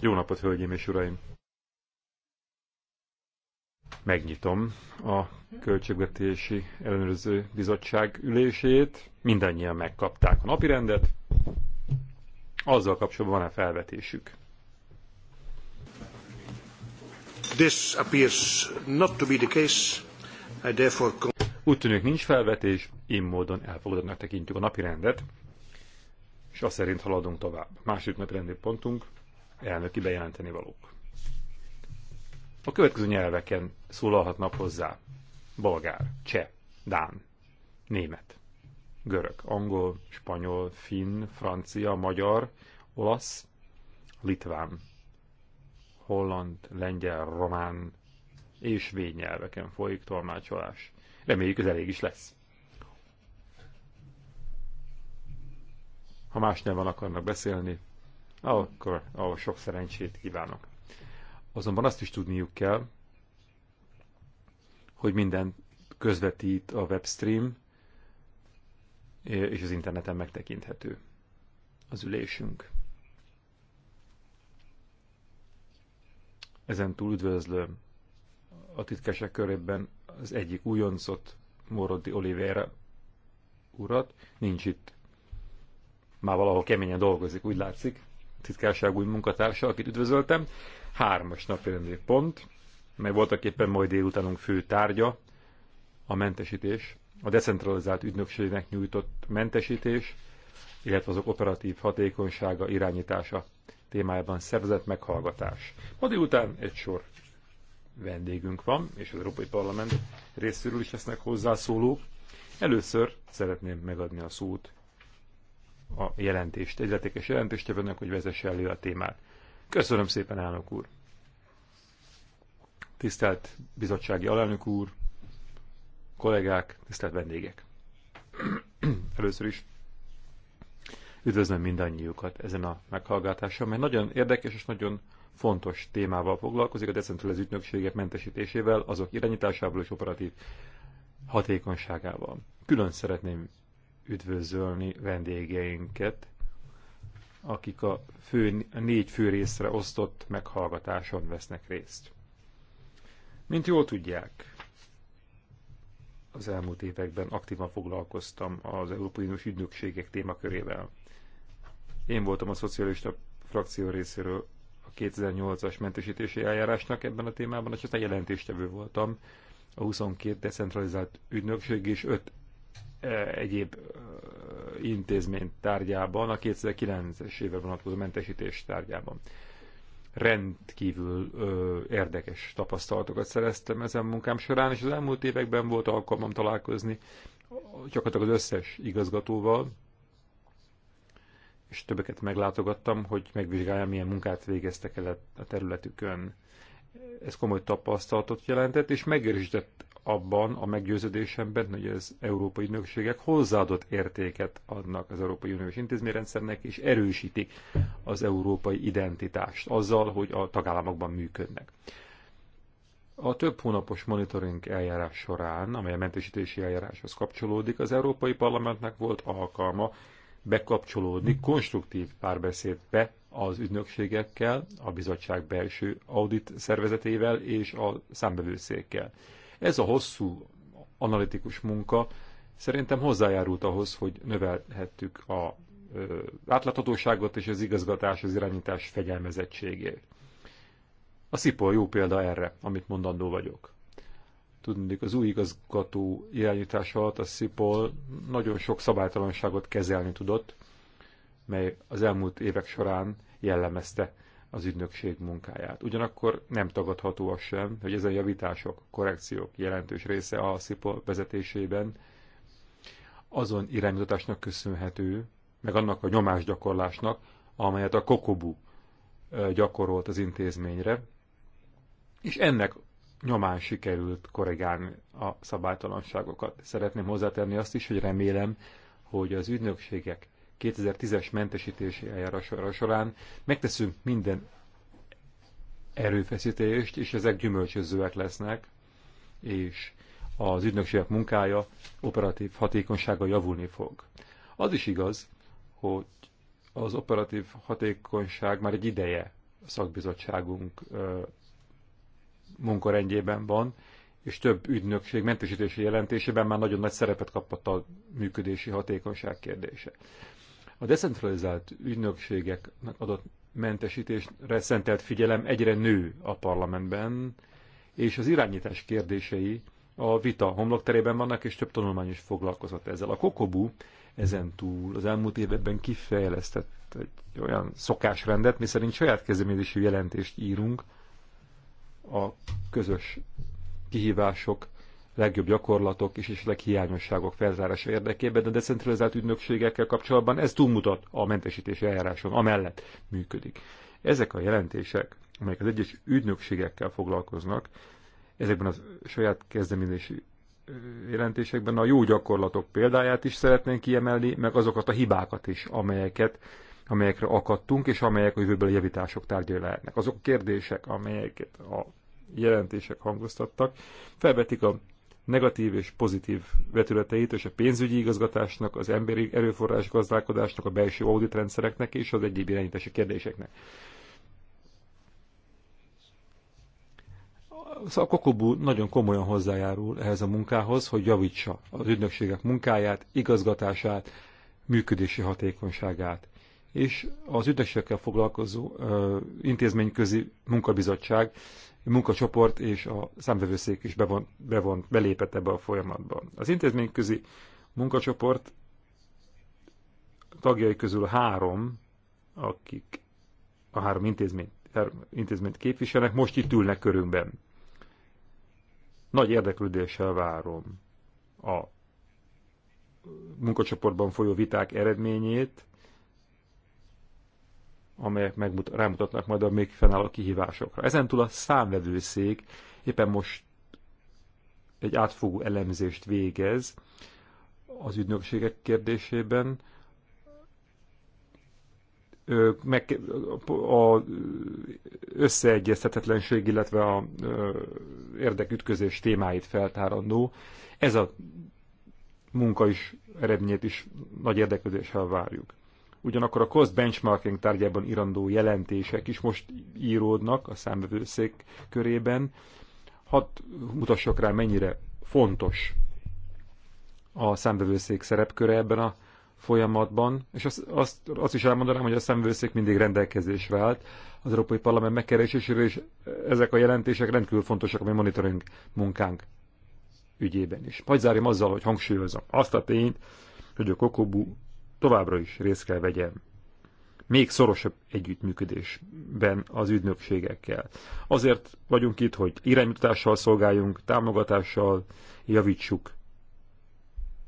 Jó napot, hölgyeim és uraim! Megnyitom a Költségvetési Ellenőrző Bizottság ülését. Mindannyian megkapták a napirendet. Azzal kapcsolatban van-e felvetésük? This appears not to be the case. I therefore... Úgy tűnik nincs felvetés, én módon elfogadnak tekintjük a napirendet és azt szerint haladunk tovább. Másik napi pontunk, elnöki bejelenteni valók. A következő nyelveken szólalhatnak hozzá bolgár, cseh, dán, német, görög, angol, spanyol, finn, francia, magyar, olasz, litván, holland, lengyel, román és véd nyelveken folyik tolmácsolás. Reméljük, ez elég is lesz. Ha más nem van, akarnak beszélni, akkor, ahol sok szerencsét kívánok. Azonban azt is tudniuk kell, hogy minden közvetít a webstream, és az interneten megtekinthető az ülésünk. Ezen túl üdvözlöm a titkesek körében az egyik újoncot, Morodi Oliveira urat, nincs itt már valahol keményen dolgozik, úgy látszik, titkárság új munkatársa, akit üdvözöltem. Hármas napi pont, mely voltak éppen majd délutánunk fő tárgya, a mentesítés, a decentralizált ügynökségnek nyújtott mentesítés, illetve azok operatív hatékonysága, irányítása témájában szervezett meghallgatás. Ma délután egy sor vendégünk van, és az Európai Parlament részéről is lesznek hozzászólók. Először szeretném megadni a szót a jelentést, egyletékes jelentést önök, hogy vezesse elő a témát. Köszönöm szépen, elnök úr! Tisztelt bizottsági alelnök úr, kollégák, tisztelt vendégek! Először is üdvözlöm mindannyiukat ezen a meghallgatáson, mert nagyon érdekes és nagyon fontos témával foglalkozik, a decentralizált ügynökségek mentesítésével, azok irányításával és operatív hatékonyságával. Külön szeretném üdvözölni vendégeinket, akik a, fő, a négy fő részre osztott meghallgatáson vesznek részt. Mint jól tudják, az elmúlt években aktívan foglalkoztam az Európai Uniós ügynökségek témakörével. Én voltam a szocialista frakció részéről a 2008-as mentesítési eljárásnak ebben a témában, és aztán jelentéstevő voltam a 22 decentralizált ügynökség és 5 egyéb intézmény tárgyában, a 2009-es évre vonatkozó mentesítés tárgyában. Rendkívül ö, érdekes tapasztalatokat szereztem ezen munkám során, és az elmúlt években volt alkalmam találkozni gyakorlatilag az összes igazgatóval, és többeket meglátogattam, hogy megvizsgáljam, milyen munkát végeztek el a területükön. Ez komoly tapasztalatot jelentett, és megerősített abban a meggyőződésemben, hogy az európai ügynökségek hozzáadott értéket adnak az Európai Uniós intézményrendszernek, és erősítik az európai identitást azzal, hogy a tagállamokban működnek. A több hónapos monitoring eljárás során, amely a mentesítési eljáráshoz kapcsolódik, az Európai Parlamentnek volt alkalma bekapcsolódni konstruktív párbeszédbe az ügynökségekkel, a bizottság belső audit szervezetével és a számbevőszékkel. Ez a hosszú analitikus munka szerintem hozzájárult ahhoz, hogy növelhettük a ö, átláthatóságot és az igazgatás, az irányítás fegyelmezettségét. A SZIPOL jó példa erre, amit mondandó vagyok. Tudni, az új igazgató irányítás alatt a SZIPOL nagyon sok szabálytalanságot kezelni tudott, mely az elmúlt évek során jellemezte az ügynökség munkáját. Ugyanakkor nem tagadható az sem, hogy ezen javítások, korrekciók jelentős része a SZIPOL vezetésében azon irányítatásnak köszönhető, meg annak a nyomásgyakorlásnak, amelyet a Kokobu gyakorolt az intézményre, és ennek nyomán sikerült korrigálni a szabálytalanságokat. Szeretném hozzátenni azt is, hogy remélem, hogy az ügynökségek 2010-es mentesítési eljárására során megteszünk minden erőfeszítést, és ezek gyümölcsözőek lesznek, és az ügynökségek munkája operatív hatékonysága javulni fog. Az is igaz, hogy az operatív hatékonyság már egy ideje a szakbizottságunk munkarendjében van, és több ügynökség mentesítési jelentésében már nagyon nagy szerepet kapott a működési hatékonyság kérdése. A decentralizált ügynökségeknek adott mentesítésre szentelt figyelem egyre nő a parlamentben, és az irányítás kérdései a vita homlokterében vannak, és több tanulmány is foglalkozott ezzel. A Kokobu ezen túl az elmúlt években kifejlesztett egy olyan szokásrendet, miszerint saját kezdeményezésű jelentést írunk a közös kihívások legjobb gyakorlatok és esetleg hiányosságok felzárása érdekében, de a decentralizált ügynökségekkel kapcsolatban ez túlmutat a mentesítési eljáráson, amellett működik. Ezek a jelentések, amelyek az egyes ügynökségekkel foglalkoznak, ezekben a saját kezdeményezési jelentésekben a jó gyakorlatok példáját is szeretnénk kiemelni, meg azokat a hibákat is, amelyeket amelyekre akadtunk, és amelyek a a javítások tárgyai lehetnek. Azok a kérdések, amelyeket a jelentések hangoztattak, felvetik a negatív és pozitív vetületeit, és a pénzügyi igazgatásnak, az emberi erőforrás gazdálkodásnak, a belső auditrendszereknek és az egyéb irányítási kérdéseknek. Szóval a Kokobu nagyon komolyan hozzájárul ehhez a munkához, hogy javítsa az ügynökségek munkáját, igazgatását, működési hatékonyságát. És az ügynökségekkel foglalkozó ö, intézményközi munkabizottság munkacsoport és a számvevőszék is bevon, bevon, belépett ebbe a folyamatba. Az intézményközi munkacsoport tagjai közül három, akik a három intézményt, három intézményt képviselnek, most itt ülnek körünkben. Nagy érdeklődéssel várom a munkacsoportban folyó viták eredményét, amelyek megmut- rámutatnak majd a még fennálló kihívásokra. Ezen túl a számvevőszék éppen most egy átfogó elemzést végez az ügynökségek kérdésében, meg, a összeegyeztetetlenség, illetve a érdekütközés témáit feltárandó. Ez a munka is eredményét is nagy érdeklődéssel várjuk. Ugyanakkor a cost benchmarking tárgyában irandó jelentések is most íródnak a számvevőszék körében. Hadd mutassak rá, mennyire fontos a számvevőszék szerepköre ebben a folyamatban, és azt, azt, azt is elmondanám, hogy a szemvőszék mindig rendelkezésre állt az Európai Parlament megkeresésére, és ezek a jelentések rendkívül fontosak a mi monitoring munkánk ügyében is. Hagy zárjam azzal, hogy hangsúlyozom azt a tényt, hogy a Kokobu továbbra is részt kell vegyen még szorosabb együttműködésben az ügynökségekkel. Azért vagyunk itt, hogy irányítással szolgáljunk, támogatással javítsuk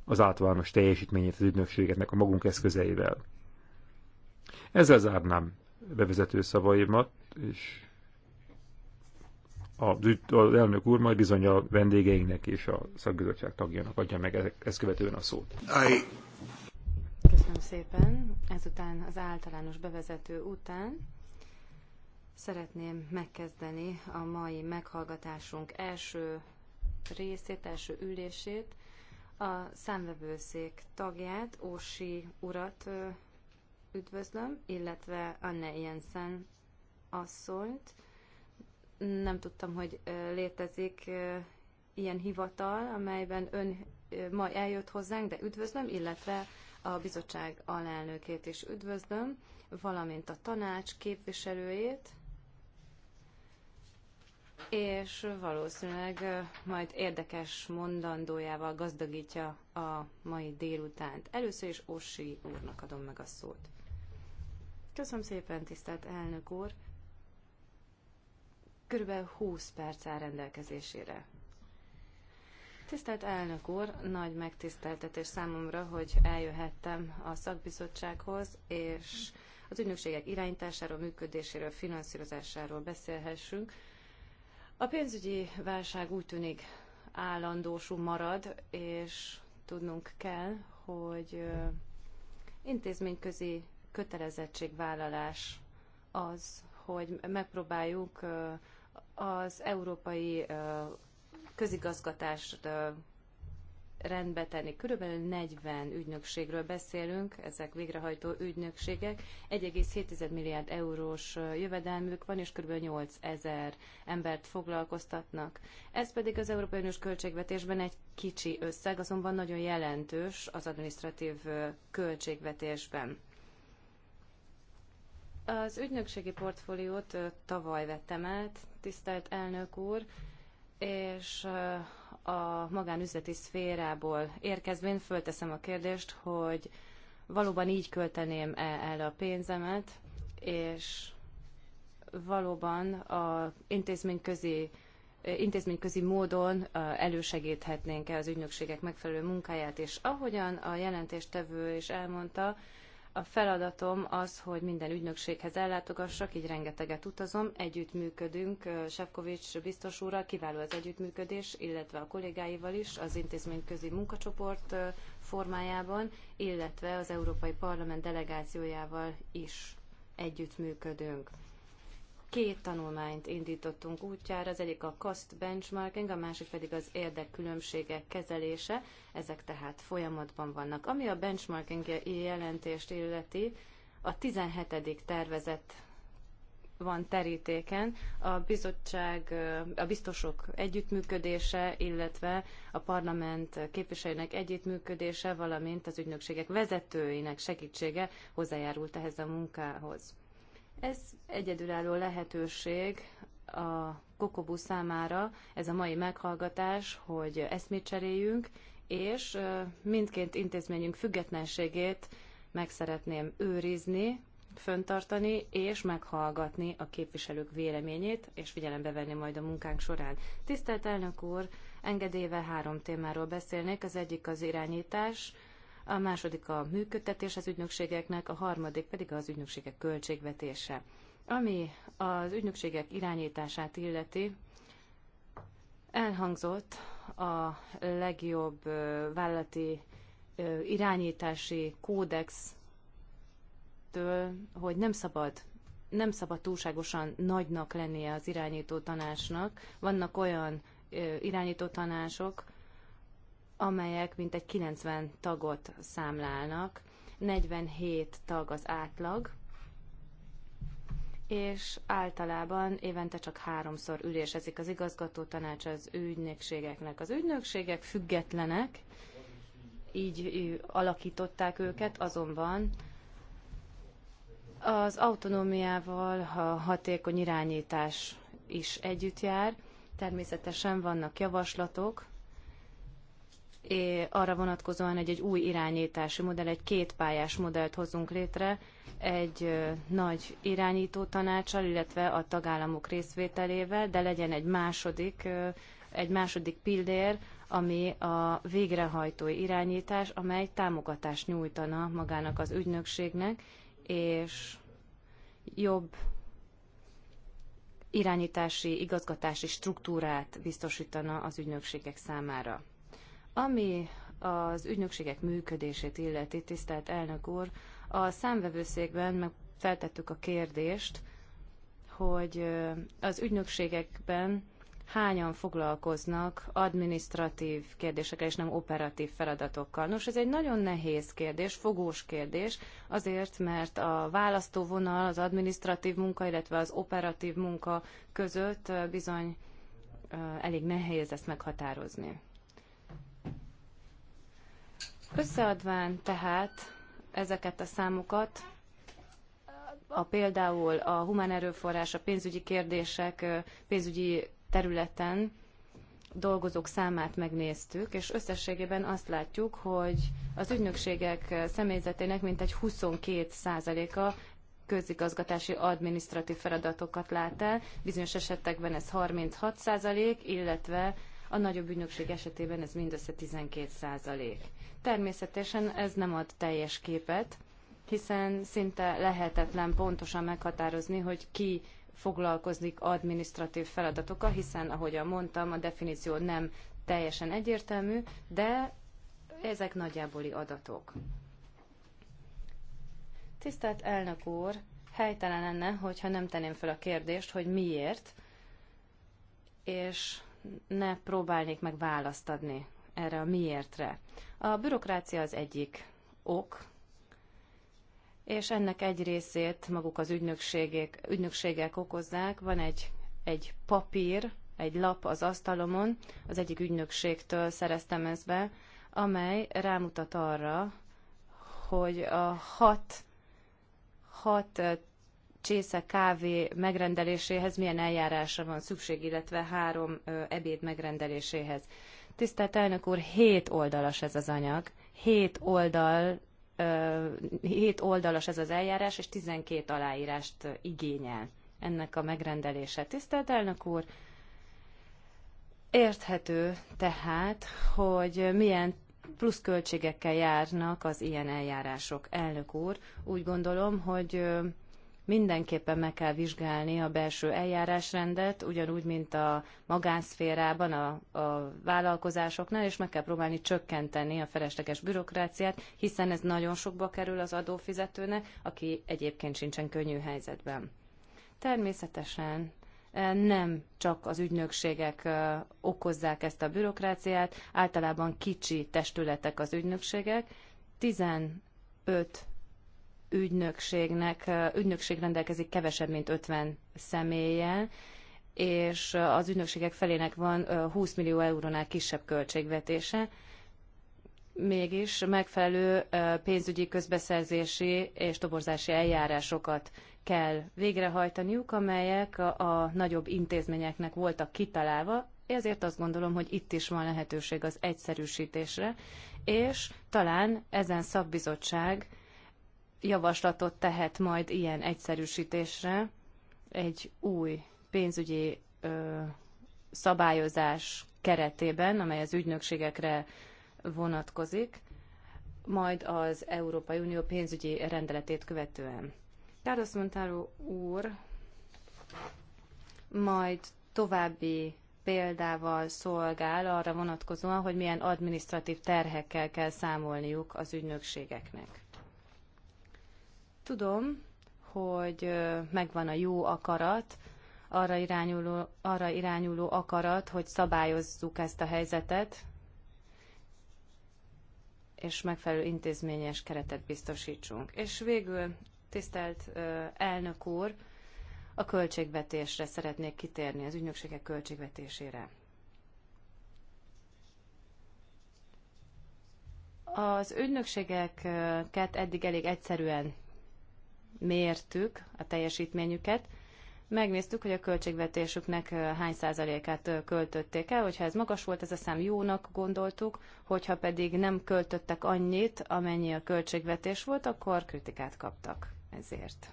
az általános teljesítményét az ügynökségeknek a magunk eszközeivel. Ezzel zárnám bevezető szavaimat, és az elnök úr majd bizony a vendégeinknek és a szakbizottság tagjának adja meg ezt követően a szót. I Köszönöm szépen. Ezután az általános bevezető után szeretném megkezdeni a mai meghallgatásunk első részét, első ülését. A számvevőszék tagját, Ósi urat üdvözlöm, illetve Anne Jensen asszonyt. Nem tudtam, hogy létezik ilyen hivatal, amelyben ön ma eljött hozzánk, de üdvözlöm, illetve a bizottság alelnökét is üdvözlöm, valamint a tanács képviselőjét, és valószínűleg majd érdekes mondandójával gazdagítja a mai délutánt. Először is Ossi úrnak adom meg a szót. Köszönöm szépen, tisztelt elnök úr! Körülbelül 20 perc áll rendelkezésére. Tisztelt elnök úr, nagy megtiszteltetés számomra, hogy eljöhettem a szakbizottsághoz, és az ügynökségek irányításáról, működéséről, finanszírozásáról beszélhessünk. A pénzügyi válság úgy tűnik állandósú marad, és tudnunk kell, hogy intézményközi kötelezettségvállalás az, hogy megpróbáljuk az európai közigazgatást rendbe tenni. Körülbelül 40 ügynökségről beszélünk, ezek végrehajtó ügynökségek. 1,7 milliárd eurós jövedelmük van, és kb. 8 ezer embert foglalkoztatnak. Ez pedig az Európai Uniós költségvetésben egy kicsi összeg, azonban nagyon jelentős az administratív költségvetésben. Az ügynökségi portfóliót tavaly vettem át, tisztelt elnök úr, és a magánüzleti szférából érkezvén fölteszem a kérdést, hogy valóban így költeném -e el a pénzemet, és valóban a intézményközi intézményközi módon elősegíthetnénk-e az ügynökségek megfelelő munkáját, és ahogyan a jelentéstevő is elmondta, a feladatom az, hogy minden ügynökséghez ellátogassak, így rengeteget utazom, együttműködünk Sefkovics biztos úrral, kiváló az együttműködés, illetve a kollégáival is az intézményközi munkacsoport formájában, illetve az Európai Parlament delegációjával is együttműködünk. Két tanulmányt indítottunk útjára, az egyik a cost benchmarking, a másik pedig az érdekkülönbségek kezelése, ezek tehát folyamatban vannak. Ami a benchmarking jelentést illeti, a 17. tervezett van terítéken a bizottság, a biztosok együttműködése, illetve a parlament képviselőinek együttműködése, valamint az ügynökségek vezetőinek segítsége hozzájárult ehhez a munkához. Ez egyedülálló lehetőség a Kokobu számára, ez a mai meghallgatás, hogy eszmét cseréljünk, és mindként intézményünk függetlenségét meg szeretném őrizni, föntartani és meghallgatni a képviselők véleményét, és figyelembe venni majd a munkánk során. Tisztelt elnök úr, engedélyvel három témáról beszélnék. Az egyik az irányítás, a második a működtetés az ügynökségeknek, a harmadik pedig az ügynökségek költségvetése. Ami az ügynökségek irányítását illeti, elhangzott a legjobb vállalati irányítási kódextől, hogy nem szabad nem szabad túlságosan nagynak lennie az irányító tanácsnak. Vannak olyan irányító tanácsok, amelyek mintegy 90 tagot számlálnak, 47 tag az átlag, és általában évente csak háromszor ülésezik az igazgató tanács az ügynökségeknek. Az ügynökségek függetlenek, így alakították őket, azonban az autonómiával a hatékony irányítás is együtt jár. Természetesen vannak javaslatok, arra vonatkozóan, egy, egy új irányítási modell, egy kétpályás modellt hozunk létre, egy nagy irányító tanácsal, illetve a tagállamok részvételével, de legyen egy második, egy második pillér, ami a végrehajtói irányítás, amely támogatást nyújtana magának az ügynökségnek, és jobb irányítási, igazgatási struktúrát biztosítana az ügynökségek számára. Ami az ügynökségek működését illeti, tisztelt elnök úr, a számvevőszékben meg feltettük a kérdést, hogy az ügynökségekben hányan foglalkoznak adminisztratív kérdésekkel és nem operatív feladatokkal. Nos, ez egy nagyon nehéz kérdés, fogós kérdés, azért, mert a választóvonal az adminisztratív munka, illetve az operatív munka között bizony elég nehéz ezt meghatározni. Összeadván tehát ezeket a számokat, a például a humán erőforrás, a pénzügyi kérdések, pénzügyi területen dolgozók számát megnéztük, és összességében azt látjuk, hogy az ügynökségek személyzetének mintegy 22%-a közigazgatási adminisztratív feladatokat lát el, bizonyos esetekben ez 36%, illetve a nagyobb ügynökség esetében ez mindössze 12%. százalék. Természetesen ez nem ad teljes képet, hiszen szinte lehetetlen pontosan meghatározni, hogy ki foglalkozik adminisztratív feladatokkal, hiszen, ahogyan mondtam, a definíció nem teljesen egyértelmű, de ezek nagyjáboli adatok. Tisztelt elnök úr, helytelen lenne, hogyha nem tenném fel a kérdést, hogy miért, és ne próbálnék meg választ adni erre a miértre. A bürokrácia az egyik ok, és ennek egy részét maguk az ügynökségek, ügynökségek okozzák. Van egy, egy papír, egy lap az asztalomon, az egyik ügynökségtől szereztem ezt be, amely rámutat arra, hogy a hat, hat csésze kávé megrendeléséhez milyen eljárásra van szükség, illetve három ebéd megrendeléséhez. Tisztelt elnök úr, hét oldalas ez az anyag. Hét oldal hét oldalas ez az eljárás, és 12 aláírást igényel ennek a megrendelése. Tisztelt elnök úr, érthető tehát, hogy milyen pluszköltségekkel járnak az ilyen eljárások. Elnök úr, úgy gondolom, hogy mindenképpen meg kell vizsgálni a belső eljárásrendet, ugyanúgy, mint a magánszférában, a, a vállalkozásoknál, és meg kell próbálni csökkenteni a felesleges bürokráciát, hiszen ez nagyon sokba kerül az adófizetőnek, aki egyébként sincsen könnyű helyzetben. Természetesen e, nem csak az ügynökségek e, okozzák ezt a bürokráciát, általában kicsi testületek az ügynökségek, 15 ügynökségnek, ügynökség rendelkezik kevesebb, mint 50 személlyel, és az ügynökségek felének van 20 millió eurónál kisebb költségvetése, mégis megfelelő pénzügyi közbeszerzési és toborzási eljárásokat kell végrehajtaniuk, amelyek a nagyobb intézményeknek voltak kitalálva, ezért azt gondolom, hogy itt is van lehetőség az egyszerűsítésre, és talán ezen szakbizottság javaslatot tehet majd ilyen egyszerűsítésre egy új pénzügyi ö, szabályozás keretében, amely az ügynökségekre vonatkozik, majd az Európai Unió pénzügyi rendeletét követően. Carlos Montaro úr majd további példával szolgál arra vonatkozóan, hogy milyen administratív terhekkel kell számolniuk az ügynökségeknek. Tudom, hogy megvan a jó akarat, arra irányuló, arra irányuló akarat, hogy szabályozzuk ezt a helyzetet, és megfelelő intézményes keretet biztosítsunk. És végül, tisztelt elnök úr, a költségvetésre szeretnék kitérni, az ügynökségek költségvetésére. Az ügynökségeket eddig elég egyszerűen mértük a teljesítményüket, megnéztük, hogy a költségvetésüknek hány százalékát költötték el, hogyha ez magas volt, ez a szám jónak gondoltuk, hogyha pedig nem költöttek annyit, amennyi a költségvetés volt, akkor kritikát kaptak ezért.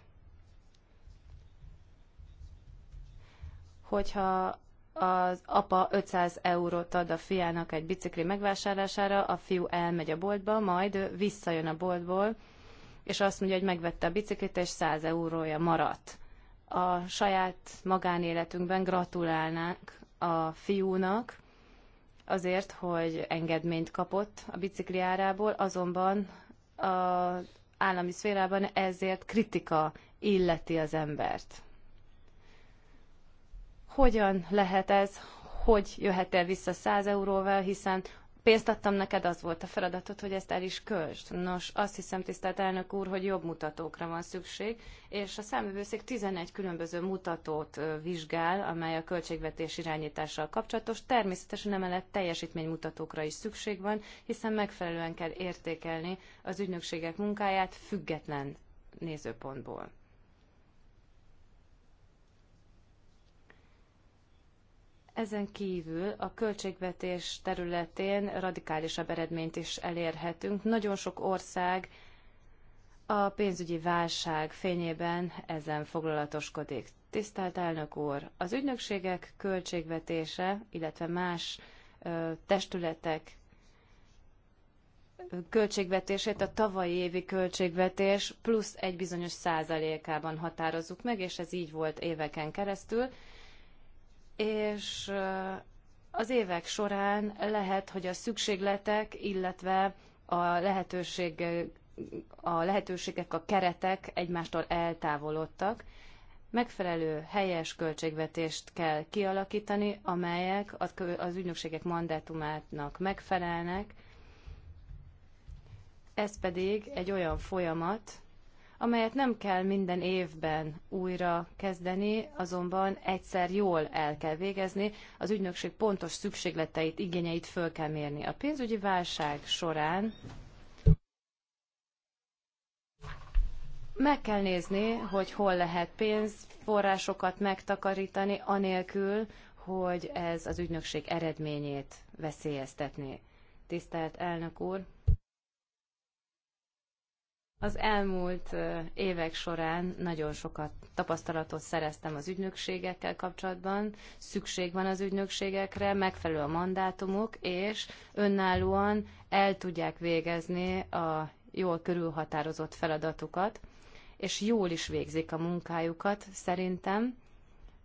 Hogyha az apa 500 eurót ad a fiának egy bicikli megvásárlására, a fiú elmegy a boltba, majd visszajön a boltból, és azt mondja, hogy megvette a biciklit, és 100 eurója maradt. A saját magánéletünkben gratulálnánk a fiúnak azért, hogy engedményt kapott a bicikli árából, azonban az állami szférában ezért kritika illeti az embert. Hogyan lehet ez, hogy jöhet el vissza 100 euróval, hiszen pénzt adtam neked, az volt a feladatod, hogy ezt el is költsd. Nos, azt hiszem, tisztelt elnök úr, hogy jobb mutatókra van szükség, és a számövőszék 11 különböző mutatót vizsgál, amely a költségvetés irányítással kapcsolatos. Természetesen emellett teljesítménymutatókra is szükség van, hiszen megfelelően kell értékelni az ügynökségek munkáját független nézőpontból. Ezen kívül a költségvetés területén radikálisabb eredményt is elérhetünk. Nagyon sok ország a pénzügyi válság fényében ezen foglalatoskodik. Tisztelt elnök úr, az ügynökségek költségvetése, illetve más ö, testületek költségvetését a tavalyi évi költségvetés plusz egy bizonyos százalékában határozzuk meg, és ez így volt éveken keresztül és az évek során lehet, hogy a szükségletek, illetve a lehetőség, a lehetőségek, a keretek egymástól eltávolodtak. Megfelelő helyes költségvetést kell kialakítani, amelyek az ügynökségek mandátumátnak megfelelnek. Ez pedig egy olyan folyamat, amelyet nem kell minden évben újra kezdeni, azonban egyszer jól el kell végezni, az ügynökség pontos szükségleteit, igényeit föl kell mérni. A pénzügyi válság során meg kell nézni, hogy hol lehet pénzforrásokat megtakarítani, anélkül, hogy ez az ügynökség eredményét veszélyeztetné. Tisztelt elnök úr! Az elmúlt évek során nagyon sokat tapasztalatot szereztem az ügynökségekkel kapcsolatban. Szükség van az ügynökségekre, megfelelő a mandátumuk, és önállóan el tudják végezni a jól körülhatározott feladatukat, és jól is végzik a munkájukat, szerintem.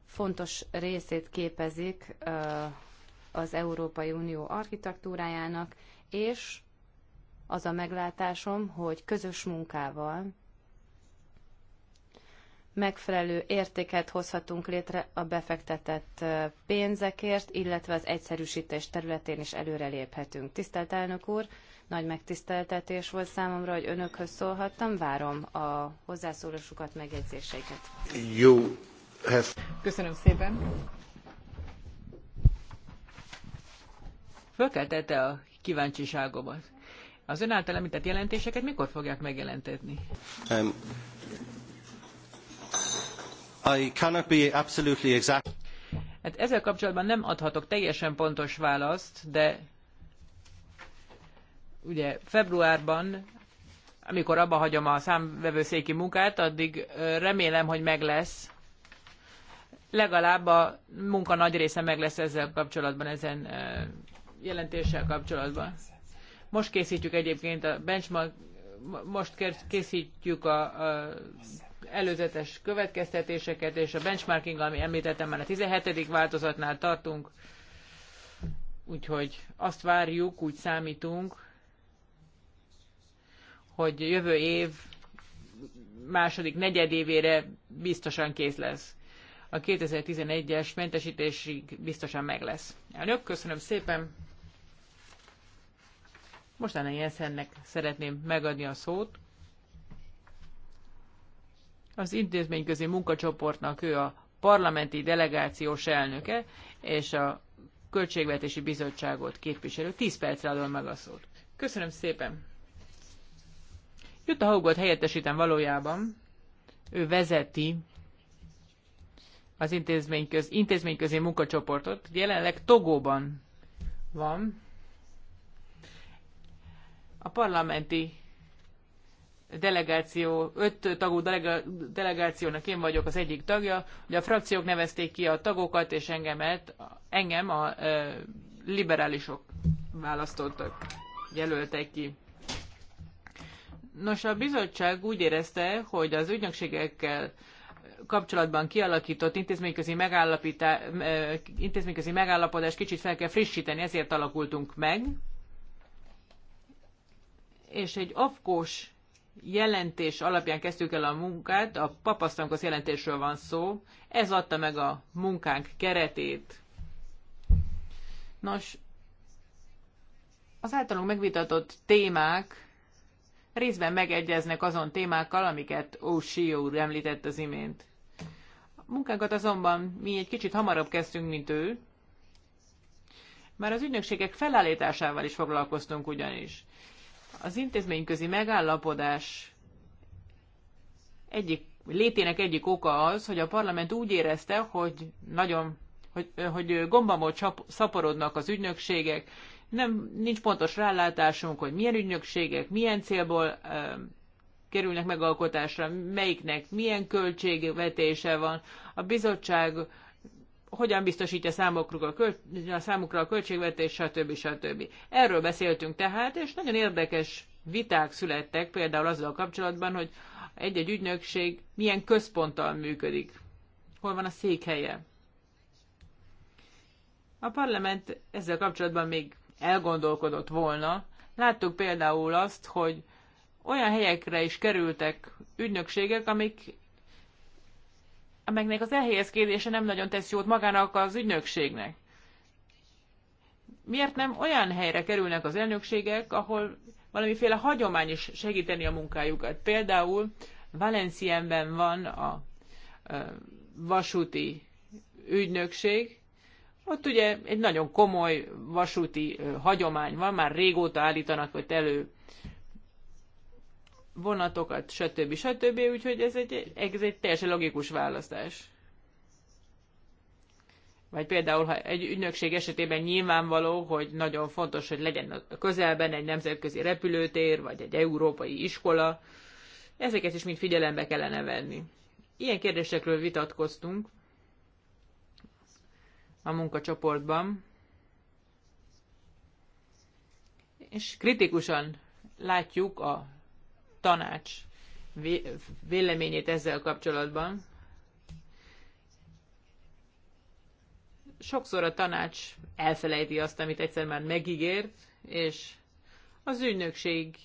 Fontos részét képezik az Európai Unió architektúrájának, és az a meglátásom, hogy közös munkával megfelelő értéket hozhatunk létre a befektetett pénzekért, illetve az egyszerűsítés területén is előreléphetünk. Tisztelt elnök úr, nagy megtiszteltetés volt számomra, hogy önökhöz szólhattam. Várom a hozzászólásukat, megjegyzéseiket. Jó, Köszönöm szépen. Fölkeltette a kíváncsiságomat. Az ön által említett jelentéseket mikor fogják megjelentetni? Um, I cannot be absolutely exact. Hát ezzel kapcsolatban nem adhatok teljesen pontos választ, de ugye februárban, amikor abba hagyom a számvevőszéki munkát, addig remélem, hogy meg lesz. Legalább a munka nagy része meg lesz ezzel kapcsolatban, ezen jelentéssel kapcsolatban. Most készítjük egyébként a benchmark, most készítjük a, a előzetes következtetéseket, és a benchmarking, ami említettem már a 17. változatnál tartunk, úgyhogy azt várjuk, úgy számítunk, hogy jövő év második negyedévére biztosan kész lesz. A 2011-es mentesítésig biztosan meg lesz. Elnök, köszönöm szépen! Most Anna Jensennek szeretném megadni a szót. Az intézményközi munkacsoportnak ő a parlamenti delegációs elnöke, és a Költségvetési Bizottságot képviselő. Tíz percre adom meg a szót. Köszönöm szépen! Jutta Haugot helyettesítem valójában. Ő vezeti az intézményköz, intézményközi munkacsoportot. Jelenleg Togóban van a parlamenti delegáció, öt tagú delega, delegációnak én vagyok az egyik tagja, hogy a frakciók nevezték ki a tagokat, és engemet, engem a liberálisok választottak, jelöltek ki. Nos, a bizottság úgy érezte, hogy az ügynökségekkel kapcsolatban kialakított intézményközi, intézményközi megállapodás kicsit fel kell frissíteni, ezért alakultunk meg, és egy afkós jelentés alapján kezdtük el a munkát, a papasztankosz jelentésről van szó, ez adta meg a munkánk keretét. Nos, az általunk megvitatott témák részben megegyeznek azon témákkal, amiket O'Shea úr említett az imént. A munkánkat azonban mi egy kicsit hamarabb kezdtünk, mint ő, már az ügynökségek felállításával is foglalkoztunk ugyanis. Az intézményközi megállapodás egyik létének egyik oka az, hogy a parlament úgy érezte, hogy nagyon hogy, hogy gombamot szaporodnak az ügynökségek, nem, nincs pontos rálátásunk, hogy milyen ügynökségek, milyen célból ö, kerülnek megalkotásra, melyiknek milyen költségvetése van. A bizottság hogyan biztosítja számokra a, köl, a számukra a költségvetés, stb. stb. Erről beszéltünk tehát, és nagyon érdekes viták születtek, például azzal kapcsolatban, hogy egy-egy ügynökség milyen központtal működik, hol van a székhelye. A parlament ezzel kapcsolatban még elgondolkodott volna. Láttuk például azt, hogy olyan helyekre is kerültek ügynökségek, amik amelynek az elhelyezkedése nem nagyon tesz jót magának az ügynökségnek. Miért nem olyan helyre kerülnek az elnökségek, ahol valamiféle hagyomány is segíteni a munkájukat? Például Valencienben van a vasúti ügynökség, ott ugye egy nagyon komoly vasúti hagyomány van, már régóta állítanak ott elő vonatokat, stb. stb. Úgyhogy ez egy, ez egy teljesen logikus választás. Vagy például, ha egy ügynökség esetében nyilvánvaló, hogy nagyon fontos, hogy legyen a közelben egy nemzetközi repülőtér, vagy egy európai iskola, ezeket is mind figyelembe kellene venni. Ilyen kérdésekről vitatkoztunk a munkacsoportban, és kritikusan látjuk a tanács véleményét ezzel kapcsolatban. Sokszor a tanács elfelejti azt, amit egyszer már megígért, és az ügynökség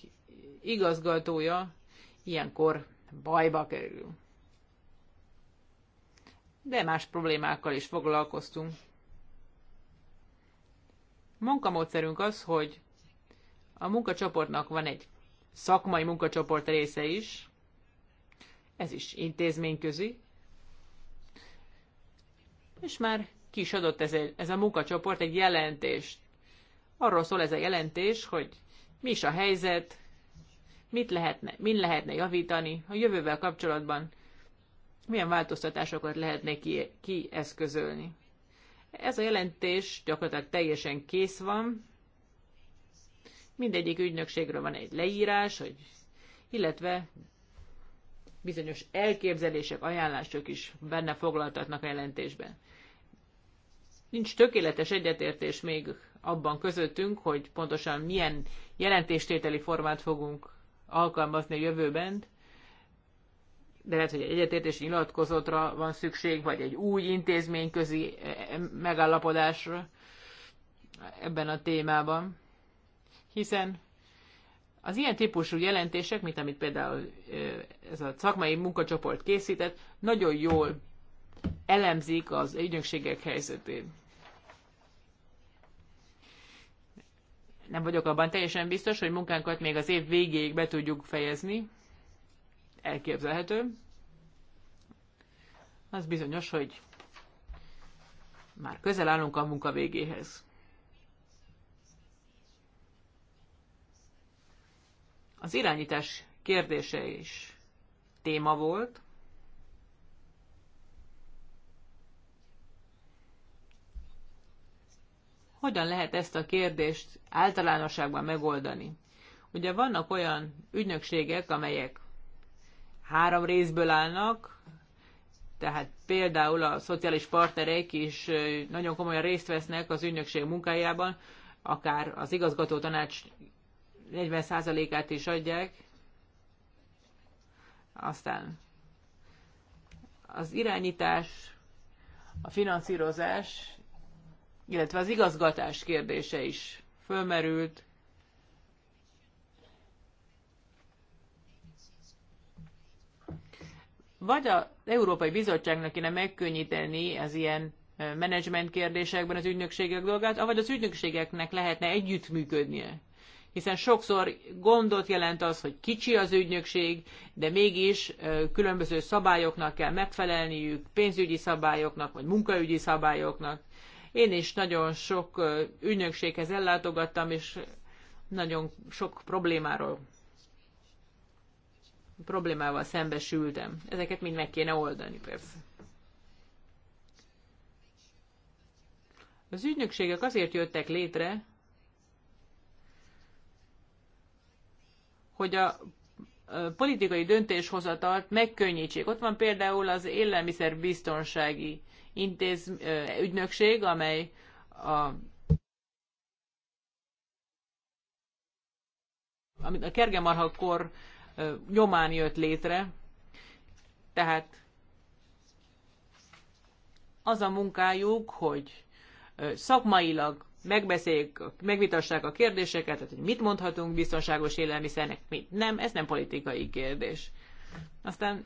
igazgatója ilyenkor bajba kerül. De más problémákkal is foglalkoztunk. Munkamódszerünk az, hogy a munkacsoportnak van egy szakmai munkacsoport része is, ez is intézményközi, és már ki is adott ez, a, ez a munkacsoport egy jelentést. Arról szól ez a jelentés, hogy mi is a helyzet, mit lehetne, min lehetne javítani a jövővel kapcsolatban, milyen változtatásokat lehetne ki, kieszközölni. Ez a jelentés gyakorlatilag teljesen kész van, Mindegyik ügynökségről van egy leírás, hogy, illetve bizonyos elképzelések, ajánlások is benne foglaltatnak a jelentésben. Nincs tökéletes egyetértés még abban közöttünk, hogy pontosan milyen jelentéstételi formát fogunk alkalmazni a jövőben, de lehet, hogy egy egyetértési nyilatkozatra van szükség, vagy egy új intézményközi eh, megállapodásra ebben a témában hiszen az ilyen típusú jelentések, mint amit például ez a szakmai munkacsoport készített, nagyon jól elemzik az ügynökségek helyzetét. Nem vagyok abban teljesen biztos, hogy munkánkat még az év végéig be tudjuk fejezni. Elképzelhető. Az bizonyos, hogy már közel állunk a munka végéhez. Az irányítás kérdése is téma volt. Hogyan lehet ezt a kérdést általánosságban megoldani? Ugye vannak olyan ügynökségek, amelyek három részből állnak, tehát például a szociális partnerek is nagyon komolyan részt vesznek az ügynökség munkájában, akár az igazgató tanács 40%-át is adják. Aztán az irányítás, a finanszírozás, illetve az igazgatás kérdése is fölmerült. Vagy az Európai Bizottságnak kéne megkönnyíteni az ilyen menedzsment kérdésekben az ügynökségek dolgát, vagy az ügynökségeknek lehetne együttműködnie hiszen sokszor gondot jelent az, hogy kicsi az ügynökség, de mégis különböző szabályoknak kell megfelelniük, pénzügyi szabályoknak, vagy munkaügyi szabályoknak. Én is nagyon sok ügynökséghez ellátogattam, és nagyon sok problémáról problémával szembesültem. Ezeket mind meg kéne oldani, persze. Az ügynökségek azért jöttek létre, hogy a politikai döntéshozatalt megkönnyítsék. Ott van például az élelmiszerbiztonsági intéz, ügynökség, amely a amit a kor nyomán jött létre. Tehát az a munkájuk, hogy szakmailag megbeszéljük, megvitassák a kérdéseket, tehát hogy mit mondhatunk biztonságos élelmiszernek, mit nem, ez nem politikai kérdés. Aztán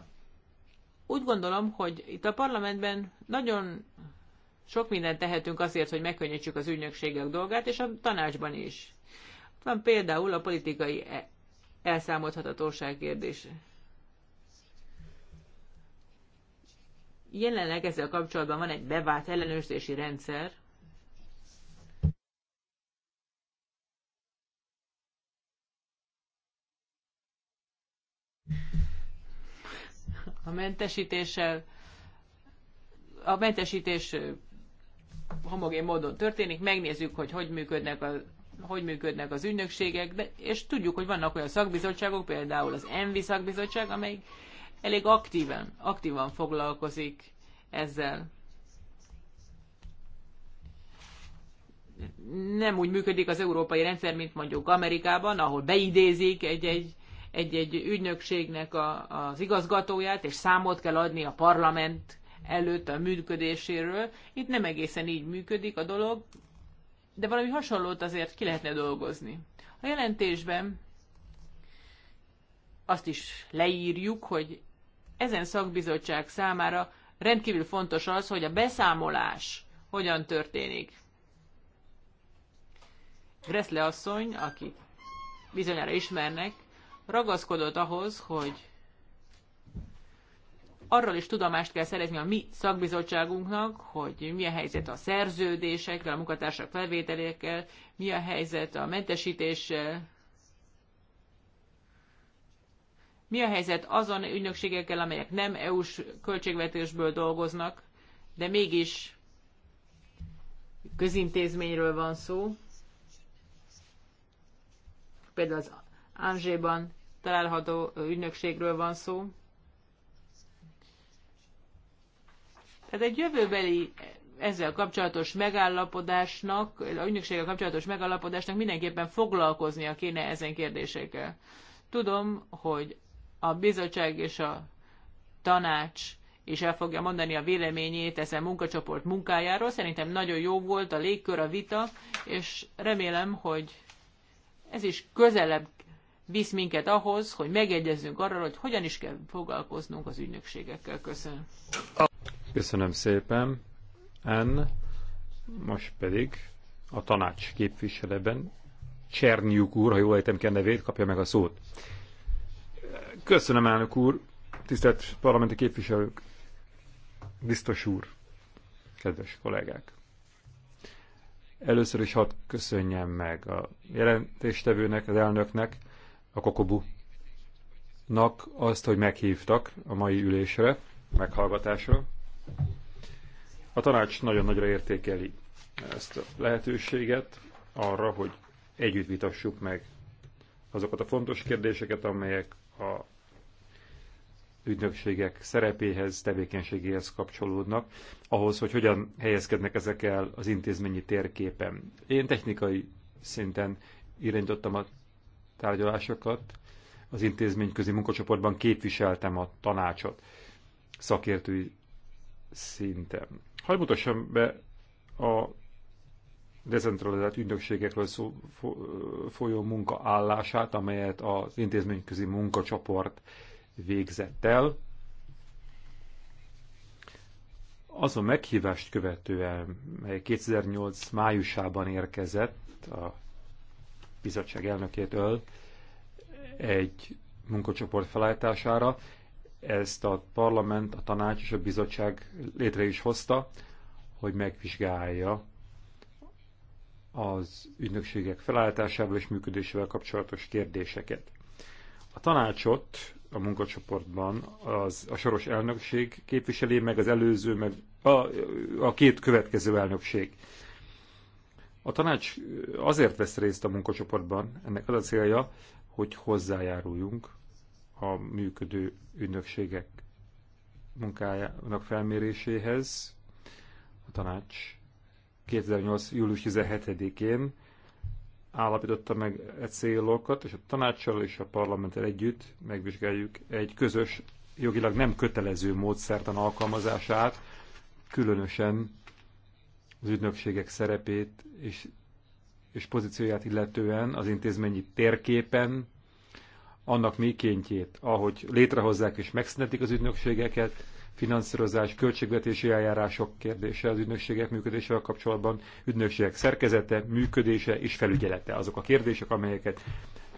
úgy gondolom, hogy itt a parlamentben nagyon sok mindent tehetünk azért, hogy megkönnyítsük az ügynökségek dolgát, és a tanácsban is. Van például a politikai e- elszámolthatatóság kérdése. Jelenleg ezzel kapcsolatban van egy bevált ellenőrzési rendszer, a mentesítéssel. A mentesítés homogén módon történik, megnézzük, hogy hogy működnek a hogy működnek az ügynökségek, de, és tudjuk, hogy vannak olyan szakbizottságok, például az ENVI szakbizottság, amely elég aktíven, aktívan foglalkozik ezzel. Nem úgy működik az európai rendszer, mint mondjuk Amerikában, ahol beidézik egy-egy egy-egy ügynökségnek a, az igazgatóját, és számot kell adni a parlament előtt a működéséről. Itt nem egészen így működik a dolog, de valami hasonlót azért ki lehetne dolgozni. A jelentésben azt is leírjuk, hogy ezen szakbizottság számára rendkívül fontos az, hogy a beszámolás hogyan történik. Gressle asszony, aki bizonyára ismernek, ragaszkodott ahhoz, hogy arról is tudomást kell szerezni a mi szakbizottságunknak, hogy mi a helyzet a szerződésekkel, a munkatársak felvételékkel, mi a helyzet a mentesítéssel, mi a helyzet azon ügynökségekkel, amelyek nem EU-s költségvetésből dolgoznak, de mégis közintézményről van szó, például az Ázséban található ügynökségről van szó. Tehát egy jövőbeli ezzel kapcsolatos megállapodásnak, a ügynökséggel kapcsolatos megállapodásnak mindenképpen foglalkoznia kéne ezen kérdésekkel. Tudom, hogy a bizottság és a tanács és el fogja mondani a véleményét ezen munkacsoport munkájáról. Szerintem nagyon jó volt a légkör, a vita, és remélem, hogy ez is közelebb visz minket ahhoz, hogy megegyezzünk arra, hogy hogyan is kell foglalkoznunk az ügynökségekkel. Köszönöm. Köszönöm szépen, Anne. Most pedig a tanács képviseleben Csernyuk úr, ha jól értem ki a nevét, kapja meg a szót. Köszönöm, elnök úr, tisztelt parlamenti képviselők, biztos úr, kedves kollégák. Először is hadd köszönjem meg a jelentéstevőnek, az elnöknek, a Kokobu-nak azt, hogy meghívtak a mai ülésre, meghallgatásra. A tanács nagyon nagyra értékeli ezt a lehetőséget arra, hogy együtt vitassuk meg azokat a fontos kérdéseket, amelyek a ügynökségek szerepéhez, tevékenységéhez kapcsolódnak, ahhoz, hogy hogyan helyezkednek ezek el az intézményi térképen. Én technikai szinten irányítottam a tárgyalásokat. Az intézményközi munkacsoportban képviseltem a tanácsot szakértői szinten. Hagy mutassam be a decentralizált ügynökségekről szó, folyó munka állását, amelyet az intézményközi munkacsoport végzett el. Azon meghívást követően, mely 2008 májusában érkezett a bizottság elnökétől egy munkacsoport felállítására. Ezt a parlament, a tanács és a bizottság létre is hozta, hogy megvizsgálja az ügynökségek felállításával és működésével kapcsolatos kérdéseket. A tanácsot a munkacsoportban az, a soros elnökség képviseli, meg az előző, meg a, a két következő elnökség a tanács azért vesz részt a munkacsoportban, ennek az a célja, hogy hozzájáruljunk a működő ügynökségek munkájának felméréséhez. A tanács 2008. július 17-én állapította meg e célokat, és a tanácssal és a parlamenttel együtt megvizsgáljuk egy közös, jogilag nem kötelező módszertan alkalmazását, különösen az ügynökségek szerepét és, és pozícióját illetően az intézményi térképen, annak mikéntjét, ahogy létrehozzák és megszületik az ügynökségeket, finanszírozás, költségvetési eljárások kérdése az ügynökségek működésével kapcsolatban, ügynökségek szerkezete, működése és felügyelete. Azok a kérdések, amelyeket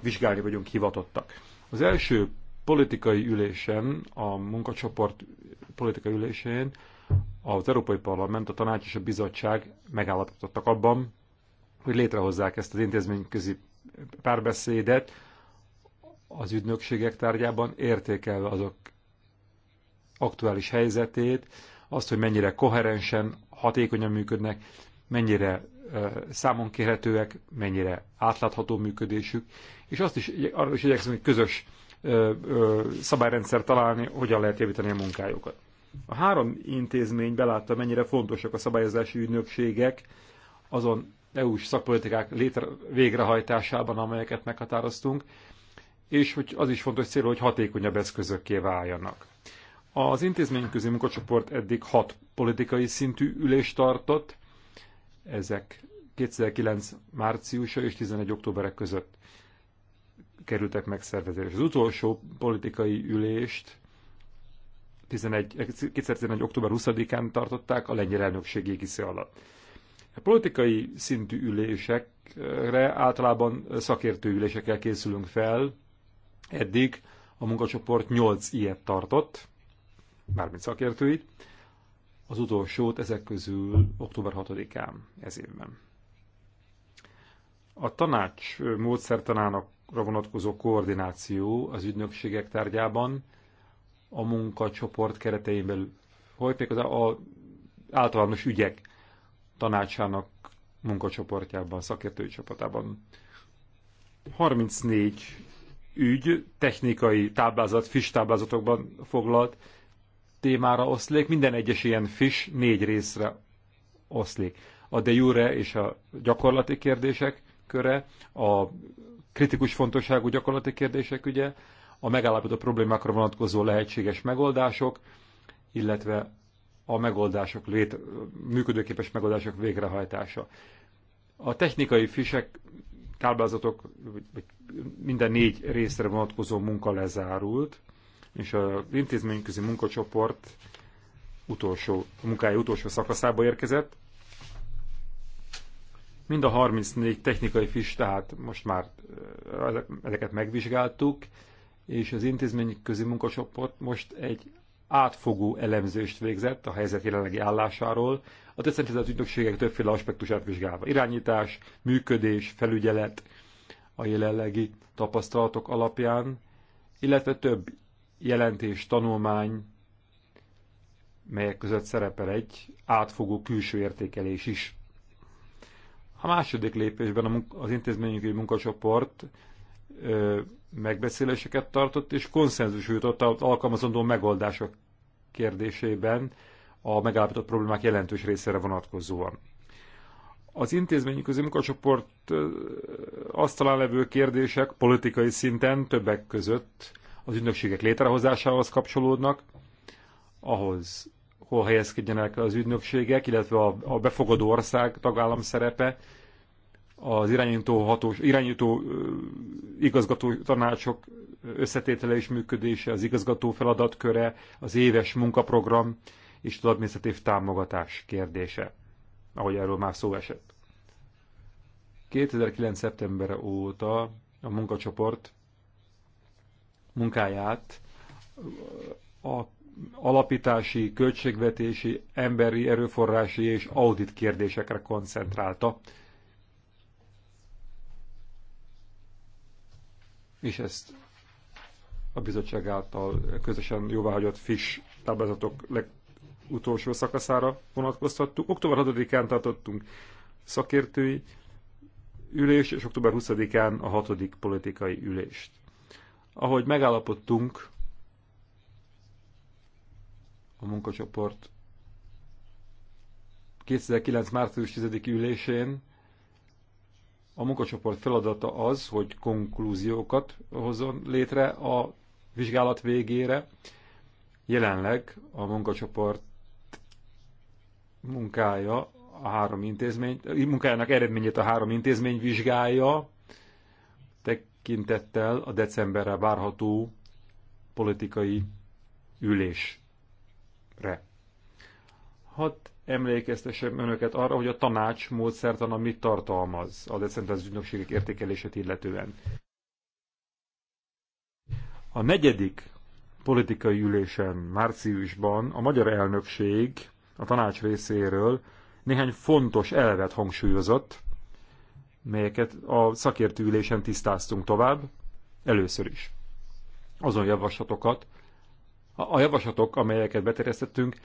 vizsgálni vagyunk hivatottak. Az első politikai ülésen, a munkacsoport politikai ülésén az Európai Parlament, a Tanács és a Bizottság megállapítottak abban, hogy létrehozzák ezt az intézményközi párbeszédet az ügynökségek tárgyában, értékelve azok aktuális helyzetét, azt, hogy mennyire koherensen, hatékonyan működnek, mennyire számon kérhetőek, mennyire átlátható működésük, és azt is, arra is igyekszünk, hogy közös szabályrendszer találni, hogyan lehet javítani a munkájukat. A három intézmény belátta, mennyire fontosak a szabályozási ügynökségek azon EU-s szakpolitikák létre, végrehajtásában, amelyeket meghatároztunk, és hogy az is fontos cél, hogy hatékonyabb eszközökké váljanak. Az intézményközi munkacsoport eddig hat politikai szintű ülést tartott, ezek 2009 márciusa és 11 októberek között kerültek megszervezésre. Az utolsó politikai ülést 11, 2011. október 20-án tartották a lengyel elnökség égisze alatt. A politikai szintű ülésekre általában szakértő ülésekkel készülünk fel. Eddig a munkacsoport 8 ilyet tartott, mármint szakértőit. Az utolsót ezek közül október 6-án ez évben. A tanács módszertanának vonatkozó koordináció az ügynökségek tárgyában a munkacsoport keretein belül például az a általános ügyek tanácsának munkacsoportjában, szakértői csapatában. 34 ügy technikai táblázat, fish táblázatokban foglalt témára oszlik, minden egyes ilyen fish négy részre oszlik. A de jure és a gyakorlati kérdések köre, a kritikus fontosságú gyakorlati kérdések ügye, a megállapított problémákra vonatkozó lehetséges megoldások, illetve a megoldások lét, működőképes megoldások végrehajtása. A technikai fisek, táblázatok, minden négy részre vonatkozó munka lezárult, és az intézményközi munkacsoport utolsó, a munkája utolsó szakaszába érkezett. Mind a 34 technikai fis, tehát most már eh, ezeket megvizsgáltuk, és az intézményi közi munkacsoport most egy átfogó elemzést végzett a helyzet jelenlegi állásáról, a decentralizált ügynökségek többféle aspektusát vizsgálva. Irányítás, működés, felügyelet a jelenlegi tapasztalatok alapján, illetve több jelentés, tanulmány, melyek között szerepel egy átfogó külső értékelés is. A második lépésben az intézményi munkacsoport megbeszéléseket tartott, és konszenzus jutott az alkalmazandó megoldások kérdésében a megállapított problémák jelentős részére vonatkozóan. Az intézményi munkacsoport asztalán levő kérdések politikai szinten többek között az ügynökségek létrehozásához kapcsolódnak, ahhoz, hol helyezkedjenek az ügynökségek, illetve a, a befogadó ország tagállam szerepe, az irányító, hatós, irányító igazgató tanácsok összetétele és működése, az igazgató feladatköre, az éves munkaprogram és az adminisztratív támogatás kérdése, ahogy erről már szó esett. 2009. szeptember óta a munkacsoport munkáját a alapítási, költségvetési, emberi erőforrási és audit kérdésekre koncentrálta, és ezt a bizottság által közösen jóváhagyott FIS táblázatok legutolsó szakaszára vonatkoztattuk. Október 6-án tartottunk szakértői ülést, és október 20-án a hatodik politikai ülést. Ahogy megállapodtunk, a munkacsoport 2009. március 10. ülésén a munkacsoport feladata az, hogy konklúziókat hozzon létre a vizsgálat végére. Jelenleg a munkacsoport munkája a három intézmény, munkájának eredményét a három intézmény vizsgálja, tekintettel a decemberre várható politikai ülésre. Hadd emlékeztessem önöket arra, hogy a tanács módszertana mit tartalmaz a decentrális ügynökségek értékelését illetően. A negyedik politikai ülésen márciusban a magyar elnökség a tanács részéről néhány fontos elvet hangsúlyozott, melyeket a szakértő ülésen tisztáztunk tovább, először is. Azon javaslatokat, a javaslatok, amelyeket beterjesztettünk,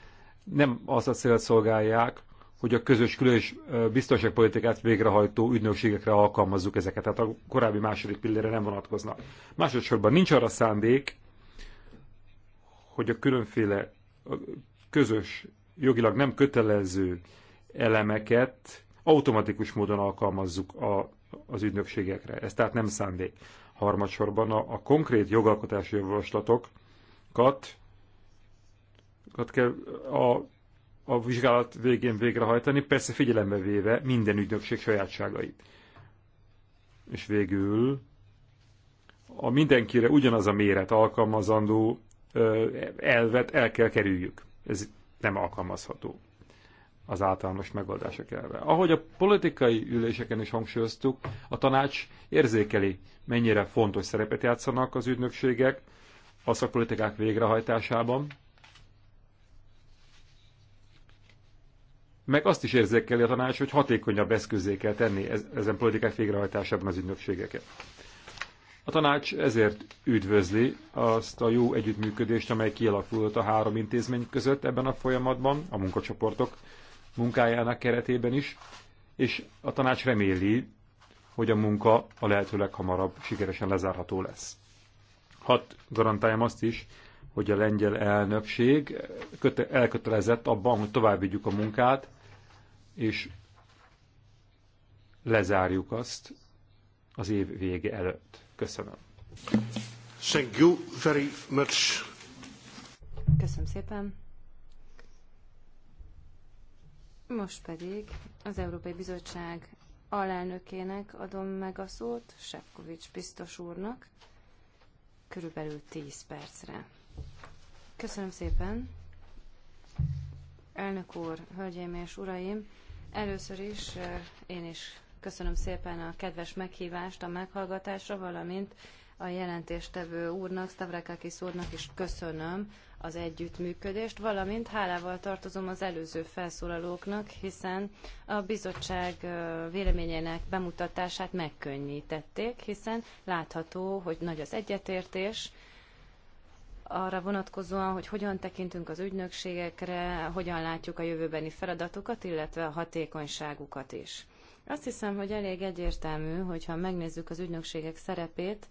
nem az a cél szolgálják, hogy a közös különös biztonságpolitikát végrehajtó ügynökségekre alkalmazzuk ezeket, tehát a korábbi második pillére nem vonatkoznak. Másodszorban nincs arra szándék, hogy a különféle közös, jogilag nem kötelező elemeket automatikus módon alkalmazzuk a, az ügynökségekre. Ez tehát nem szándék. Harmadsorban a, a konkrét jogalkotási javaslatokat kell a, a vizsgálat végén végrehajtani, persze figyelembe véve minden ügynökség sajátságait. És végül a mindenkire ugyanaz a méret alkalmazandó elvet el kell kerüljük. Ez nem alkalmazható az általános megoldások elve. Ahogy a politikai üléseken is hangsúlyoztuk, a tanács érzékeli, mennyire fontos szerepet játszanak az ügynökségek a szakpolitikák végrehajtásában, meg azt is érzékeli a tanács, hogy hatékonyabb eszközé kell tenni ezen politikák végrehajtásában az ügynökségeket. A tanács ezért üdvözli azt a jó együttműködést, amely kialakult a három intézmény között ebben a folyamatban, a munkacsoportok munkájának keretében is, és a tanács reméli, hogy a munka a lehető leghamarabb sikeresen lezárható lesz. Hadd garantáljam azt is, hogy a lengyel elnökség elkötelezett abban, hogy tovább vigyük a munkát, és lezárjuk azt az év vége előtt. Köszönöm. Thank you very much. Köszönöm szépen. Most pedig az Európai Bizottság alelnökének adom meg a szót, Sepkovics biztos úrnak, körülbelül 10 percre. Köszönöm szépen. Elnök úr, hölgyeim és uraim! Először is én is köszönöm szépen a kedves meghívást a meghallgatásra, valamint a jelentéstevő úrnak, Stavrakakis úrnak is köszönöm az együttműködést, valamint hálával tartozom az előző felszólalóknak, hiszen a bizottság véleményének bemutatását megkönnyítették, hiszen látható, hogy nagy az egyetértés, arra vonatkozóan, hogy hogyan tekintünk az ügynökségekre, hogyan látjuk a jövőbeni feladatokat, illetve a hatékonyságukat is. Azt hiszem, hogy elég egyértelmű, hogyha megnézzük az ügynökségek szerepét,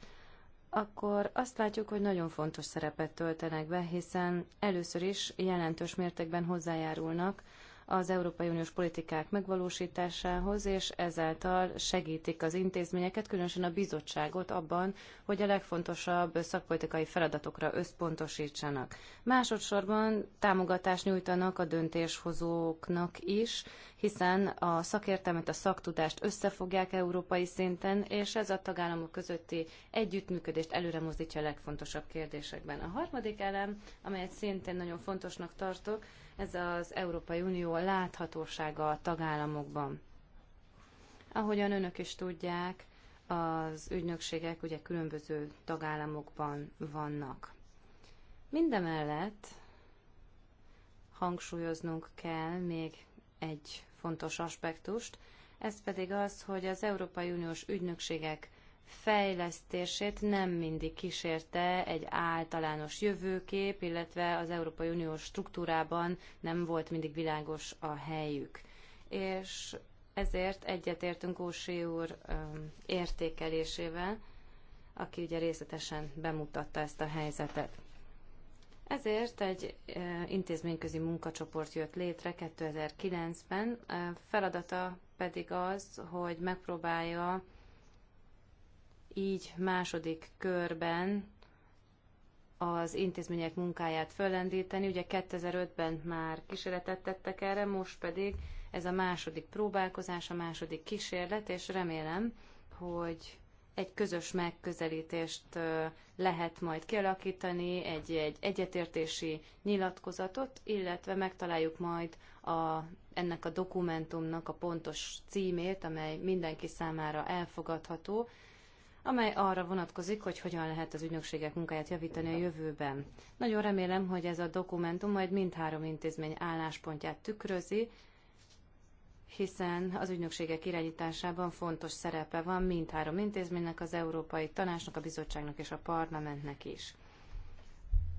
akkor azt látjuk, hogy nagyon fontos szerepet töltenek be, hiszen először is jelentős mértékben hozzájárulnak az Európai Uniós politikák megvalósításához, és ezáltal segítik az intézményeket, különösen a bizottságot abban, hogy a legfontosabb szakpolitikai feladatokra összpontosítsanak. Másodszorban támogatást nyújtanak a döntéshozóknak is, hiszen a szakértelmet, a szaktudást összefogják európai szinten, és ez a tagállamok közötti együttműködést előre mozdítja a legfontosabb kérdésekben. A harmadik elem, amelyet szintén nagyon fontosnak tartok, ez az Európai Unió láthatósága a tagállamokban. Ahogyan önök is tudják, az ügynökségek ugye különböző tagállamokban vannak. Mindemellett hangsúlyoznunk kell még egy fontos aspektust, ez pedig az, hogy az Európai Uniós ügynökségek fejlesztését nem mindig kísérte egy általános jövőkép, illetve az Európai Unió struktúrában nem volt mindig világos a helyük. És ezért egyetértünk Ósi úr értékelésével, aki ugye részletesen bemutatta ezt a helyzetet. Ezért egy intézményközi munkacsoport jött létre 2009-ben, feladata pedig az, hogy megpróbálja így második körben az intézmények munkáját föllendíteni. Ugye 2005-ben már kísérletet tettek erre, most pedig ez a második próbálkozás, a második kísérlet, és remélem, hogy egy közös megközelítést lehet majd kialakítani, egy, egy egyetértési nyilatkozatot, illetve megtaláljuk majd a, ennek a dokumentumnak a pontos címét, amely mindenki számára elfogadható, amely arra vonatkozik, hogy hogyan lehet az ügynökségek munkáját javítani a jövőben. Nagyon remélem, hogy ez a dokumentum majd mindhárom intézmény álláspontját tükrözi, hiszen az ügynökségek irányításában fontos szerepe van mindhárom intézménynek, az Európai Tanácsnak, a Bizottságnak és a Parlamentnek is.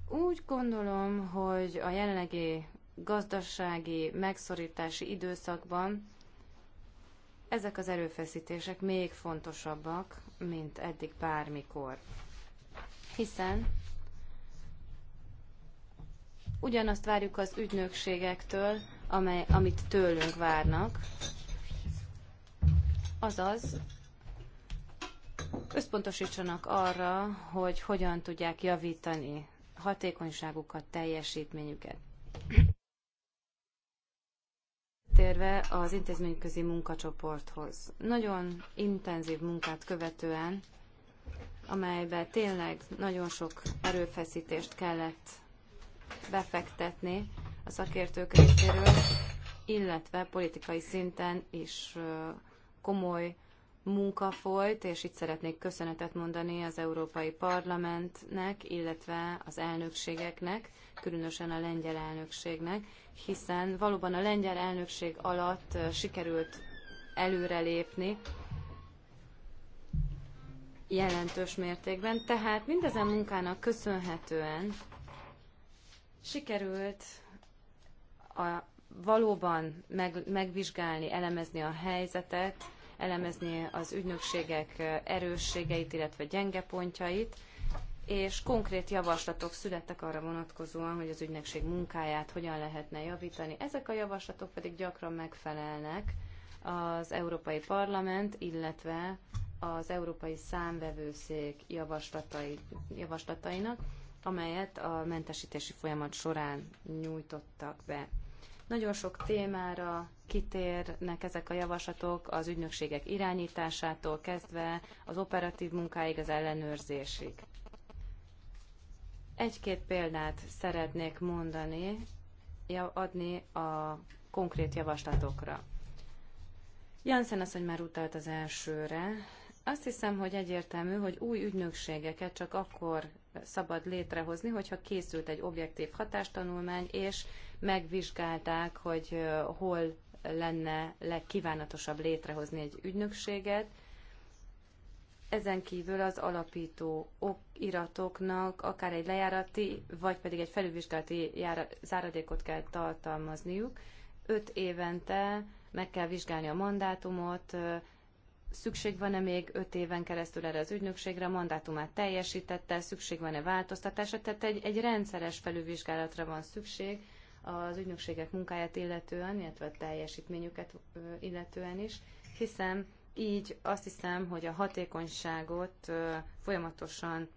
Úgy gondolom, hogy a jelenlegi gazdasági megszorítási időszakban ezek az erőfeszítések még fontosabbak, mint eddig bármikor. Hiszen ugyanazt várjuk az ügynökségektől, amely, amit tőlünk várnak, azaz összpontosítsanak arra, hogy hogyan tudják javítani hatékonyságukat, teljesítményüket. Visszatérve az intézményközi munkacsoporthoz. Nagyon intenzív munkát követően, amelybe tényleg nagyon sok erőfeszítést kellett befektetni a szakértők részéről, illetve politikai szinten is komoly munka folyt, és itt szeretnék köszönetet mondani az Európai Parlamentnek, illetve az elnökségeknek, különösen a lengyel elnökségnek, hiszen valóban a lengyel elnökség alatt sikerült előrelépni jelentős mértékben, tehát mindezen munkának köszönhetően sikerült a, valóban meg, megvizsgálni, elemezni a helyzetet, elemezni az ügynökségek erősségeit, illetve gyenge pontjait, és konkrét javaslatok születtek arra vonatkozóan, hogy az ügynökség munkáját hogyan lehetne javítani. Ezek a javaslatok pedig gyakran megfelelnek az Európai Parlament, illetve az Európai Számvevőszék javaslatai, javaslatainak, amelyet a mentesítési folyamat során nyújtottak be. Nagyon sok témára kitérnek ezek a javaslatok, az ügynökségek irányításától kezdve az operatív munkáig, az ellenőrzésig. Egy-két példát szeretnék mondani, adni a konkrét javaslatokra. Janssen hogy már utalt az elsőre. Azt hiszem, hogy egyértelmű, hogy új ügynökségeket csak akkor szabad létrehozni, hogyha készült egy objektív hatástanulmány, és megvizsgálták, hogy hol lenne legkívánatosabb létrehozni egy ügynökséget, ezen kívül az alapító okiratoknak, akár egy lejárati, vagy pedig egy felülvizsgálati jára, záradékot kell tartalmazniuk. Öt évente meg kell vizsgálni a mandátumot, szükség van-e még öt éven keresztül erre az ügynökségre, a mandátumát teljesítette, szükség van-e változtatásra, tehát egy, egy rendszeres felülvizsgálatra van szükség az ügynökségek munkáját illetően, illetve a teljesítményüket illetően is, hiszen így azt hiszem, hogy a hatékonyságot folyamatosan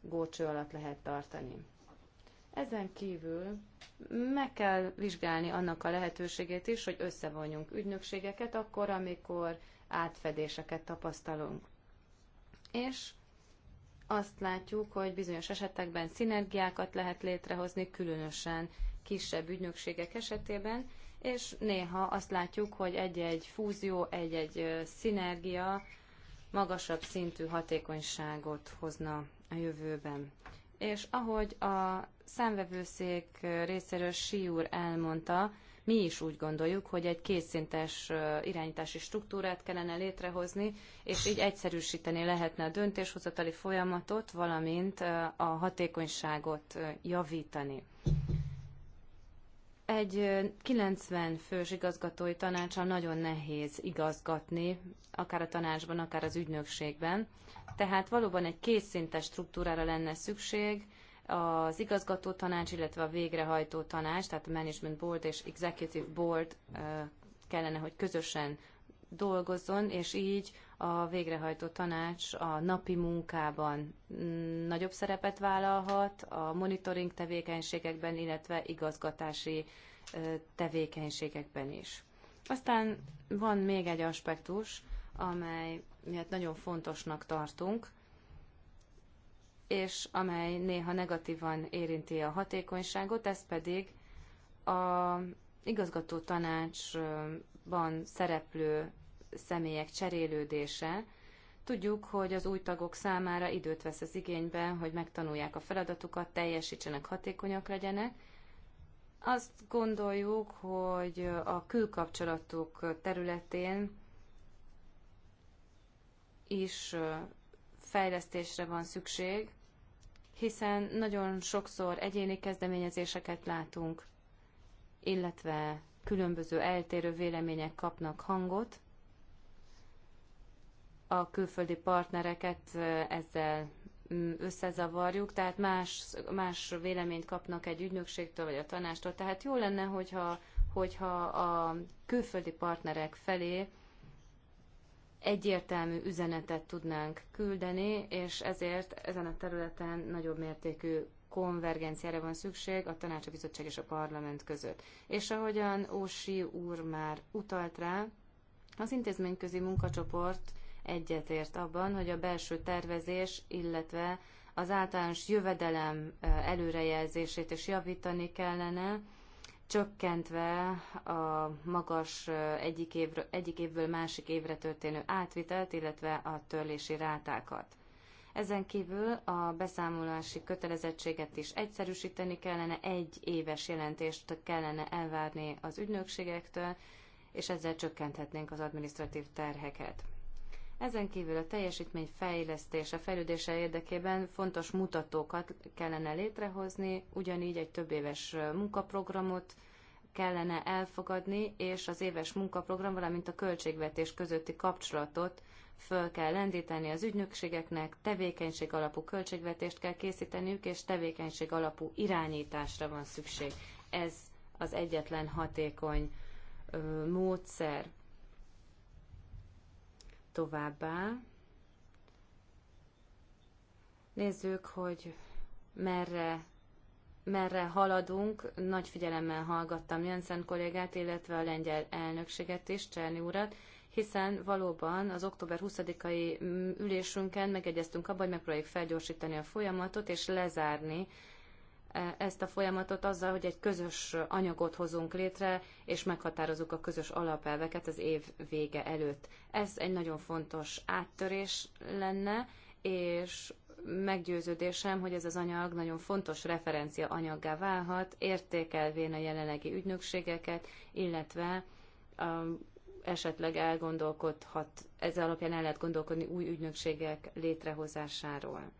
gócső alatt lehet tartani. Ezen kívül meg kell vizsgálni annak a lehetőségét is, hogy összevonjunk ügynökségeket akkor, amikor átfedéseket tapasztalunk. És azt látjuk, hogy bizonyos esetekben szinergiákat lehet létrehozni, különösen kisebb ügynökségek esetében, és néha azt látjuk, hogy egy-egy fúzió, egy-egy szinergia magasabb szintű hatékonyságot hozna a jövőben. És ahogy a számvevőszék részéről Siúr elmondta, mi is úgy gondoljuk, hogy egy kétszintes irányítási struktúrát kellene létrehozni, és így egyszerűsíteni lehetne a döntéshozatali folyamatot, valamint a hatékonyságot javítani egy 90 fős igazgatói tanácsal nagyon nehéz igazgatni, akár a tanácsban, akár az ügynökségben. Tehát valóban egy készszintes struktúrára lenne szükség, az igazgató tanács, illetve a végrehajtó tanács, tehát a Management Board és Executive Board kellene, hogy közösen dolgozzon, és így a végrehajtó tanács a napi munkában nagyobb szerepet vállalhat, a monitoring tevékenységekben, illetve igazgatási tevékenységekben is. Aztán van még egy aspektus, amely miatt nagyon fontosnak tartunk, és amely néha negatívan érinti a hatékonyságot, ez pedig a igazgató tanácsban szereplő személyek cserélődése. Tudjuk, hogy az új tagok számára időt vesz az igénybe, hogy megtanulják a feladatukat, teljesítsenek, hatékonyak legyenek. Azt gondoljuk, hogy a külkapcsolatok területén is fejlesztésre van szükség, hiszen nagyon sokszor egyéni kezdeményezéseket látunk, illetve különböző eltérő vélemények kapnak hangot a külföldi partnereket ezzel mm, összezavarjuk, tehát más, más véleményt kapnak egy ügynökségtől vagy a tanástól. Tehát jó lenne, hogyha, hogyha a külföldi partnerek felé egyértelmű üzenetet tudnánk küldeni, és ezért ezen a területen nagyobb mértékű konvergenciára van szükség a tanács, a bizottság és a parlament között. És ahogyan Ósi úr már utalt rá, az intézményközi munkacsoport egyetért abban, hogy a belső tervezés, illetve az általános jövedelem előrejelzését is javítani kellene, csökkentve a magas egyik, évről, egyik évből másik évre történő átvitelt, illetve a törlési rátákat. Ezen kívül a beszámolási kötelezettséget is egyszerűsíteni kellene, egy éves jelentést kellene elvárni az ügynökségektől, és ezzel csökkenthetnénk az administratív terheket. Ezen kívül a teljesítmény fejlesztése, fejlődése érdekében fontos mutatókat kellene létrehozni, ugyanígy egy több éves munkaprogramot kellene elfogadni, és az éves munkaprogram, valamint a költségvetés közötti kapcsolatot föl kell lendíteni az ügynökségeknek, tevékenység alapú költségvetést kell készíteniük, és tevékenység alapú irányításra van szükség. Ez az egyetlen hatékony módszer. Továbbá nézzük, hogy merre, merre haladunk. Nagy figyelemmel hallgattam Jensen kollégát, illetve a lengyel elnökséget is, Cserny urat, hiszen valóban az október 20-ai mm, ülésünken megegyeztünk abban, hogy megpróbáljuk felgyorsítani a folyamatot és lezárni E, ezt a folyamatot azzal, hogy egy közös anyagot hozunk létre, és meghatározunk a közös alapelveket az év vége előtt. Ez egy nagyon fontos áttörés lenne, és meggyőződésem, hogy ez az anyag nagyon fontos referencia anyaggá válhat, értékelvén a jelenlegi ügynökségeket, illetve a esetleg elgondolkodhat, ez alapján el lehet gondolkodni új ügynökségek létrehozásáról.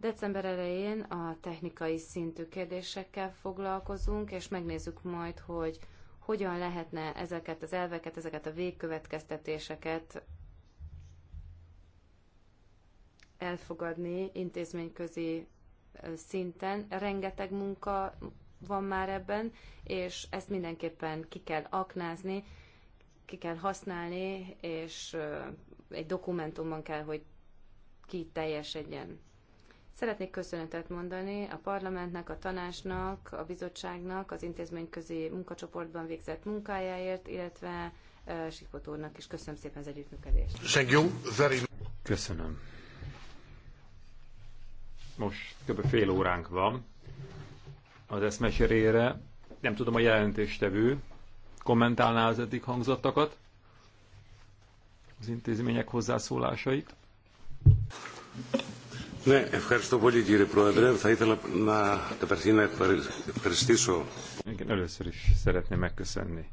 December elején a technikai szintű kérdésekkel foglalkozunk, és megnézzük majd, hogy hogyan lehetne ezeket az elveket, ezeket a végkövetkeztetéseket elfogadni intézményközi szinten. Rengeteg munka van már ebben, és ezt mindenképpen ki kell aknázni, ki kell használni, és egy dokumentumban kell, hogy ki teljesedjen. Szeretnék köszönetet mondani a parlamentnek, a tanácsnak, a bizottságnak, az intézményközi munkacsoportban végzett munkájáért, illetve uh, úrnak is. Köszönöm szépen az együttműködést. Köszönöm. Most kb. fél óránk van az eszmeserére. Nem tudom, a jelentéstevő kommentálná az eddig hangzottakat, az intézmények hozzászólásait. Ναι, ευχαριστώ πολύ κύριε Πρόεδρε. Θα ήθελα να καταρχήν να ευχαριστήσω. Igen, először is szeretném megköszönni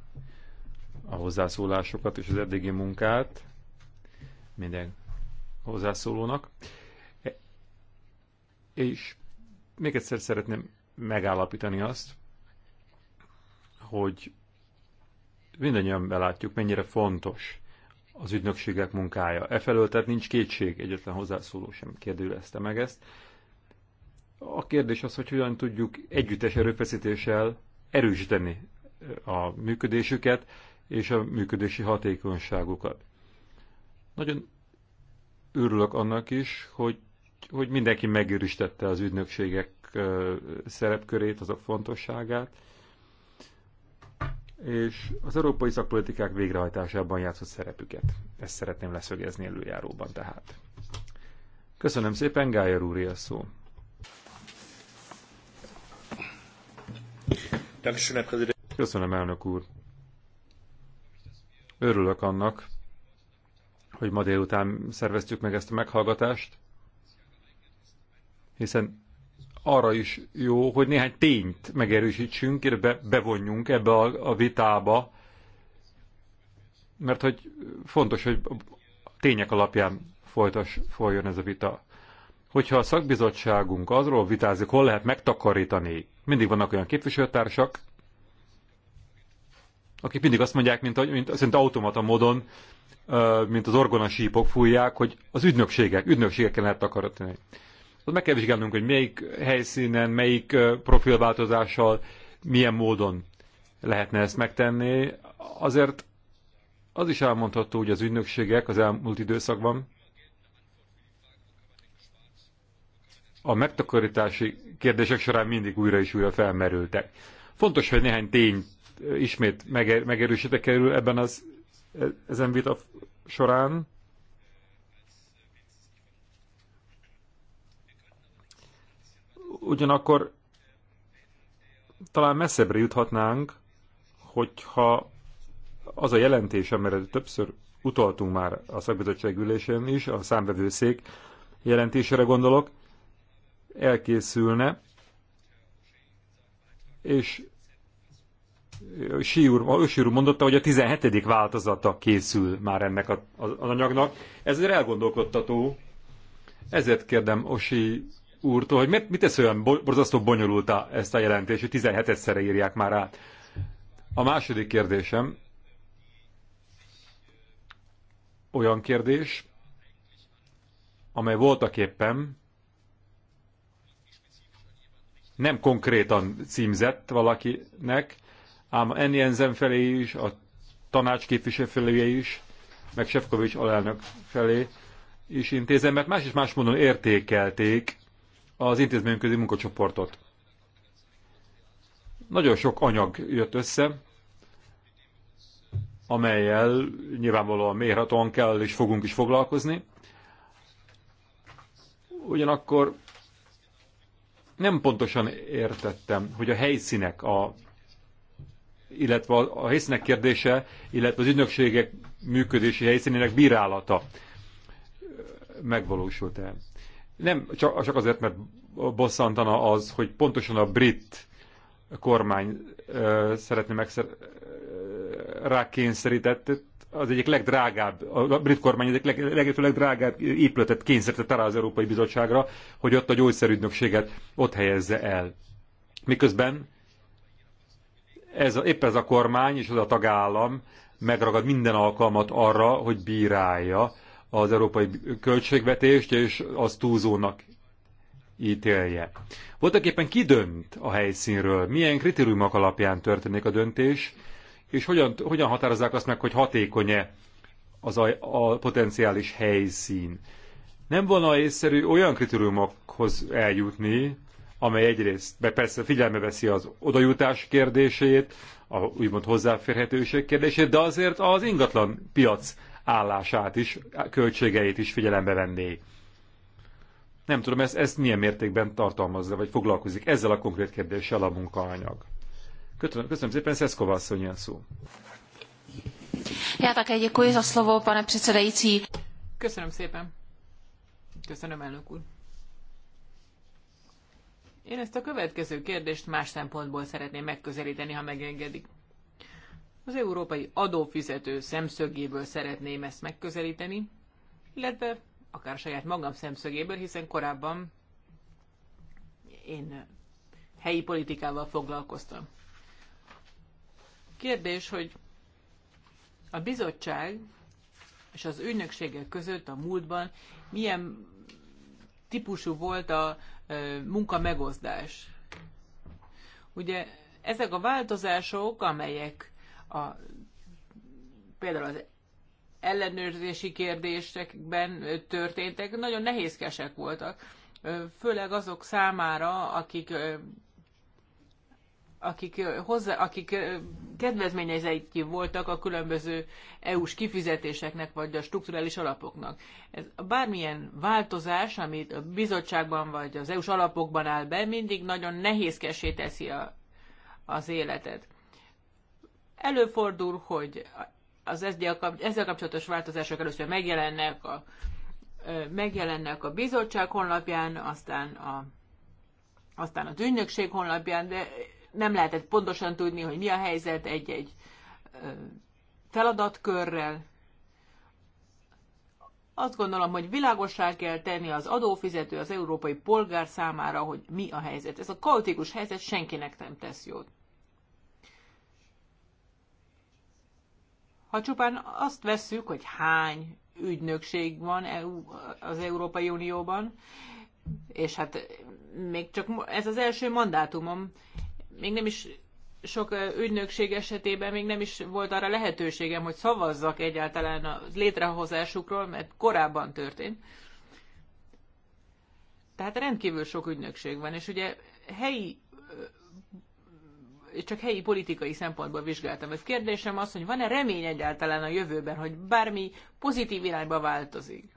a hozzászólásokat és az eddigi munkát minden hozzászólónak. E- és még egyszer szeretném megállapítani azt, hogy mindannyian belátjuk, mennyire fontos az ügynökségek munkája. Efelől tehát nincs kétség, egyetlen hozzászóló sem kérdőlezte meg ezt. A kérdés az, hogy hogyan tudjuk együttes erőfeszítéssel erősíteni a működésüket és a működési hatékonyságukat. Nagyon örülök annak is, hogy, hogy mindenki megőristette az ügynökségek szerepkörét, azok fontosságát, és az európai szakpolitikák végrehajtásában játszott szerepüket. Ezt szeretném leszögezni előjáróban tehát. Köszönöm szépen, Gájer úr, a szó. Köszönöm, elnök úr. Örülök annak, hogy ma délután szerveztük meg ezt a meghallgatást, hiszen arra is jó, hogy néhány tényt megerősítsünk, be, bevonjunk ebbe a, a vitába, mert hogy fontos, hogy a tények alapján folytas, folyjon ez a vita. Hogyha a szakbizottságunk azról vitázik, hol lehet megtakarítani, mindig vannak olyan képviselőtársak, akik mindig azt mondják, mint, mint szerint automata módon, mint az orgonasípok fújják, hogy az ügynökségek, ügynökségeken lehet takarítani. Szóval meg kell vizsgálnunk, hogy melyik helyszínen, melyik profilváltozással, milyen módon lehetne ezt megtenni. Azért az is elmondható, hogy az ügynökségek az elmúlt időszakban a megtakarítási kérdések során mindig újra és újra felmerültek. Fontos, hogy néhány tény ismét megerősítek kerül ebben az e-, ezen vita során. ugyanakkor talán messzebbre juthatnánk, hogyha az a jelentés, amire többször utaltunk már a szakbizottság ülésén is, a számvevőszék jelentésére gondolok, elkészülne, és Siúr, úr mondotta, hogy a 17. változata készül már ennek a, az anyagnak. Ezért elgondolkodtató. Ezért kérdem Osi úrtól, hogy mit, mit tesz olyan borzasztó bonyolulta ezt a jelentést, hogy 17-szerre írják már át. A második kérdésem olyan kérdés, amely voltak éppen nem konkrétan címzett valakinek, ám Enni Jensen felé is, a tanács felé is, meg Sefkovics alelnök felé is intézem, mert más és más módon értékelték az intézményközi munkacsoportot. Nagyon sok anyag jött össze, amelyel nyilvánvalóan mérhatóan kell és fogunk is foglalkozni. Ugyanakkor nem pontosan értettem, hogy a helyszínek, a, illetve a helyszínek kérdése, illetve az ügynökségek működési helyszínének bírálata megvalósult-e. Nem csak azért, mert bosszantana az, hogy pontosan a brit kormány szeretne megszer rákényszerített az egyik legdrágább, a brit kormány egyik leg, legető legdrágább épületet kényszerített rá az Európai Bizottságra, hogy ott a gyógyszerügynökséget ott helyezze el. Miközben ez a, épp ez a kormány és az a tagállam megragad minden alkalmat arra, hogy bírálja az európai költségvetést, és az túlzónak ítélje. Voltak éppen ki dönt a helyszínről, milyen kritériumok alapján történik a döntés, és hogyan, hogyan határozzák azt meg, hogy hatékony-e az a, a potenciális helyszín. Nem volna észszerű olyan kritériumokhoz eljutni, amely egyrészt be persze figyelme veszi az odajutás kérdését, a úgymond hozzáférhetőség kérdését, de azért az ingatlan piac állását is, költségeit is figyelembe venné. Nem tudom, ez, ezt milyen mértékben tartalmazza, vagy foglalkozik ezzel a konkrét kérdéssel a munkaanyag. Köszönöm, köszönöm szépen, Szeszkova asszony a szó. Já také děkuji za slovo, pane předsedající. Köszönöm szépen. Köszönöm, elnök úr. Én ezt a következő kérdést más szempontból szeretném megközelíteni, ha megengedik. Az európai adófizető szemszögéből szeretném ezt megközelíteni, illetve akár saját magam szemszögéből, hiszen korábban én helyi politikával foglalkoztam. Kérdés, hogy a bizottság és az ügynökségek között a múltban milyen típusú volt a munka megozdás. Ugye ezek a változások, amelyek a, például az ellenőrzési kérdésekben történtek, nagyon nehézkesek voltak, főleg azok számára, akik akik, hozzá, akik kedvezményezeti voltak a különböző EU-s kifizetéseknek, vagy a strukturális alapoknak. Ez bármilyen változás, amit a bizottságban vagy az EU-s alapokban áll be, mindig nagyon nehézkesé teszi a, az életet. Előfordul, hogy az ezzel kapcsolatos változások először megjelennek a, megjelennek a bizottság honlapján, aztán, a, aztán az ügynökség honlapján, de nem lehetett pontosan tudni, hogy mi a helyzet egy-egy feladatkörrel. Azt gondolom, hogy világossá kell tenni az adófizető, az európai polgár számára, hogy mi a helyzet. Ez a kaotikus helyzet senkinek nem tesz jót. Ha csupán azt vesszük, hogy hány ügynökség van e az Európai Unióban, és hát még csak ez az első mandátumom, még nem is sok ügynökség esetében még nem is volt arra lehetőségem, hogy szavazzak egyáltalán a létrehozásukról, mert korábban történt. Tehát rendkívül sok ügynökség van, és ugye helyi csak helyi politikai szempontból vizsgáltam a Kérdésem az, hogy van-e remény egyáltalán a jövőben, hogy bármi pozitív irányba változik?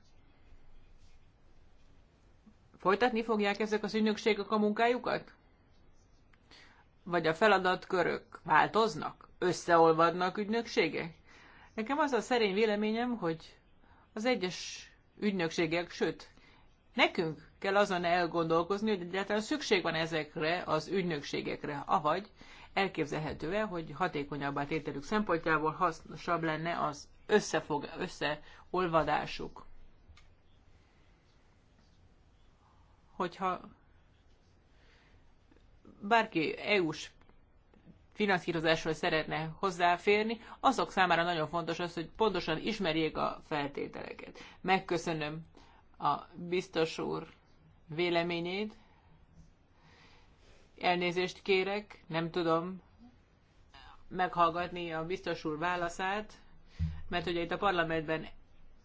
Folytatni fogják ezek az ügynökségek a munkájukat? Vagy a feladatkörök változnak? Összeolvadnak ügynökségek? Nekem az a szerény véleményem, hogy az egyes ügynökségek, sőt, nekünk kell azon elgondolkozni, hogy egyáltalán szükség van ezekre az ügynökségekre, avagy elképzelhető-e, hogy hatékonyabbá tételük szempontjából hasznosabb lenne az összefog, összeolvadásuk? Hogyha bárki EU-s finanszírozásról szeretne hozzáférni, azok számára nagyon fontos az, hogy pontosan ismerjék a feltételeket. Megköszönöm a biztos úr véleményét, Elnézést kérek, nem tudom meghallgatni a biztos úr válaszát, mert ugye itt a parlamentben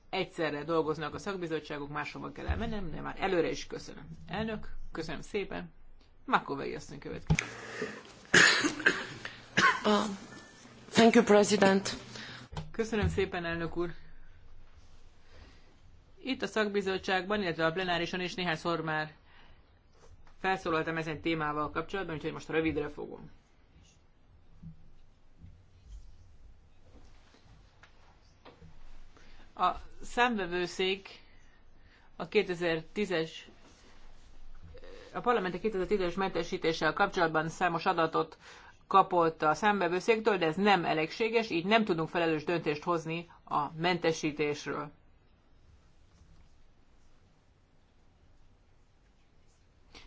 egyszerre dolgoznak a szakbizottságok, máshova kell elmennem, de már előre is köszönöm. Elnök, köszönöm szépen. Makovei asszony következik. Uh, thank you, President. Köszönöm szépen, elnök úr. Itt a szakbizottságban, illetve a plenárison is szor már felszólaltam ezen témával kapcsolatban, úgyhogy most rövidre fogom. A számvevőszék a 2010-es a parlament a 2010-es mentesítéssel kapcsolatban számos adatot kapott a számbevőszéktől, de ez nem elégséges, így nem tudunk felelős döntést hozni a mentesítésről.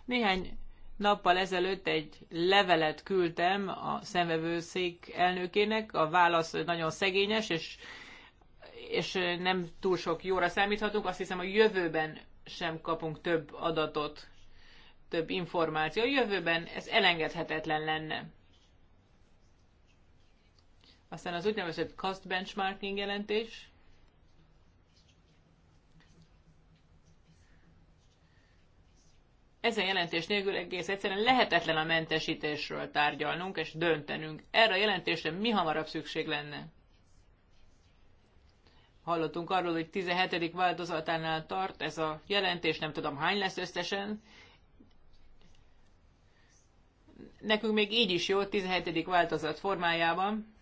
Néhány nappal ezelőtt egy levelet küldtem a szemvevőszék elnökének, a válasz nagyon szegényes, és, és nem túl sok jóra számíthatunk. Azt hiszem, a jövőben sem kapunk több adatot, több információ. A jövőben ez elengedhetetlen lenne. Aztán az úgynevezett cost benchmarking jelentés. ezen jelentés nélkül egész egyszerűen lehetetlen a mentesítésről tárgyalnunk és döntenünk. Erre a jelentésre mi hamarabb szükség lenne? Hallottunk arról, hogy 17. változatánál tart ez a jelentés, nem tudom hány lesz összesen. Nekünk még így is jó, 17. változat formájában.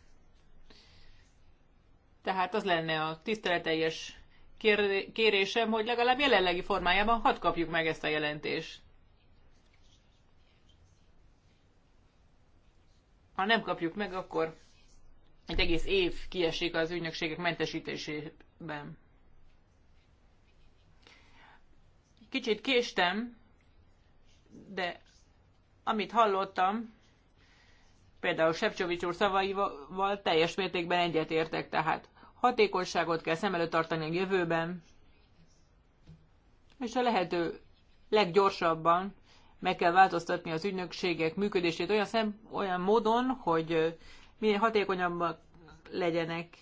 Tehát az lenne a tiszteleteljes kérésem, hogy legalább jelenlegi formájában hadd kapjuk meg ezt a jelentést. Ha nem kapjuk meg, akkor egy egész év kiesik az ügynökségek mentesítésében. Kicsit késtem, de amit hallottam, például Sefcsovics úr szavaival teljes mértékben egyetértek, tehát hatékonyságot kell szem előtt tartani a jövőben, és a lehető leggyorsabban meg kell változtatni az ügynökségek működését olyan, szem, olyan módon, hogy minél hatékonyabbak legyenek.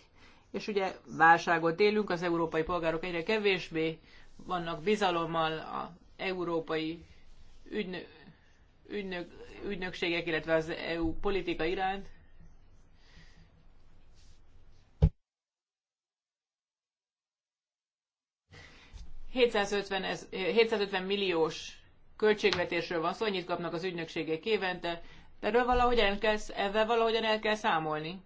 És ugye válságot élünk, az európai polgárok egyre kevésbé vannak bizalommal az európai ügynök, ügynök, ügynökségek, illetve az EU politika iránt. ...750, ez, 750 milliós költségvetésről van szó, annyit kapnak az ügynökségek évente, de erről valahogy el kell, ezzel valahogyan el kell számolni.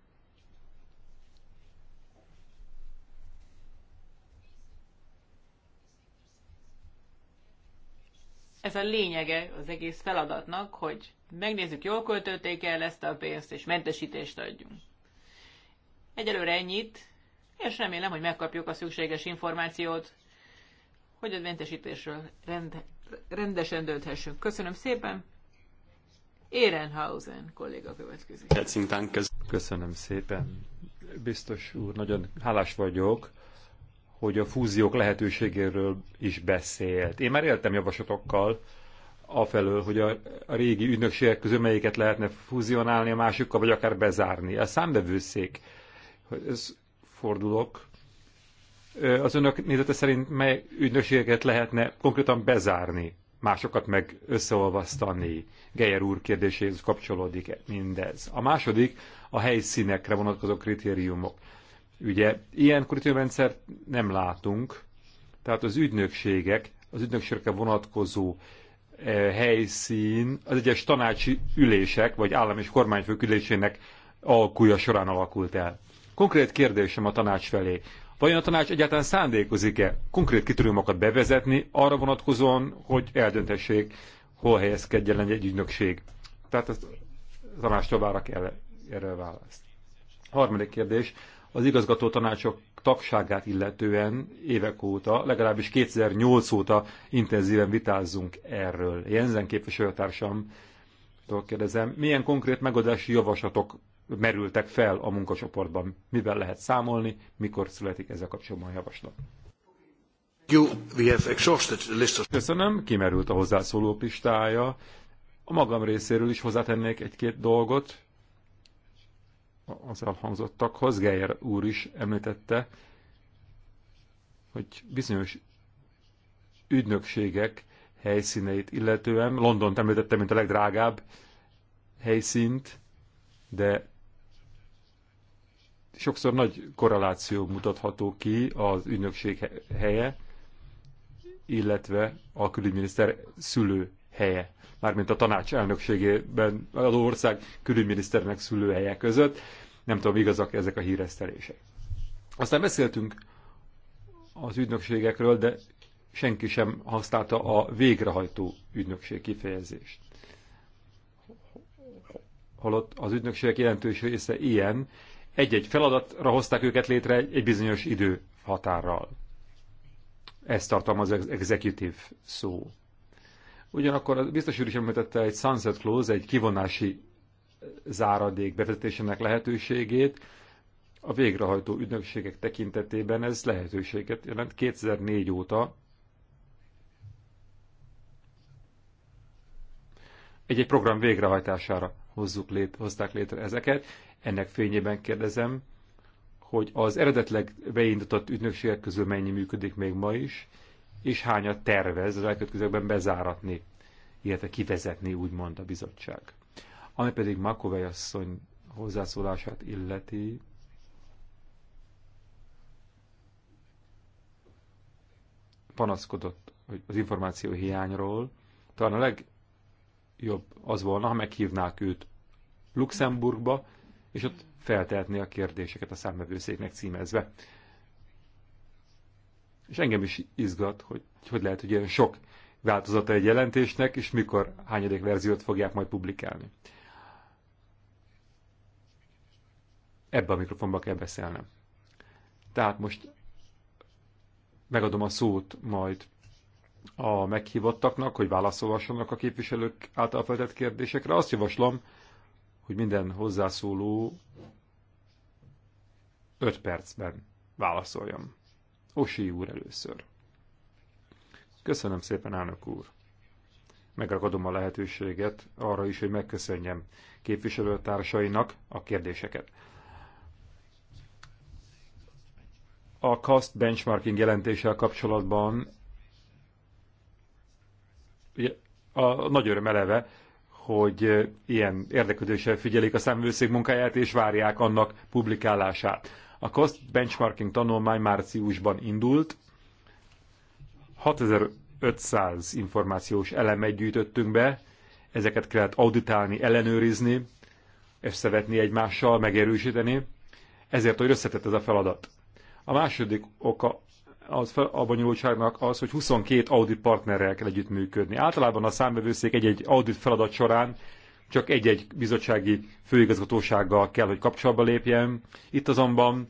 ez a lényege az egész feladatnak, hogy megnézzük, jól költötték el ezt a pénzt, és mentesítést adjunk. Egyelőre ennyit, és remélem, hogy megkapjuk a szükséges információt, hogy a mentesítésről rend, rendesen dönthessünk. Köszönöm szépen. Ehrenhausen kolléga következik. Köszönöm szépen. Biztos úr, nagyon hálás vagyok, hogy a fúziók lehetőségéről is beszélt. Én már éltem javaslatokkal, afelől, hogy a, a régi ügynökségek közül melyiket lehetne fúzionálni a másikkal, vagy akár bezárni. A számbevőszék, hogy ez fordulok, az önök nézete szerint mely ügynökségeket lehetne konkrétan bezárni, másokat meg összeolvasztani? Geyer úr kérdéséhez kapcsolódik -e mindez. A második a helyszínekre vonatkozó kritériumok. Ugye ilyen kritériumrendszert nem látunk, tehát az ügynökségek, az ügynökségekre vonatkozó e, helyszín az egyes tanácsi ülések, vagy állam és kormányfők ülésének alkúja során alakult el. Konkrét kérdésem a tanács felé. Vajon a tanács egyáltalán szándékozik-e konkrét kritériumokat bevezetni arra vonatkozóan, hogy eldöntessék, hol helyezkedjen egy ügynökség? Tehát ezt a tanács továbbra kell erre választ. Harmadik kérdés, az igazgató tanácsok tagságát illetően évek óta, legalábbis 2008 óta intenzíven vitázzunk erről. Jensen képviselőtársam kérdezem, milyen konkrét megoldási javaslatok merültek fel a munkacsoportban. Mivel lehet számolni, mikor születik ezzel kapcsolatban a javaslat? Köszönöm, kimerült a hozzászóló listája. A magam részéről is hozzátennék egy-két dolgot az elhangzottakhoz. Geyer úr is említette, hogy bizonyos ügynökségek helyszíneit illetően, London említette, mint a legdrágább helyszínt, de sokszor nagy korreláció mutatható ki az ügynökség helye, illetve a külügyminiszter szülő helye, mármint a tanács elnökségében az ország külügyminiszternek helye között. Nem tudom, igazak ezek a híresztelések. Aztán beszéltünk az ügynökségekről, de senki sem használta a végrehajtó ügynökség kifejezést. Holott az ügynökségek jelentős része ilyen, egy-egy feladatra hozták őket létre egy bizonyos idő határral. Ezt tartalmaz az executive szó. Ugyanakkor a biztos úr is említette egy sunset clause, egy kivonási eh, záradék bevezetésének lehetőségét. A végrehajtó ügynökségek tekintetében ez lehetőséget jelent 2004 óta. Egy-egy program végrehajtására hozzuk lét, hozták létre ezeket, ennek fényében kérdezem, hogy az eredetleg beindított ügynökségek közül mennyi működik még ma is, és hányat tervez az elkövetkezőkben bezáratni, illetve kivezetni, úgymond a bizottság. Ami pedig Makovej asszony hozzászólását illeti, panaszkodott hogy az információ hiányról. Talán a legjobb az volna, ha meghívnák őt Luxemburgba, és ott feltehetné a kérdéseket a számvevőszéknek címezve. És engem is izgat, hogy hogy lehet, hogy ilyen sok változata egy jelentésnek, és mikor hányadék verziót fogják majd publikálni. Ebbe a mikrofonba kell beszélnem. Tehát most megadom a szót majd a meghívottaknak, hogy válaszolhassanak a képviselők által feltett kérdésekre. Azt javaslom, hogy minden hozzászóló 5 percben válaszoljam. Osi úr először. Köszönöm szépen, elnök úr. Megragadom a lehetőséget arra is, hogy megköszönjem képviselőtársainak a kérdéseket. A cost benchmarking jelentéssel kapcsolatban a nagy öröm eleve, hogy ilyen érdeklődéssel figyelik a számvőszék munkáját és várják annak publikálását. A cost benchmarking tanulmány márciusban indult, 6500 információs elemet gyűjtöttünk be, ezeket kellett auditálni, ellenőrizni, összevetni egymással, megerősíteni, ezért, hogy összetett ez a feladat. A második oka az bonyolultságnak az, hogy 22 audit partnerrel kell együttműködni. Általában a számbevőszék egy-egy audit feladat során csak egy-egy bizottsági főigazgatósággal kell, hogy kapcsolatba lépjen. Itt azonban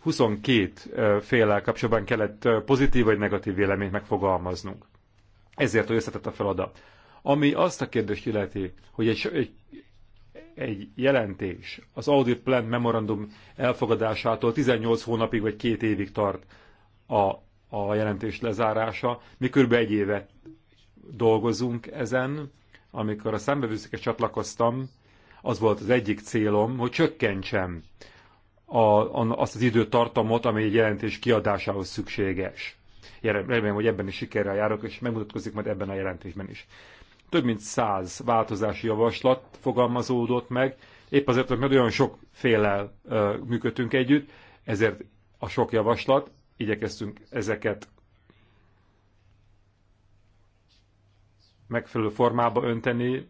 22 féllel kapcsolatban kellett pozitív vagy negatív véleményt megfogalmaznunk. Ezért összetett a feladat. Ami azt a kérdést illeti, hogy egy, egy, egy jelentés az Audit Plan Memorandum elfogadásától 18 hónapig vagy két évig tart a, a jelentés lezárása. Mi kb. egy éve dolgozunk ezen. Amikor a számbevőszéket csatlakoztam, az volt az egyik célom, hogy csökkentsem a, a, azt az időtartamot, amely egy jelentés kiadásához szükséges. Remélem, hogy ebben is sikerrel járok, és megmutatkozik majd ebben a jelentésben is. Több mint száz változási javaslat fogalmazódott meg, épp azért, mert olyan sokféle működtünk együtt, ezért a sok javaslat, igyekeztünk ezeket megfelelő formába önteni,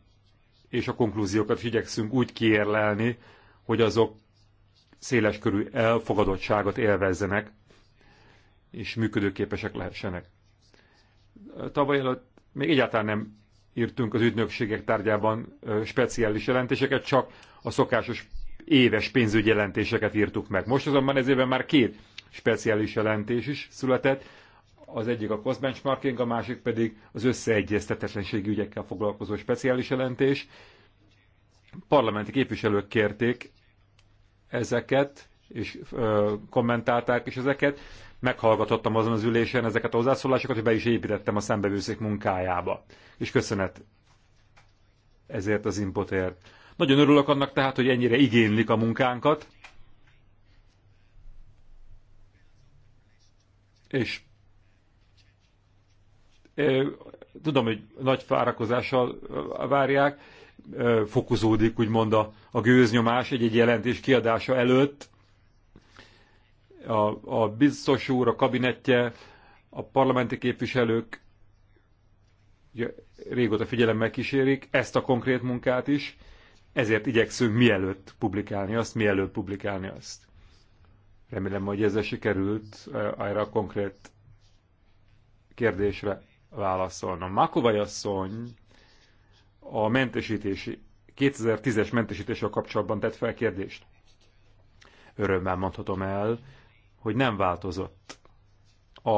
és a konklúziókat igyekszünk úgy kiérlelni, hogy azok széles körű elfogadottságot élvezzenek, és működőképesek lehessenek. Tavaly előtt még egyáltalán nem írtunk az ügynökségek tárgyában speciális jelentéseket, csak a szokásos éves pénzügyi jelentéseket írtuk meg. Most azonban ez évben már két speciális jelentés is született, az egyik a cost benchmarking, a másik pedig az összeegyeztetetlenségi ügyekkel foglalkozó speciális jelentés. Parlamenti képviselők kérték ezeket, és ö, kommentálták is ezeket. Meghallgatottam azon az ülésen ezeket a hozzászólásokat, hogy be is építettem a szembevőszék munkájába. És köszönet ezért az impotért. Nagyon örülök annak tehát, hogy ennyire igénylik a munkánkat, És tudom, hogy nagy fárakozással várják, fokozódik úgymond a, a gőznyomás egy-egy jelentés kiadása előtt. A, a biztos úr, a kabinettje, a parlamenti képviselők ugye, régóta figyelemmel kísérik ezt a konkrét munkát is, ezért igyekszünk mielőtt publikálni azt, mielőtt publikálni azt. Remélem, hogy ezzel sikerült erre a konkrét kérdésre válaszolnom. Makovai asszony a mentesítési, 2010-es mentesítéssel kapcsolatban tett fel kérdést. Örömmel mondhatom el, hogy nem változott a,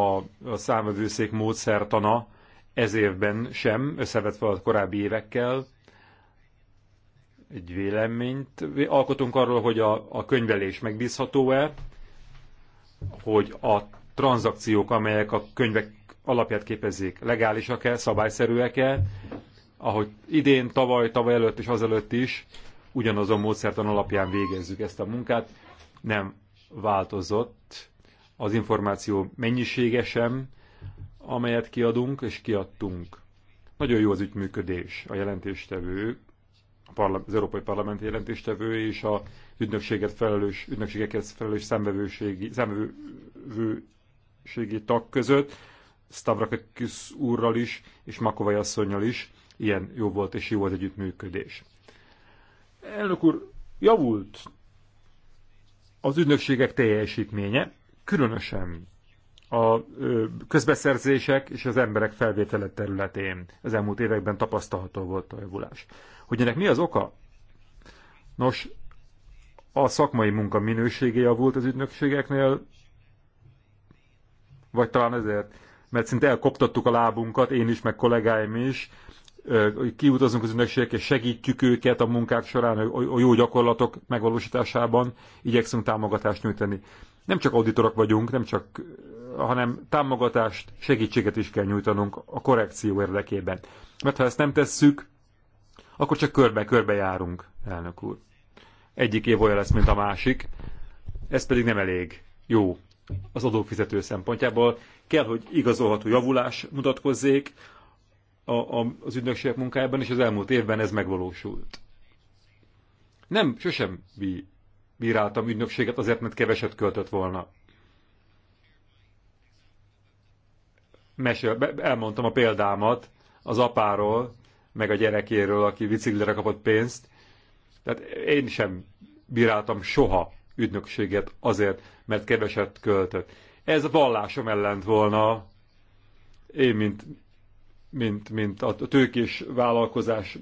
a módszertana ez évben sem, összevetve a korábbi évekkel. Egy véleményt alkotunk arról, hogy a, a könyvelés megbízható-e, hogy a tranzakciók, amelyek a könyvek alapját képezik, legálisak-e, szabályszerűek-e, ahogy idén, tavaly, tavaly előtt és azelőtt is ugyanazon módszertan alapján végezzük ezt a munkát. Nem változott az információ mennyisége sem, amelyet kiadunk és kiadtunk. Nagyon jó az ügyműködés a jelentéstevő, az Európai Parlament jelentéstevő és a ügynökséget felelős, ügynökségeket felelős szembevőségi tag között, Stavrakakis úrral is, és Makovai asszonynal is. Ilyen jó volt és jó az együttműködés. Elnök úr, javult az ügynökségek teljesítménye, különösen a közbeszerzések és az emberek felvétele területén az elmúlt években tapasztalható volt a javulás. Hogy ennek mi az oka? Nos, a szakmai munka minősége javult az ügynökségeknél, vagy talán ezért, mert szinte elkoptattuk a lábunkat, én is, meg kollégáim is, kiutazunk az és segítjük őket a munkák során, a jó gyakorlatok megvalósításában, igyekszünk támogatást nyújtani. Nem csak auditorok vagyunk, nem csak, hanem támogatást, segítséget is kell nyújtanunk a korrekció érdekében. Mert ha ezt nem tesszük, akkor csak körbe-körbe járunk, elnök úr egyik év olyan lesz, mint a másik. Ez pedig nem elég jó az adófizető szempontjából. Kell, hogy igazolható javulás mutatkozzék a, a, az ügynökségek munkájában, és az elmúlt évben ez megvalósult. Nem, sosem bí, bíráltam ügynökséget azért, mert keveset költött volna. Mesél, elmondtam a példámat az apáról, meg a gyerekéről, aki biciklire kapott pénzt, tehát én sem bíráltam soha ügynökséget azért, mert keveset költött. Ez a vallásom ellent volna, én mint, mint, mint a tőkés vállalkozás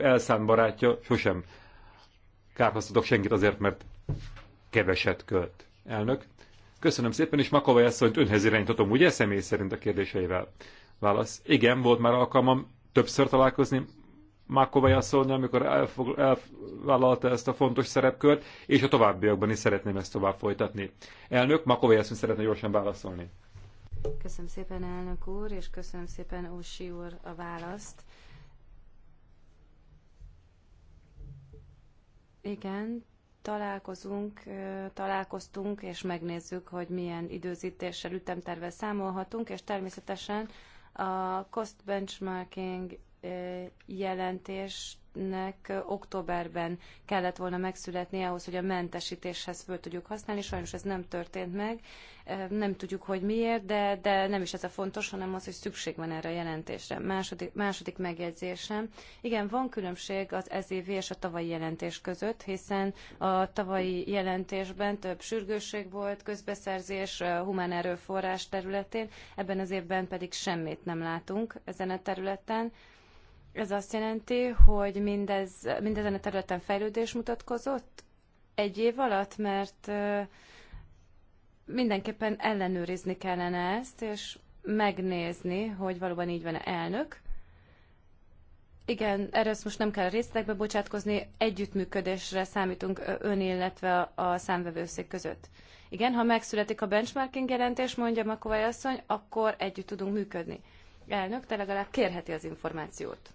elszánt barátja, sosem kárhoztatok senkit azért, mert keveset költ. Elnök, köszönöm szépen, és Makovai asszonyt önhez irányítatom, ugye személy szerint a kérdéseivel? Válasz, igen, volt már alkalmam többször találkozni Mákovály asszonynal, amikor elfog, elvállalta ezt a fontos szerepkört, és a továbbiakban is szeretném ezt tovább folytatni. Elnök, Mákovály asszony szeretne gyorsan válaszolni. Köszönöm szépen, elnök úr, és köszönöm szépen, Ósi úr, a választ. Igen, találkozunk, találkoztunk, és megnézzük, hogy milyen időzítéssel, ütemtervel számolhatunk, és természetesen a cost benchmarking jelentésnek októberben kellett volna megszületni ahhoz, hogy a mentesítéshez föl tudjuk használni. Sajnos ez nem történt meg. Nem tudjuk, hogy miért, de, de nem is ez a fontos, hanem az, hogy szükség van erre a jelentésre. Második, második megjegyzésem. Igen, van különbség az ez és a tavalyi jelentés között, hiszen a tavalyi jelentésben több sürgősség volt, közbeszerzés, humán erőforrás területén, ebben az évben pedig semmit nem látunk ezen a területen ez azt jelenti, hogy mindez, mindezen a területen fejlődés mutatkozott egy év alatt, mert mindenképpen ellenőrizni kellene ezt, és megnézni, hogy valóban így van-e elnök. Igen, erre most nem kell a részletekbe bocsátkozni, együttműködésre számítunk ön, illetve a számvevőszék között. Igen, ha megszületik a benchmarking jelentés, mondja Makovai asszony, akkor együtt tudunk működni. Elnök, te legalább kérheti az információt.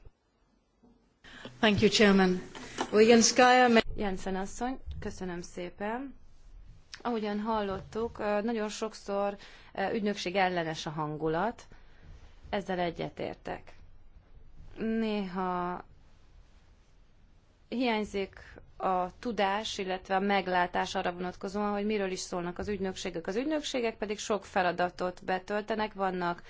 Thank you, Chairman. Ujenskaya... Jensen asszony, köszönöm szépen. Ahogyan hallottuk, nagyon sokszor ügynökség ellenes a hangulat. Ezzel egyetértek. Néha hiányzik a tudás, illetve a meglátás arra vonatkozóan, hogy miről is szólnak az ügynökségek. Az ügynökségek pedig sok feladatot betöltenek, vannak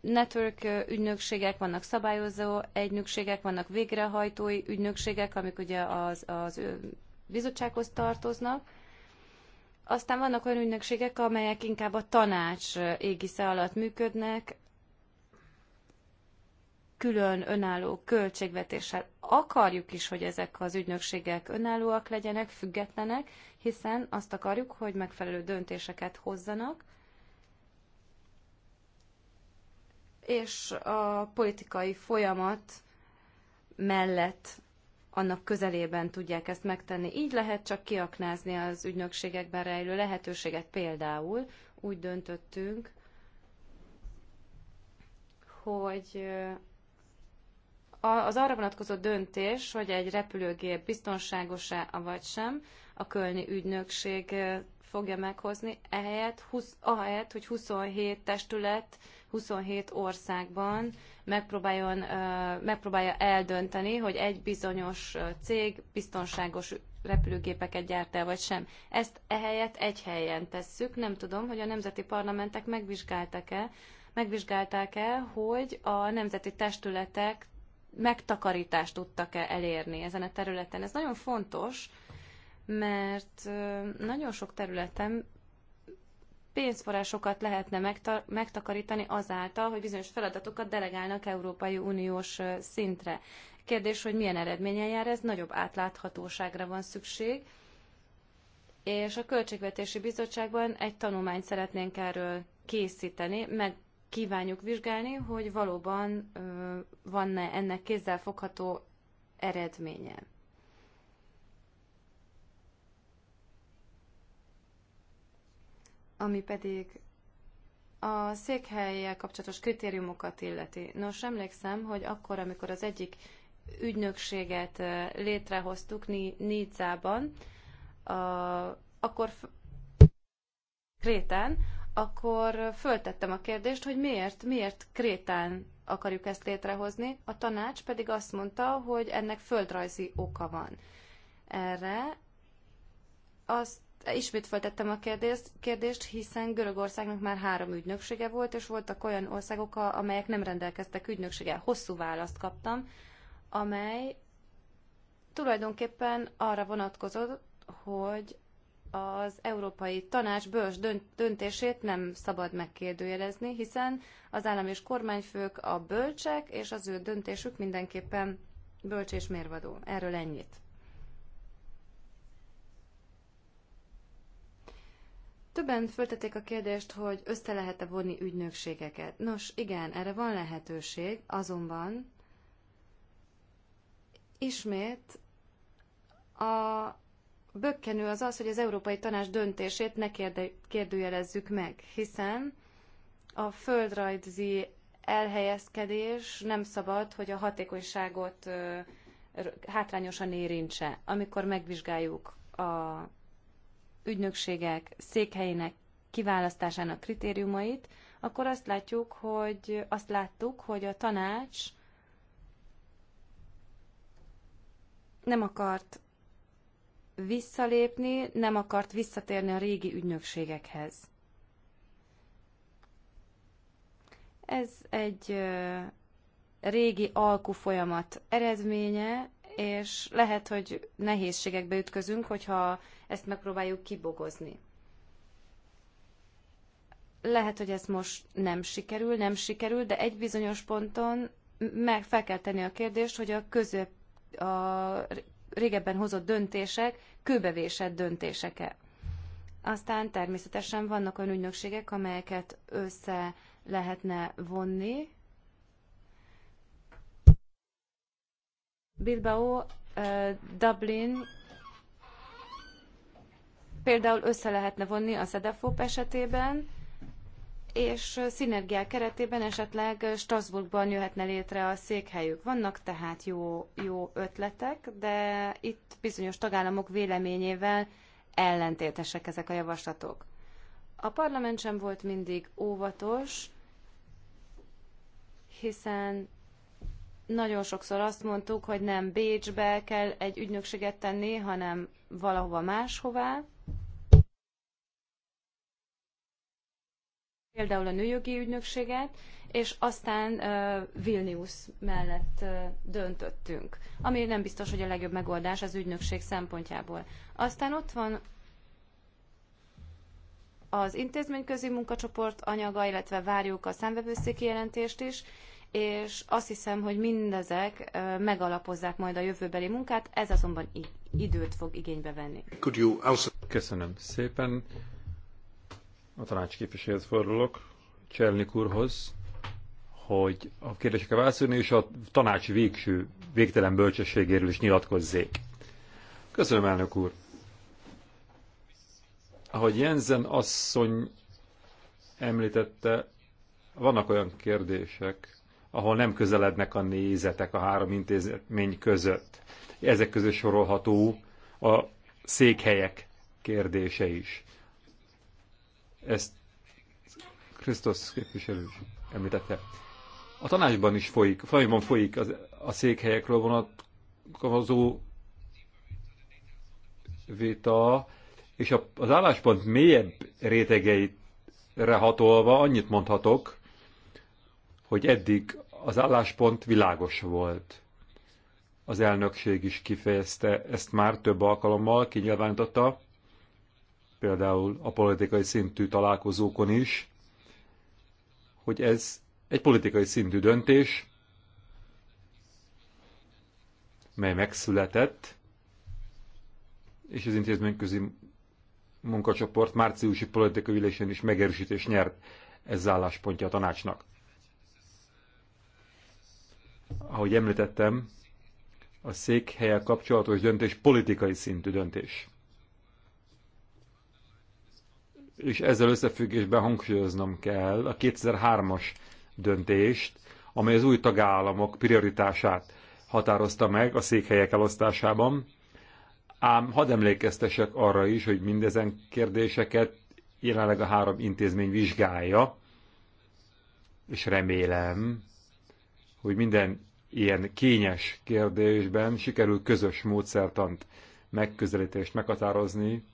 network ügynökségek, vannak szabályozó ügynökségek, vannak végrehajtói ügynökségek, amik ugye az, az bizottsághoz tartoznak. Aztán vannak olyan ügynökségek, amelyek inkább a tanács égisze alatt működnek, külön önálló költségvetéssel akarjuk is, hogy ezek az ügynökségek önállóak legyenek, függetlenek, hiszen azt akarjuk, hogy megfelelő döntéseket hozzanak, és a politikai folyamat mellett annak közelében tudják ezt megtenni. Így lehet csak kiaknázni az ügynökségekben rejlő lehetőséget. Például úgy döntöttünk, hogy az arra vonatkozó döntés, hogy egy repülőgép biztonságos-e vagy sem, a kölni ügynökség fogja meghozni, ehelyett, 20, ahelyett, hogy 27 testület 27 országban megpróbáljon, megpróbálja eldönteni, hogy egy bizonyos cég biztonságos repülőgépeket gyárt el, vagy sem. Ezt ehelyett egy helyen tesszük. Nem tudom, hogy a nemzeti parlamentek megvizsgálták-e, megvizsgálták-e, hogy a nemzeti testületek megtakarítást tudtak-e elérni ezen a területen. Ez nagyon fontos, mert nagyon sok területen pénzforrásokat lehetne megtakarítani azáltal, hogy bizonyos feladatokat delegálnak Európai Uniós szintre. Kérdés, hogy milyen eredménye jár ez, nagyobb átláthatóságra van szükség, és a Költségvetési Bizottságban egy tanulmányt szeretnénk erről készíteni, meg kívánjuk vizsgálni, hogy valóban van-e ennek kézzelfogható eredménye. ami pedig a székhelyjel kapcsolatos kritériumokat illeti. Nos, emlékszem, hogy akkor, amikor az egyik ügynökséget létrehoztuk Nícában, akkor Krétán, akkor föltettem a kérdést, hogy miért, miért Krétán akarjuk ezt létrehozni, a tanács pedig azt mondta, hogy ennek földrajzi oka van. Erre azt ismét feltettem a kérdést, kérdést, hiszen Görögországnak már három ügynöksége volt, és voltak olyan országok, amelyek nem rendelkeztek ügynöksége. Hosszú választ kaptam, amely tulajdonképpen arra vonatkozott, hogy az Európai Tanács bős döntését nem szabad megkérdőjelezni, hiszen az állam és kormányfők a bölcsek, és az ő döntésük mindenképpen bölcs és mérvadó. Erről ennyit. Többen föltették a kérdést, hogy össze lehet-e vonni ügynökségeket. Nos, igen, erre van lehetőség, azonban ismét a bökkenő az az, hogy az Európai Tanács döntését ne kérde, kérdőjelezzük meg, hiszen a földrajzi elhelyezkedés nem szabad, hogy a hatékonyságot hátrányosan érintse, amikor megvizsgáljuk a ügynökségek székhelyének kiválasztásának kritériumait, akkor azt látjuk, hogy azt láttuk, hogy a tanács nem akart visszalépni, nem akart visszatérni a régi ügynökségekhez. Ez egy régi alkufolyamat eredménye, és lehet, hogy nehézségekbe ütközünk, hogyha ezt megpróbáljuk kibogozni. Lehet, hogy ez most nem sikerül, nem sikerül, de egy bizonyos ponton meg fel kell tenni a kérdést, hogy a közö, a régebben hozott döntések kőbevésett döntéseke. Aztán természetesen vannak olyan ügynökségek, amelyeket össze lehetne vonni, Bilbao, uh, Dublin például össze lehetne vonni a SEDEFOP esetében, és uh, szinergiák keretében esetleg uh, Strasbourgban jöhetne létre a székhelyük. Vannak tehát jó, jó ötletek, de itt bizonyos tagállamok véleményével ellentétesek ezek a javaslatok. A parlament sem volt mindig óvatos, hiszen nagyon sokszor azt mondtuk, hogy nem Bécsbe kell egy ügynökséget tenni, hanem valahova máshová. Például a nőjogi ügynökséget, és aztán uh, Vilnius mellett uh, döntöttünk, ami nem biztos, hogy a legjobb megoldás az ügynökség szempontjából. Aztán ott van az intézményközi munkacsoport anyaga, illetve várjuk a számvevőszéki jelentést is, és azt hiszem, hogy mindezek megalapozzák majd a jövőbeli munkát, ez azonban időt fog igénybe venni. Köszönöm szépen. A tanács képviselőhez fordulok, Cselnik úrhoz, hogy a kérdésekre válaszolni, és a tanács végső, végtelen bölcsességéről is nyilatkozzék. Köszönöm, elnök úr. Ahogy Jensen asszony említette, vannak olyan kérdések, ahol nem közelednek a nézetek a három intézmény között. Ezek között sorolható a székhelyek kérdése is. Ezt Krisztus képviselő említette. A tanácsban is folyik, folyamban folyik az, a székhelyekről vonatkozó vita, és az álláspont mélyebb rétegeitre hatolva annyit mondhatok, hogy eddig az álláspont világos volt. Az elnökség is kifejezte ezt már több alkalommal, kinyilvánította, például a politikai szintű találkozókon is, hogy ez egy politikai szintű döntés, mely megszületett, és az intézményközi munkacsoport márciusi politikai ülésén is megerősítés nyert ez álláspontja a tanácsnak ahogy említettem, a székhelye kapcsolatos döntés politikai szintű döntés. És ezzel összefüggésben hangsúlyoznom kell a 2003-as döntést, amely az új tagállamok prioritását határozta meg a székhelyek elosztásában, ám hadd emlékeztesek arra is, hogy mindezen kérdéseket jelenleg a három intézmény vizsgálja, és remélem, hogy minden ilyen kényes kérdésben sikerül közös módszertant megközelítést meghatározni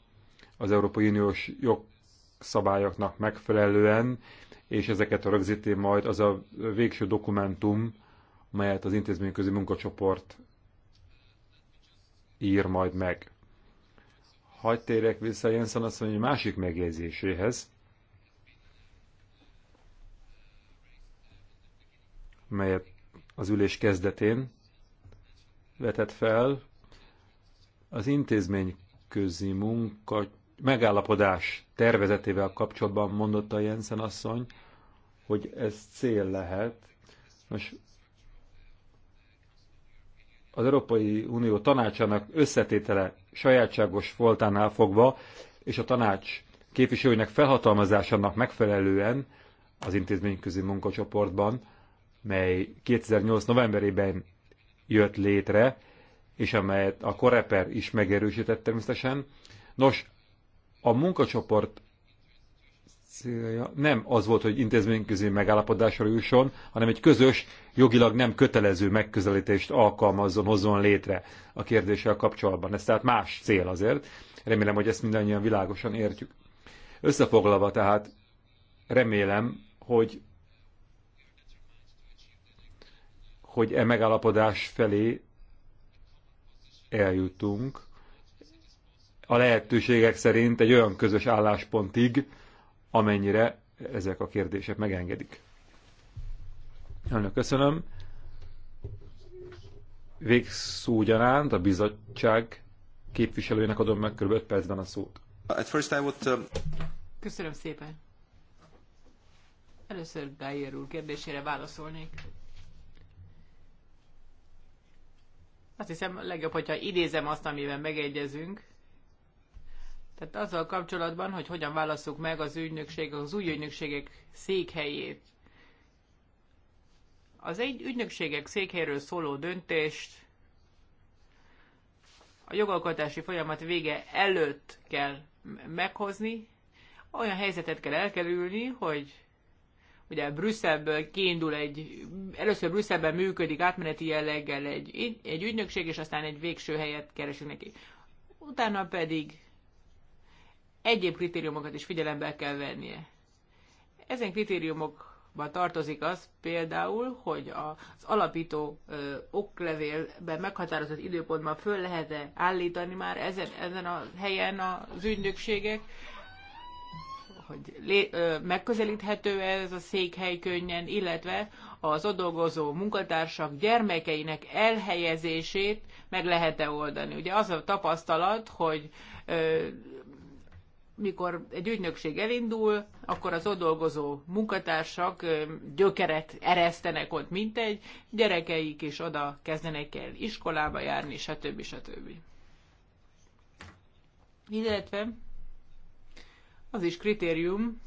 az Európai Uniós jogszabályoknak megfelelően, és ezeket rögzíti majd az a végső dokumentum, melyet az intézményközi munkacsoport ír majd meg. Hagy térek vissza Jensen azt hogy másik megjegyzéséhez, melyet az ülés kezdetén vetett fel, az intézmény közi munka megállapodás tervezetével kapcsolatban mondott a Jensen asszony, hogy ez cél lehet. Most az Európai Unió tanácsának összetétele sajátságos voltánál fogva, és a tanács képviselőinek felhatalmazásának megfelelően az intézményközi munkacsoportban mely 2008. novemberében jött létre, és amelyet a Koreper is megerősített természetesen. Nos, a munkacsoport célja nem az volt, hogy intézményközi megállapodásra jusson, hanem egy közös, jogilag nem kötelező megközelítést alkalmazzon, hozzon létre a kérdéssel kapcsolatban. Ez tehát más cél azért. Remélem, hogy ezt mindannyian világosan értjük. Összefoglalva tehát remélem, hogy hogy e megállapodás felé eljutunk a lehetőségek szerint egy olyan közös álláspontig, amennyire ezek a kérdések megengedik. Önök köszönöm. Végszó ugyanánt a bizottság képviselőjének adom meg kb. 5 percben a szót. At first I would, uh, Köszönöm szépen. Először Geyer úr kérdésére válaszolnék. Azt hiszem legjobb, hogyha idézem azt, amiben megegyezünk. Tehát azzal kapcsolatban, hogy hogyan válasszuk meg az ügynökség, az új ügynökségek székhelyét. Az egy ügynökségek székhelyről szóló döntést a jogalkotási folyamat vége előtt kell meghozni, olyan helyzetet kell elkerülni, hogy ugye Brüsszelből kiindul egy, először Brüsszelben működik átmeneti jelleggel egy, egy ügynökség, és aztán egy végső helyet keresünk neki. Utána pedig egyéb kritériumokat is figyelembe kell vennie. Ezen kritériumokba tartozik az például, hogy az alapító ö, oklevélben meghatározott időpontban föl lehet-e állítani már ezen, ezen a helyen az ügynökségek hogy lé, ö, megközelíthető ez a székhely könnyen, illetve az ott dolgozó munkatársak gyermekeinek elhelyezését meg lehet-e oldani. Ugye az a tapasztalat, hogy ö, mikor egy ügynökség elindul, akkor az ott dolgozó munkatársak gyökeret eresztenek ott, mint egy gyerekeik, és oda kezdenek el iskolába járni, stb. stb. Illetve az is kritérium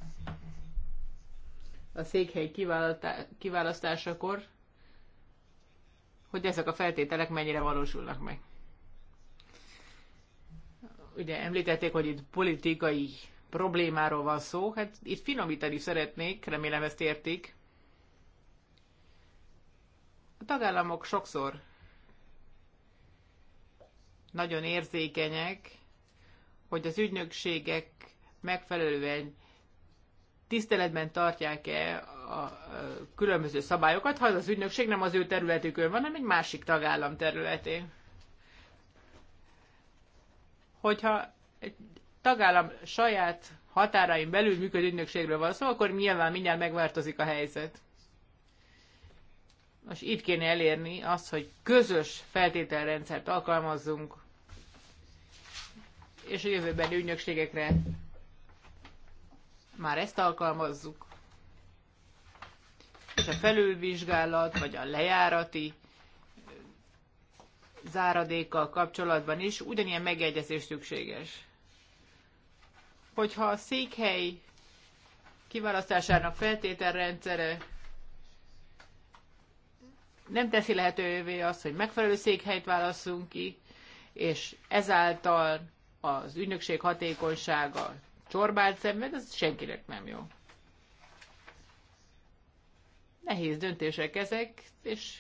a székhely kiválasztásakor, hogy ezek a feltételek mennyire valósulnak meg. Ugye említették, hogy itt politikai problémáról van szó, hát itt finomítani szeretnék, remélem ezt értik. A tagállamok sokszor nagyon érzékenyek, hogy az ügynökségek megfelelően tiszteletben tartják-e a különböző szabályokat, ha az ügynökség nem az ő területükön van, hanem egy másik tagállam területén. Hogyha egy tagállam saját határain belül működő ügynökségről van szó, akkor nyilván mindjárt megváltozik a helyzet. Most itt kéne elérni azt, hogy közös feltételrendszert alkalmazzunk, és a jövőben ügynökségekre már ezt alkalmazzuk, és a felülvizsgálat, vagy a lejárati záradékkal kapcsolatban is ugyanilyen megegyezés szükséges. Hogyha a székhely kiválasztásának feltételrendszere nem teszi lehetővé azt, hogy megfelelő székhelyt válasszunk ki, és ezáltal az ügynökség hatékonysága csorbát szenved, az senkinek nem jó. Nehéz döntések ezek, és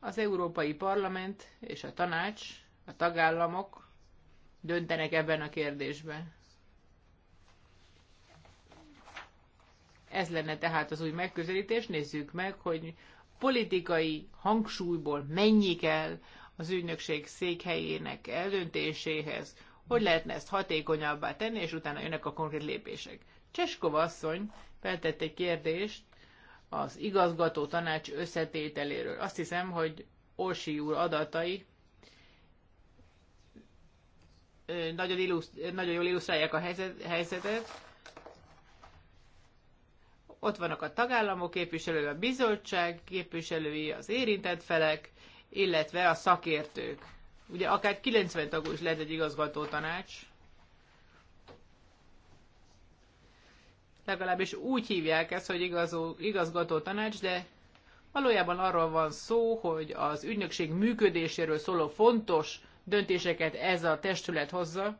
az Európai Parlament és a tanács, a tagállamok döntenek ebben a kérdésben. Ez lenne tehát az új megközelítés. Nézzük meg, hogy politikai hangsúlyból mennyi kell az ügynökség székhelyének eldöntéséhez, hogy lehetne ezt hatékonyabbá tenni, és utána jönnek a konkrét lépések. Cseskova asszony feltett egy kérdést az igazgató tanács összetételéről. Azt hiszem, hogy Orsi úr adatai nagyon, illusztr- nagyon jól illusztrálják a helyzetet. Ott vannak a tagállamok képviselői, a bizottság képviselői, az érintett felek, illetve a szakértők. Ugye akár 90 tagú is lehet egy igazgató tanács. Legalábbis úgy hívják ezt, hogy igazó, igazgató tanács, de valójában arról van szó, hogy az ügynökség működéséről szóló fontos döntéseket ez a testület hozza.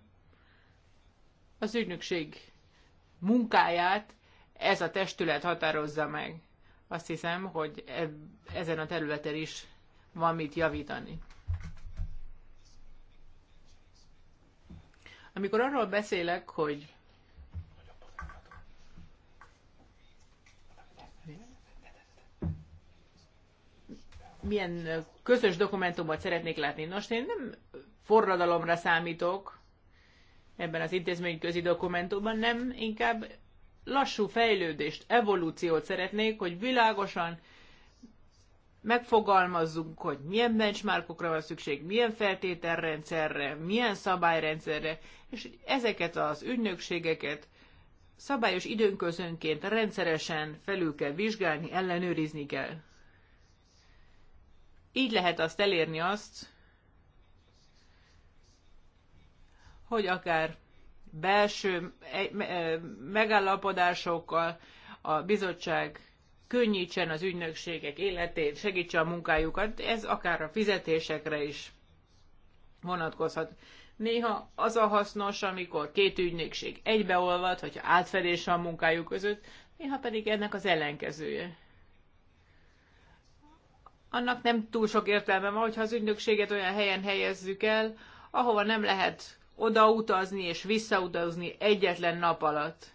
Az ügynökség munkáját ez a testület határozza meg. Azt hiszem, hogy ezen a területen is van mit javítani. Amikor arról beszélek, hogy milyen közös dokumentumot szeretnék látni. Nos, én nem forradalomra számítok ebben az intézményközi dokumentumban, nem, inkább lassú fejlődést, evolúciót szeretnék, hogy világosan megfogalmazzunk, hogy milyen benchmarkokra van szükség, milyen feltételrendszerre, milyen szabályrendszerre, és ezeket az ügynökségeket szabályos időnközönként rendszeresen felül kell vizsgálni, ellenőrizni kell. Így lehet azt elérni azt, hogy akár belső eh, eh, megállapodásokkal a bizottság könnyítsen az ügynökségek életét, segítse a munkájukat, ez akár a fizetésekre is vonatkozhat. Néha az a hasznos, amikor két ügynökség egybeolvad, hogyha átfedés a munkájuk között, néha pedig ennek az ellenkezője. Annak nem túl sok értelme van, hogyha az ügynökséget olyan helyen helyezzük el, ahova nem lehet odautazni és visszautazni egyetlen nap alatt.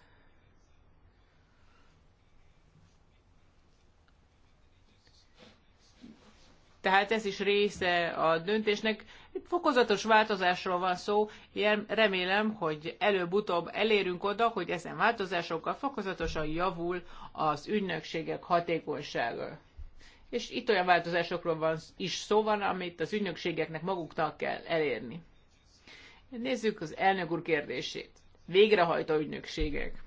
tehát ez is része a döntésnek. Itt fokozatos változásról van szó, Ilyen remélem, hogy előbb-utóbb elérünk oda, hogy ezen változásokkal fokozatosan javul az ügynökségek hatékonysága. És itt olyan változásokról van is szó van, amit az ügynökségeknek maguknak kell elérni. Nézzük az elnök úr kérdését. Végrehajtó ügynökségek.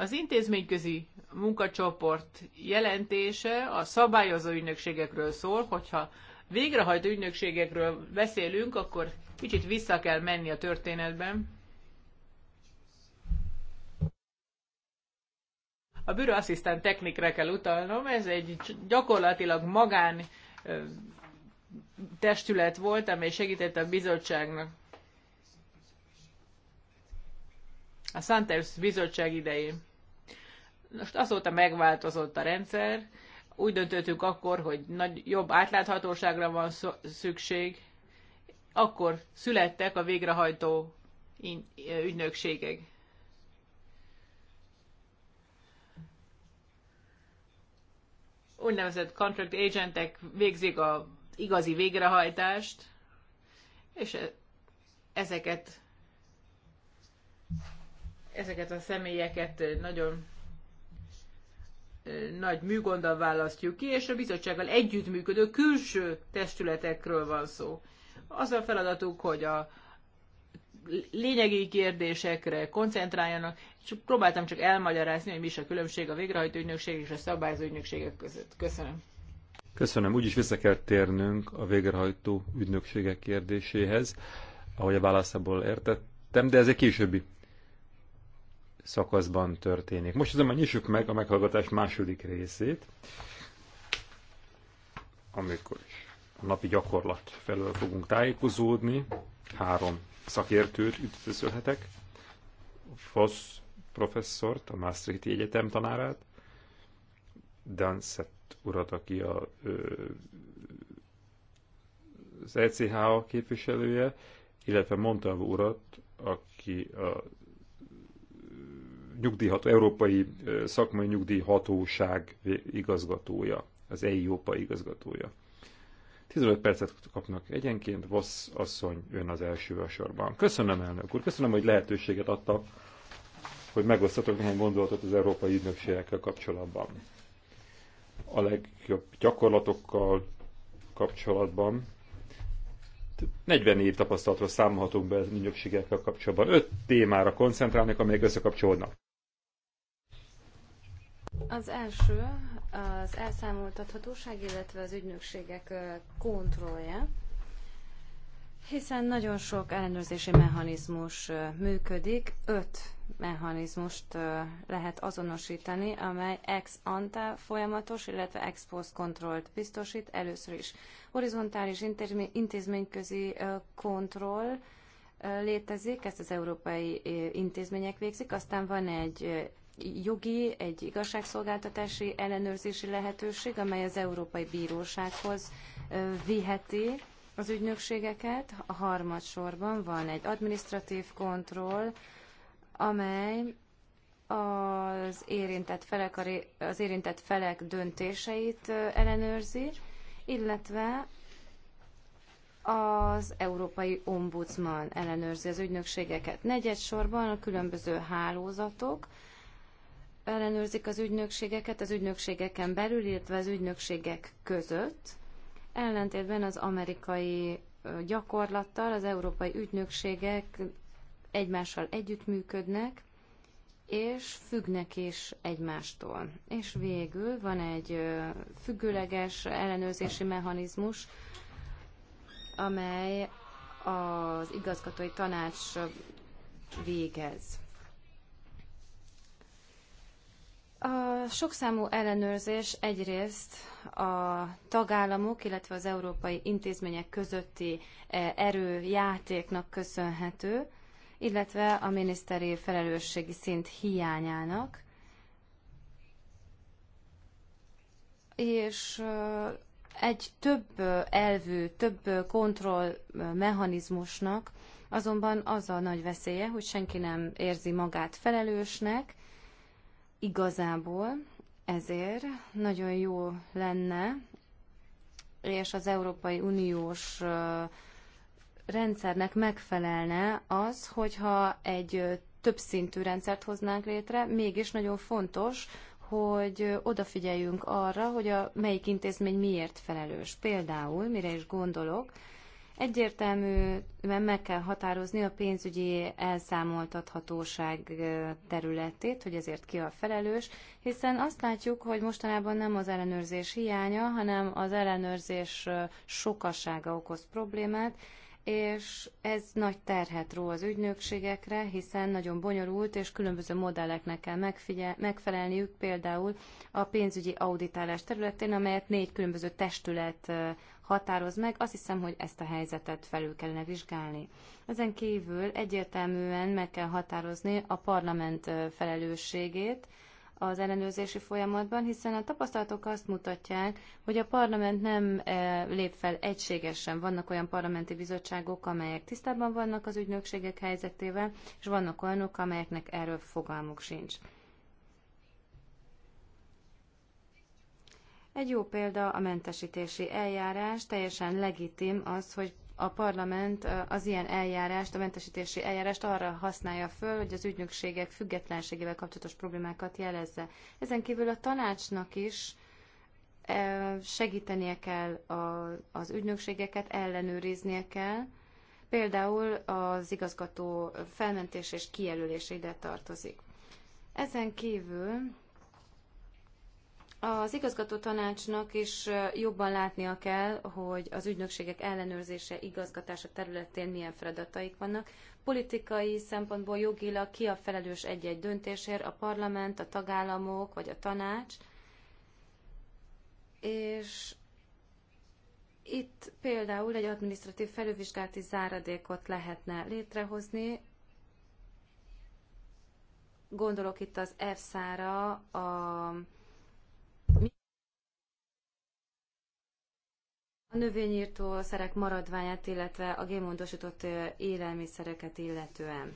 Az intézményközi munkacsoport jelentése a szabályozó ügynökségekről szól, hogyha végrehajtó ügynökségekről beszélünk, akkor kicsit vissza kell menni a történetben. A bűrőasszisztent technikre kell utalnom, ez egy gyakorlatilag magán testület volt, amely segített a bizottságnak. A Santers bizottság idején. Most azóta megváltozott a rendszer, úgy döntöttünk akkor, hogy nagy, jobb átláthatóságra van szükség, akkor születtek a végrehajtó ügynökségek. Úgynevezett contract agentek végzik a igazi végrehajtást, és e, ezeket ezeket a személyeket nagyon nagy műgonddal választjuk ki, és a bizottsággal együttműködő külső testületekről van szó. Az a feladatuk, hogy a lényegi kérdésekre koncentráljanak, és próbáltam csak elmagyarázni, hogy mi is a különbség a végrehajtó ügynökség és a szabályozó ügynökségek között. Köszönöm. Köszönöm. Úgyis vissza kell térnünk a végrehajtó ügynökségek kérdéséhez, ahogy a válaszából értettem, de ez egy későbbi szakaszban történik. Most azonban nyissuk meg a meghallgatás második részét, amikor is a napi gyakorlat felől fogunk tájékozódni. Három szakértőt üdvözölhetek. Fos professzort, a Maastrichti Egyetem tanárát, Dansett urat, aki a, ö, az ECH képviselője, illetve Montalvo urat, aki a nyugdíjható, Európai Szakmai Nyugdíjhatóság igazgatója, az EIOPA igazgatója. 15 percet kapnak egyenként, Vossz asszony ön az első a sorban. Köszönöm, elnök úr, köszönöm, hogy lehetőséget adtak, hogy megosztatok néhány gondolatot az európai ügynökségekkel kapcsolatban. A legjobb gyakorlatokkal kapcsolatban 40 év tapasztalatról számolhatunk be az ügynökségekkel kapcsolatban. Öt témára koncentrálnak, amelyek összekapcsolódnak. Az első az elszámoltathatóság, illetve az ügynökségek kontrollja, hiszen nagyon sok ellenőrzési mechanizmus működik, öt mechanizmust lehet azonosítani, amely ex ante folyamatos, illetve ex post kontrollt biztosít. Először is horizontális intézményközi kontroll létezik, ezt az európai intézmények végzik, aztán van egy jogi, egy igazságszolgáltatási ellenőrzési lehetőség, amely az Európai Bírósághoz viheti az ügynökségeket. A harmadsorban van egy administratív kontroll, amely az érintett felek, az érintett felek döntéseit ellenőrzi, illetve az Európai Ombudsman ellenőrzi az ügynökségeket. Negyedsorban a különböző hálózatok, ellenőrzik az ügynökségeket az ügynökségeken belül, illetve az ügynökségek között. Ellentétben az amerikai gyakorlattal az európai ügynökségek egymással együttműködnek, és függnek is egymástól. És végül van egy függőleges ellenőrzési mechanizmus, amely az igazgatói tanács végez. A sokszámú ellenőrzés egyrészt a tagállamok, illetve az európai intézmények közötti e, erőjátéknak köszönhető, illetve a miniszteri felelősségi szint hiányának. És egy több elvű, több kontroll mechanizmusnak azonban az a nagy veszélye, hogy senki nem érzi magát felelősnek, igazából, ezért nagyon jó lenne, és az Európai Uniós rendszernek megfelelne az, hogyha egy többszintű rendszert hoznánk létre, mégis nagyon fontos, hogy odafigyeljünk arra, hogy a melyik intézmény miért felelős. Például, mire is gondolok, Egyértelműen meg kell határozni a pénzügyi elszámoltathatóság területét, hogy ezért ki a felelős, hiszen azt látjuk, hogy mostanában nem az ellenőrzés hiánya, hanem az ellenőrzés sokassága okoz problémát, és ez nagy terhet ró az ügynökségekre, hiszen nagyon bonyolult, és különböző modelleknek kell megfelelniük, például a pénzügyi auditálás területén, amelyet négy különböző testület határoz meg, azt hiszem, hogy ezt a helyzetet felül kellene vizsgálni. Ezen kívül egyértelműen meg kell határozni a parlament felelősségét, az ellenőrzési folyamatban, hiszen a tapasztalatok azt mutatják, hogy a parlament nem lép fel egységesen. Vannak olyan parlamenti bizottságok, amelyek tisztában vannak az ügynökségek helyzetével, és vannak olyanok, amelyeknek erről fogalmuk sincs. Egy jó példa a mentesítési eljárás, teljesen legitim az, hogy a parlament az ilyen eljárást, a mentesítési eljárást arra használja föl, hogy az ügynökségek függetlenségével kapcsolatos problémákat jelezze. Ezen kívül a tanácsnak is segítenie kell az ügynökségeket, ellenőriznie kell. Például az igazgató felmentés és kijelölés ide tartozik. Ezen kívül az igazgató tanácsnak is jobban látnia kell, hogy az ügynökségek ellenőrzése, igazgatása területén milyen feladataik vannak. Politikai szempontból jogilag ki a felelős egy-egy döntésért, a parlament, a tagállamok vagy a tanács. És itt például egy adminisztratív felülvizsgálati záradékot lehetne létrehozni. Gondolok itt az EFSA-ra, a a növényírtó szerek maradványát, illetve a gémondosított élelmiszereket illetően.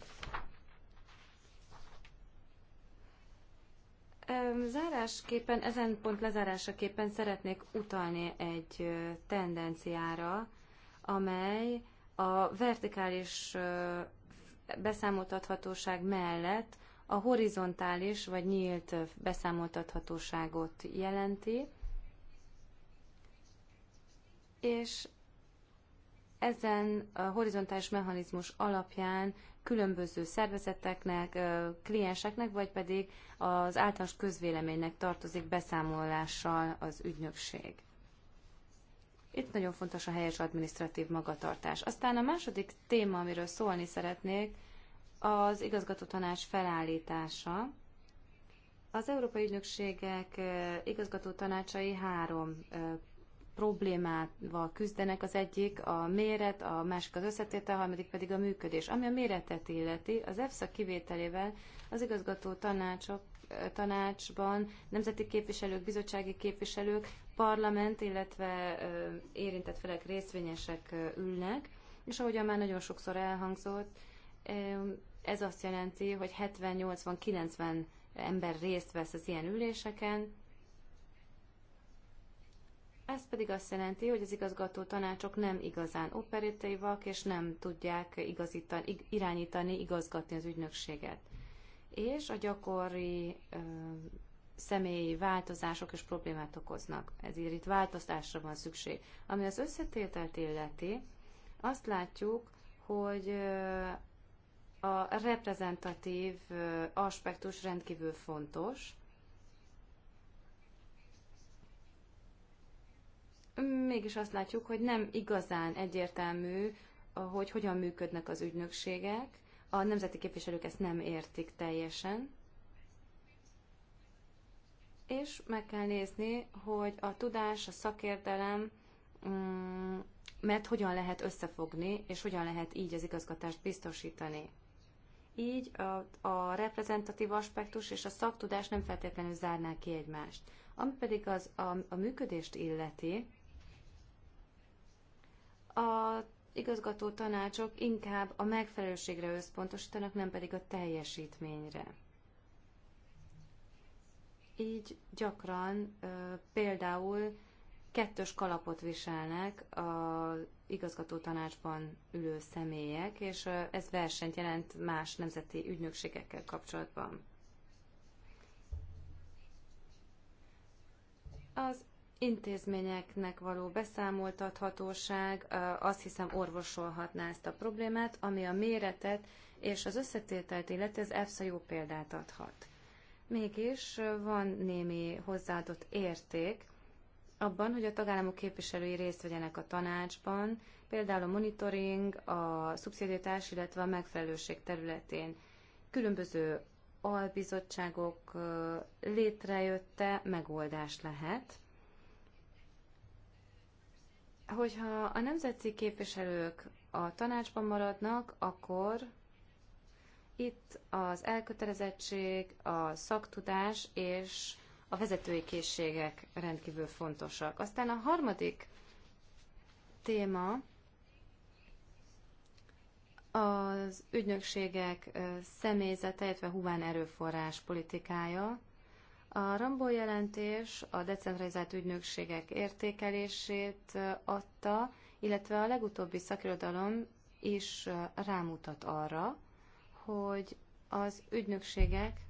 Zárásképpen, ezen pont lezárásaképpen szeretnék utalni egy tendenciára, amely a vertikális beszámoltathatóság mellett a horizontális vagy nyílt beszámoltathatóságot jelenti és ezen a horizontális mechanizmus alapján különböző szervezeteknek, klienseknek, vagy pedig az általános közvéleménynek tartozik beszámolással az ügynökség. Itt nagyon fontos a helyes adminisztratív magatartás. Aztán a második téma, amiről szólni szeretnék, az tanács felállítása. Az Európai Ügynökségek tanácsai három problémával küzdenek, az egyik a méret, a másik az összetétel, a harmadik pedig a működés. Ami a méretet illeti, az EFSA kivételével az igazgató tanácsok, tanácsban nemzeti képviselők, bizottsági képviselők, parlament, illetve érintett felek részvényesek ülnek, és ahogyan már nagyon sokszor elhangzott, ez azt jelenti, hogy 70-80-90 ember részt vesz az ilyen üléseken, ez pedig azt jelenti, hogy az igazgató tanácsok nem igazán operatívak, és nem tudják igazítani, irányítani, igazgatni az ügynökséget. És a gyakori ö, személyi változások és problémát okoznak. Ezért itt változtásra van szükség. Ami az összetételt illeti, azt látjuk, hogy ö, a reprezentatív aspektus rendkívül fontos, mégis azt látjuk, hogy nem igazán egyértelmű, hogy hogyan működnek az ügynökségek. A nemzeti képviselők ezt nem értik teljesen. És meg kell nézni, hogy a tudás, a szakértelem, mm, mert hogyan lehet összefogni, és hogyan lehet így az igazgatást biztosítani. Így a, a reprezentatív aspektus és a szaktudás nem feltétlenül zárná ki egymást. Ami pedig az, a, a működést illeti, a igazgató tanácsok inkább a megfelelőségre összpontosítanak, nem pedig a teljesítményre. Így gyakran ö, például kettős kalapot viselnek az igazgató tanácsban ülő személyek, és ez versenyt jelent más nemzeti ügynökségekkel kapcsolatban. Az intézményeknek való beszámoltathatóság, azt hiszem orvosolhatná ezt a problémát, ami a méretet és az összetételt illeti, az EFSA jó példát adhat. Mégis van némi hozzáadott érték abban, hogy a tagállamok képviselői részt vegyenek a tanácsban, például a monitoring, a szubszidiatás, illetve a megfelelőség területén. Különböző albizottságok létrejötte megoldás lehet. Hogyha a nemzeti képviselők a tanácsban maradnak, akkor itt az elkötelezettség, a szaktudás és a vezetői készségek rendkívül fontosak. Aztán a harmadik téma az ügynökségek személyzete, illetve humán erőforrás politikája. A Rambó jelentés a decentralizált ügynökségek értékelését adta, illetve a legutóbbi szakirodalom is rámutat arra, hogy az ügynökségek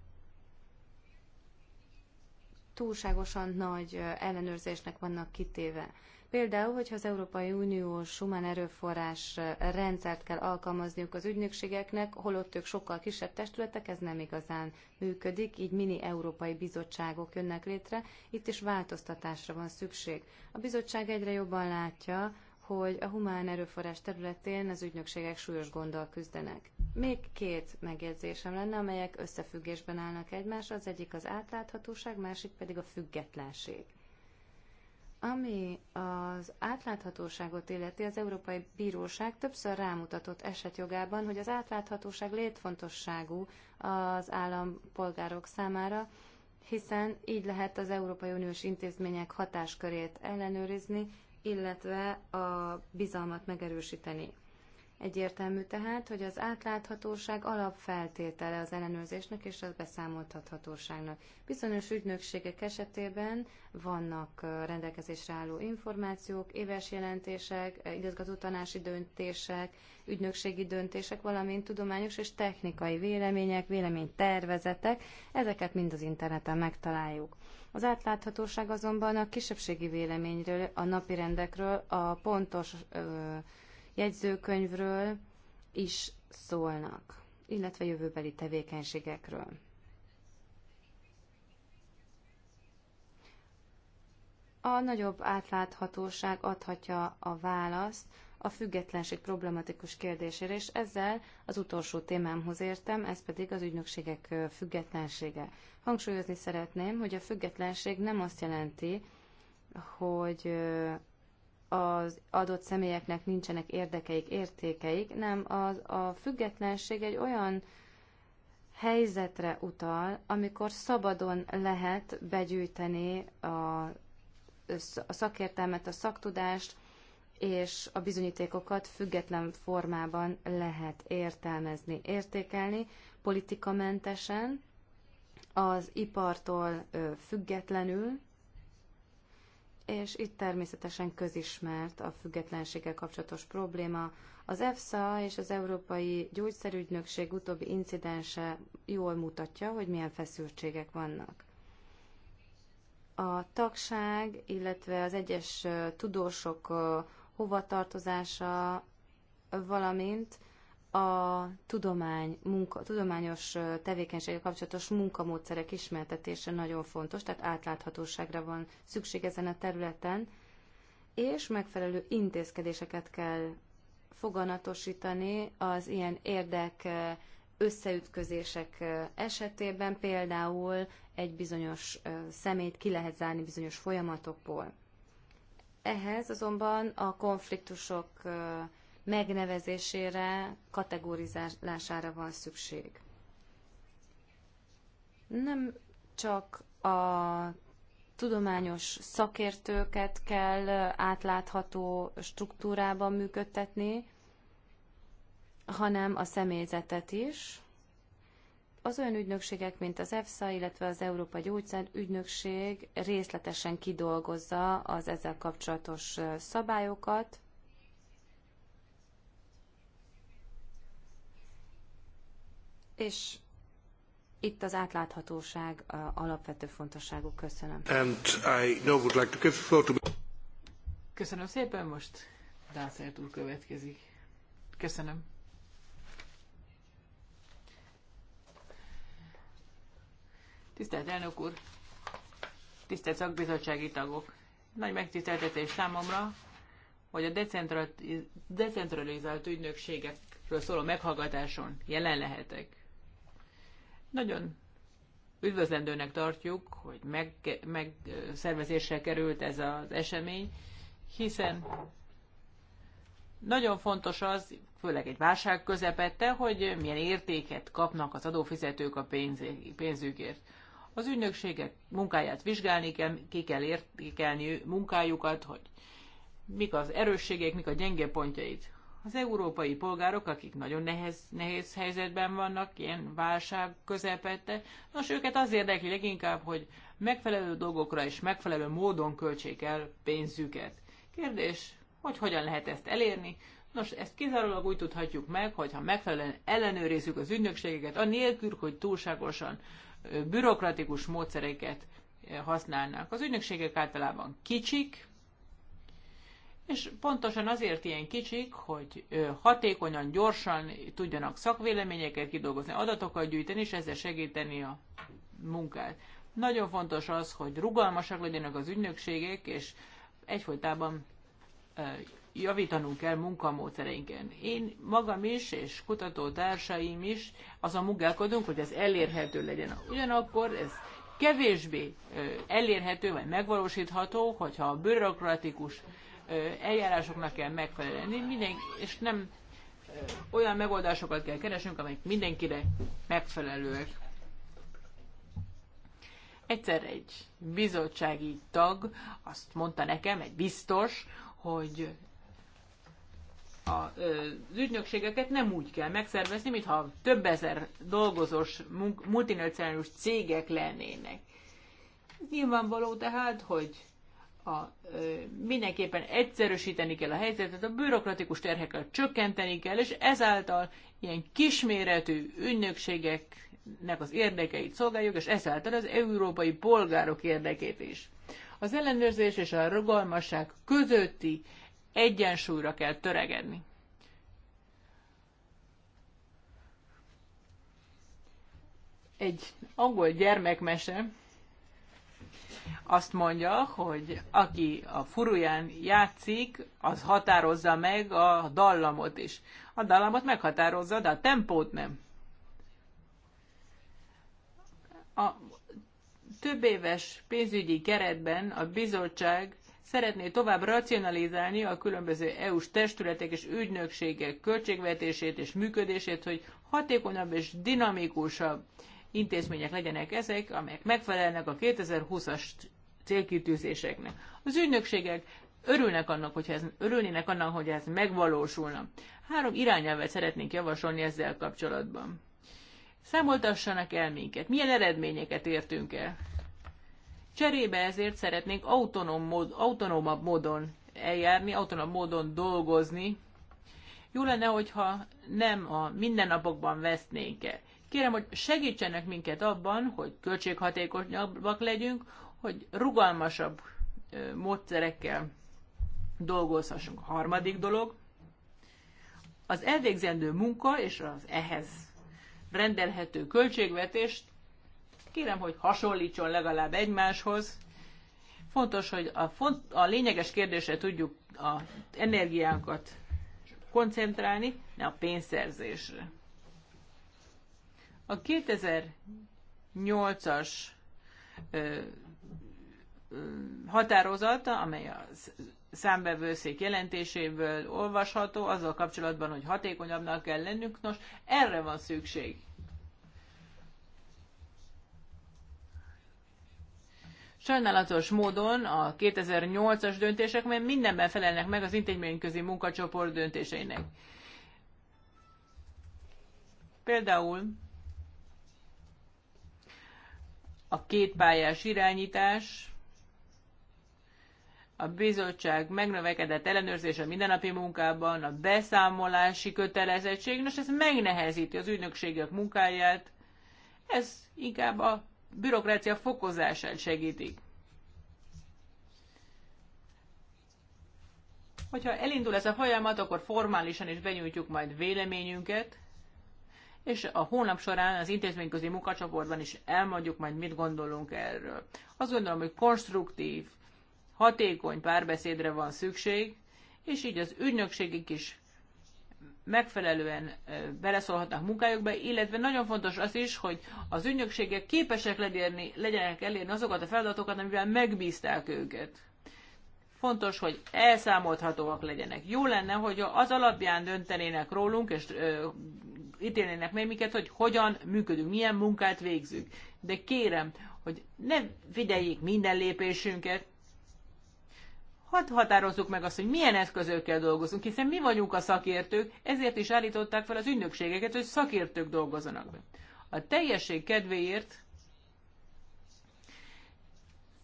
túlságosan nagy ellenőrzésnek vannak kitéve. Például, hogyha az Európai Uniós humán erőforrás rendszert kell alkalmazniuk az ügynökségeknek, holott ők sokkal kisebb testületek, ez nem igazán működik, így mini európai bizottságok jönnek létre, itt is változtatásra van szükség. A bizottság egyre jobban látja, hogy a humán erőforrás területén az ügynökségek súlyos gonddal küzdenek. Még két megjegyzésem lenne, amelyek összefüggésben állnak egymás, az egyik az átláthatóság, másik pedig a függetlenség. Ami az átláthatóságot illeti, az Európai Bíróság többször rámutatott esetjogában, hogy az átláthatóság létfontosságú az állampolgárok számára, hiszen így lehet az Európai Uniós intézmények hatáskörét ellenőrizni, illetve a bizalmat megerősíteni. Egyértelmű tehát, hogy az átláthatóság alapfeltétele az ellenőrzésnek és a beszámoltathatóságnak. Bizonyos ügynökségek esetében vannak rendelkezésre álló információk, éves jelentések, igazgatótanási döntések, ügynökségi döntések, valamint tudományos és technikai vélemények, véleménytervezetek, ezeket mind az interneten megtaláljuk. Az átláthatóság azonban a kisebbségi véleményről, a rendekről, a pontos ö, jegyzőkönyvről is szólnak, illetve jövőbeli tevékenységekről. A nagyobb átláthatóság adhatja a választ a függetlenség problematikus kérdésére, és ezzel az utolsó témámhoz értem, ez pedig az ügynökségek függetlensége. Hangsúlyozni szeretném, hogy a függetlenség nem azt jelenti, hogy az adott személyeknek nincsenek érdekeik, értékeik, nem az, a függetlenség egy olyan helyzetre utal, amikor szabadon lehet begyűjteni a, a szakértelmet, a szaktudást, és a bizonyítékokat független formában lehet értelmezni, értékelni, politikamentesen, az ipartól függetlenül, és itt természetesen közismert a függetlenséggel kapcsolatos probléma. Az EFSA és az Európai Gyógyszerügynökség utóbbi incidense jól mutatja, hogy milyen feszültségek vannak. A tagság, illetve az egyes tudósok hovatartozása, valamint a tudomány, munka, tudományos tevékenységgel kapcsolatos munkamódszerek ismertetése nagyon fontos, tehát átláthatóságra van szükség ezen a területen, és megfelelő intézkedéseket kell foganatosítani az ilyen érdek összeütközések esetében, például egy bizonyos szemét ki lehet zárni bizonyos folyamatokból. Ehhez azonban a konfliktusok megnevezésére, kategorizálására van szükség. Nem csak a tudományos szakértőket kell átlátható struktúrában működtetni, hanem a személyzetet is. Az olyan ügynökségek, mint az EFSA, illetve az Európa Gyógyszer ügynökség részletesen kidolgozza az ezzel kapcsolatos szabályokat, és itt az átláthatóság a alapvető fontosságú. Köszönöm. And I would like to give floor to... Köszönöm szépen, most Dászert úr következik. Köszönöm. Tisztelt elnök úr, tisztelt szakbizottsági tagok! Nagy megtiszteltetés számomra, hogy a decentralizált ügynökségekről szóló meghallgatáson jelen lehetek. Nagyon üdvözlendőnek tartjuk, hogy meg, szervezésre került ez az esemény, hiszen nagyon fontos az, főleg egy válság közepette, hogy milyen értéket kapnak az adófizetők a pénzükért. Az ügynökségek munkáját vizsgálni kell, ki kell értékelni munkájukat, hogy mik az erősségek, mik a gyenge pontjait. Az európai polgárok, akik nagyon nehéz, nehéz helyzetben vannak, ilyen válság közepette, nos őket az érdekli leginkább, hogy megfelelő dolgokra és megfelelő módon költsék el pénzüket. Kérdés, hogy hogyan lehet ezt elérni? Nos, ezt kizárólag úgy tudhatjuk meg, hogyha megfelelően ellenőrizzük az ügynökségeket, anélkül, hogy túlságosan bürokratikus módszereket használnak. Az ügynökségek általában kicsik, és pontosan azért ilyen kicsik, hogy hatékonyan, gyorsan tudjanak szakvéleményeket kidolgozni, adatokat gyűjteni, és ezzel segíteni a munkát. Nagyon fontos az, hogy rugalmasak legyenek az ügynökségek, és egyfolytában javítanunk kell munkamódszereinken. Én magam is, és kutatótársaim is azon munkálkodunk, hogy ez elérhető legyen. Ugyanakkor ez kevésbé elérhető, vagy megvalósítható, hogyha a bürokratikus eljárásoknak kell megfelelni, minden, és nem olyan megoldásokat kell keresnünk, amelyek mindenkire megfelelőek. Egyszer egy bizottsági tag azt mondta nekem, egy biztos, hogy a, az ügynökségeket nem úgy kell megszervezni, mintha több ezer dolgozós multinacionális cégek lennének. Nyilvánvaló tehát, hogy a, ö, mindenképpen egyszerűsíteni kell a helyzetet, a bürokratikus terheket csökkenteni kell, és ezáltal ilyen kisméretű ügynökségeknek az érdekeit szolgáljuk, és ezáltal az európai polgárok érdekét is. Az ellenőrzés és a rugalmasság közötti egyensúlyra kell töregedni. Egy angol gyermekmese, azt mondja, hogy aki a furuján játszik, az határozza meg a dallamot is. A dallamot meghatározza, de a tempót nem. A több éves pénzügyi keretben a bizottság szeretné tovább racionalizálni a különböző EU-s testületek és ügynökségek költségvetését és működését, hogy hatékonyabb és dinamikusabb intézmények legyenek ezek, amelyek megfelelnek a 2020-as célkitűzéseknek. Az ügynökségek örülnek annak, hogy ez, örülnének annak, hogy ez megvalósulna. Három irányelvet szeretnénk javasolni ezzel kapcsolatban. Számoltassanak el minket, milyen eredményeket értünk el. Cserébe ezért szeretnénk autonóm mód, autonómabb módon eljárni, autonóm módon dolgozni. Jó lenne, hogyha nem a mindennapokban vesznénk el. Kérem, hogy segítsenek minket abban, hogy költséghatékonyabbak legyünk, hogy rugalmasabb módszerekkel dolgozhassunk. A harmadik dolog, az elvégzendő munka és az ehhez rendelhető költségvetést kérem, hogy hasonlítson legalább egymáshoz. Fontos, hogy a, font, a lényeges kérdésre tudjuk az energiánkat koncentrálni, ne a pénzszerzésre. A 2008-as határozata, amely a számbevőszék jelentéséből olvasható, azzal kapcsolatban, hogy hatékonyabbnak kell lennünk, nos, erre van szükség. Sajnálatos módon a 2008-as döntések mert mindenben felelnek meg az intézményközi munkacsoport döntéseinek. Például a kétpályás irányítás, a bizottság megnövekedett ellenőrzés a mindennapi munkában, a beszámolási kötelezettség, nos ez megnehezíti az ügynökségek munkáját, ez inkább a bürokrácia fokozását segítik. Hogyha elindul ez a folyamat, akkor formálisan is benyújtjuk majd véleményünket, és a hónap során az intézményközi munkacsoportban is elmondjuk majd, mit gondolunk erről. Azt gondolom, hogy konstruktív, hatékony párbeszédre van szükség, és így az ügynökségek is megfelelően beleszólhatnak munkájukba, illetve nagyon fontos az is, hogy az ügynökségek képesek legyenni, legyenek elérni azokat a feladatokat, amivel megbízták őket. Fontos, hogy elszámolhatóak legyenek. Jó lenne, hogy az alapján döntenének rólunk, és ö, ítélnének meg minket, hogy hogyan működünk, milyen munkát végzünk. De kérem, hogy ne figyeljék minden lépésünket, hadd határozzuk meg azt, hogy milyen eszközökkel dolgozunk, hiszen mi vagyunk a szakértők, ezért is állították fel az ügynökségeket, hogy szakértők dolgozzanak be. A teljesség kedvéért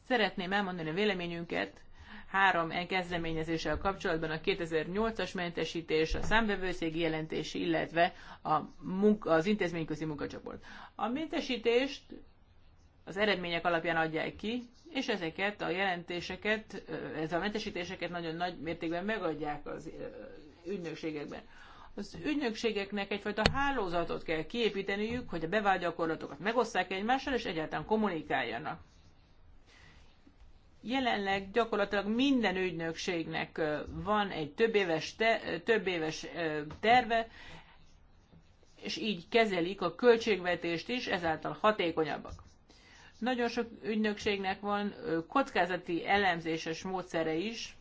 szeretném elmondani a véleményünket három kezdeményezéssel kapcsolatban a 2008-as mentesítés, a számbevőszégi jelentés, illetve a munka, az intézményközi munkacsoport. A mentesítést az eredmények alapján adják ki, és ezeket a jelentéseket, ez a mentesítéseket nagyon nagy mértékben megadják az ügynökségekben. Az ügynökségeknek egyfajta hálózatot kell kiépíteniük, hogy a bevált gyakorlatokat megosszák egymással, és egyáltalán kommunikáljanak. Jelenleg gyakorlatilag minden ügynökségnek van egy több éves, te, több éves terve, és így kezelik a költségvetést is, ezáltal hatékonyabbak. Nagyon sok ügynökségnek van kockázati elemzéses módszere is.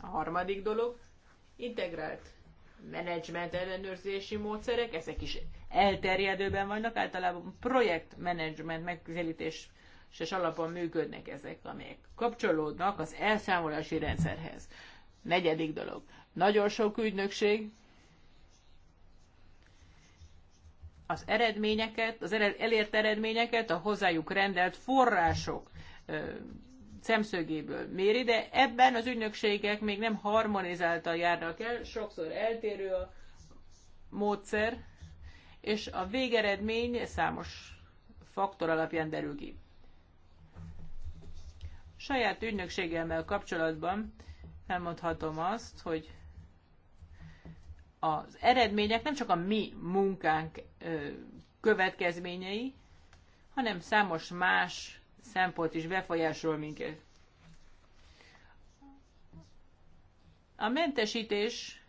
A harmadik dolog, integrált menedzsment ellenőrzési módszerek, ezek is elterjedőben vannak, általában projektmenedzsment megközelítés és alapon működnek ezek, amelyek kapcsolódnak az elszámolási rendszerhez. Negyedik dolog. Nagyon sok ügynökség az eredményeket, az elért eredményeket a hozzájuk rendelt források szemszögéből méri, de ebben az ügynökségek még nem harmonizáltan járnak el, sokszor eltérő a módszer, és a végeredmény számos faktor alapján derül ki. Saját ügynökségemmel kapcsolatban elmondhatom azt, hogy az eredmények nem csak a mi munkánk következményei, hanem számos más szempont is befolyásol minket. A mentesítés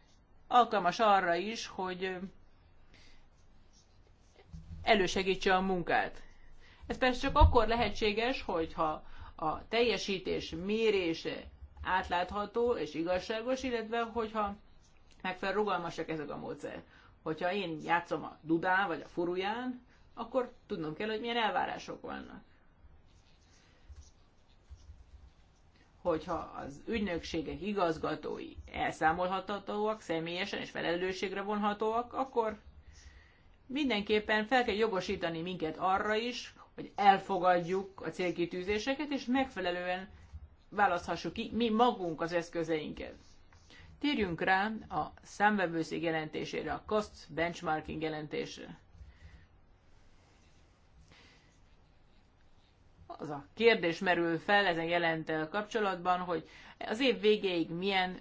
alkalmas arra is, hogy elősegítse a munkát. Ez persze csak akkor lehetséges, hogyha a teljesítés mérése átlátható és igazságos, illetve hogyha megfelelő rugalmasak ezek a módszerek. Hogyha én játszom a dudán vagy a furuján, akkor tudnom kell, hogy milyen elvárások vannak. Hogyha az ügynökségek igazgatói elszámolhatatóak, személyesen és felelősségre vonhatóak, akkor mindenképpen fel kell jogosítani minket arra is, hogy elfogadjuk a célkitűzéseket, és megfelelően választhassuk ki mi magunk az eszközeinket. Térjünk rá a számvevőszék jelentésére, a cost benchmarking jelentésre. Az a kérdés merül fel ezen jelentel kapcsolatban, hogy az év végéig milyen,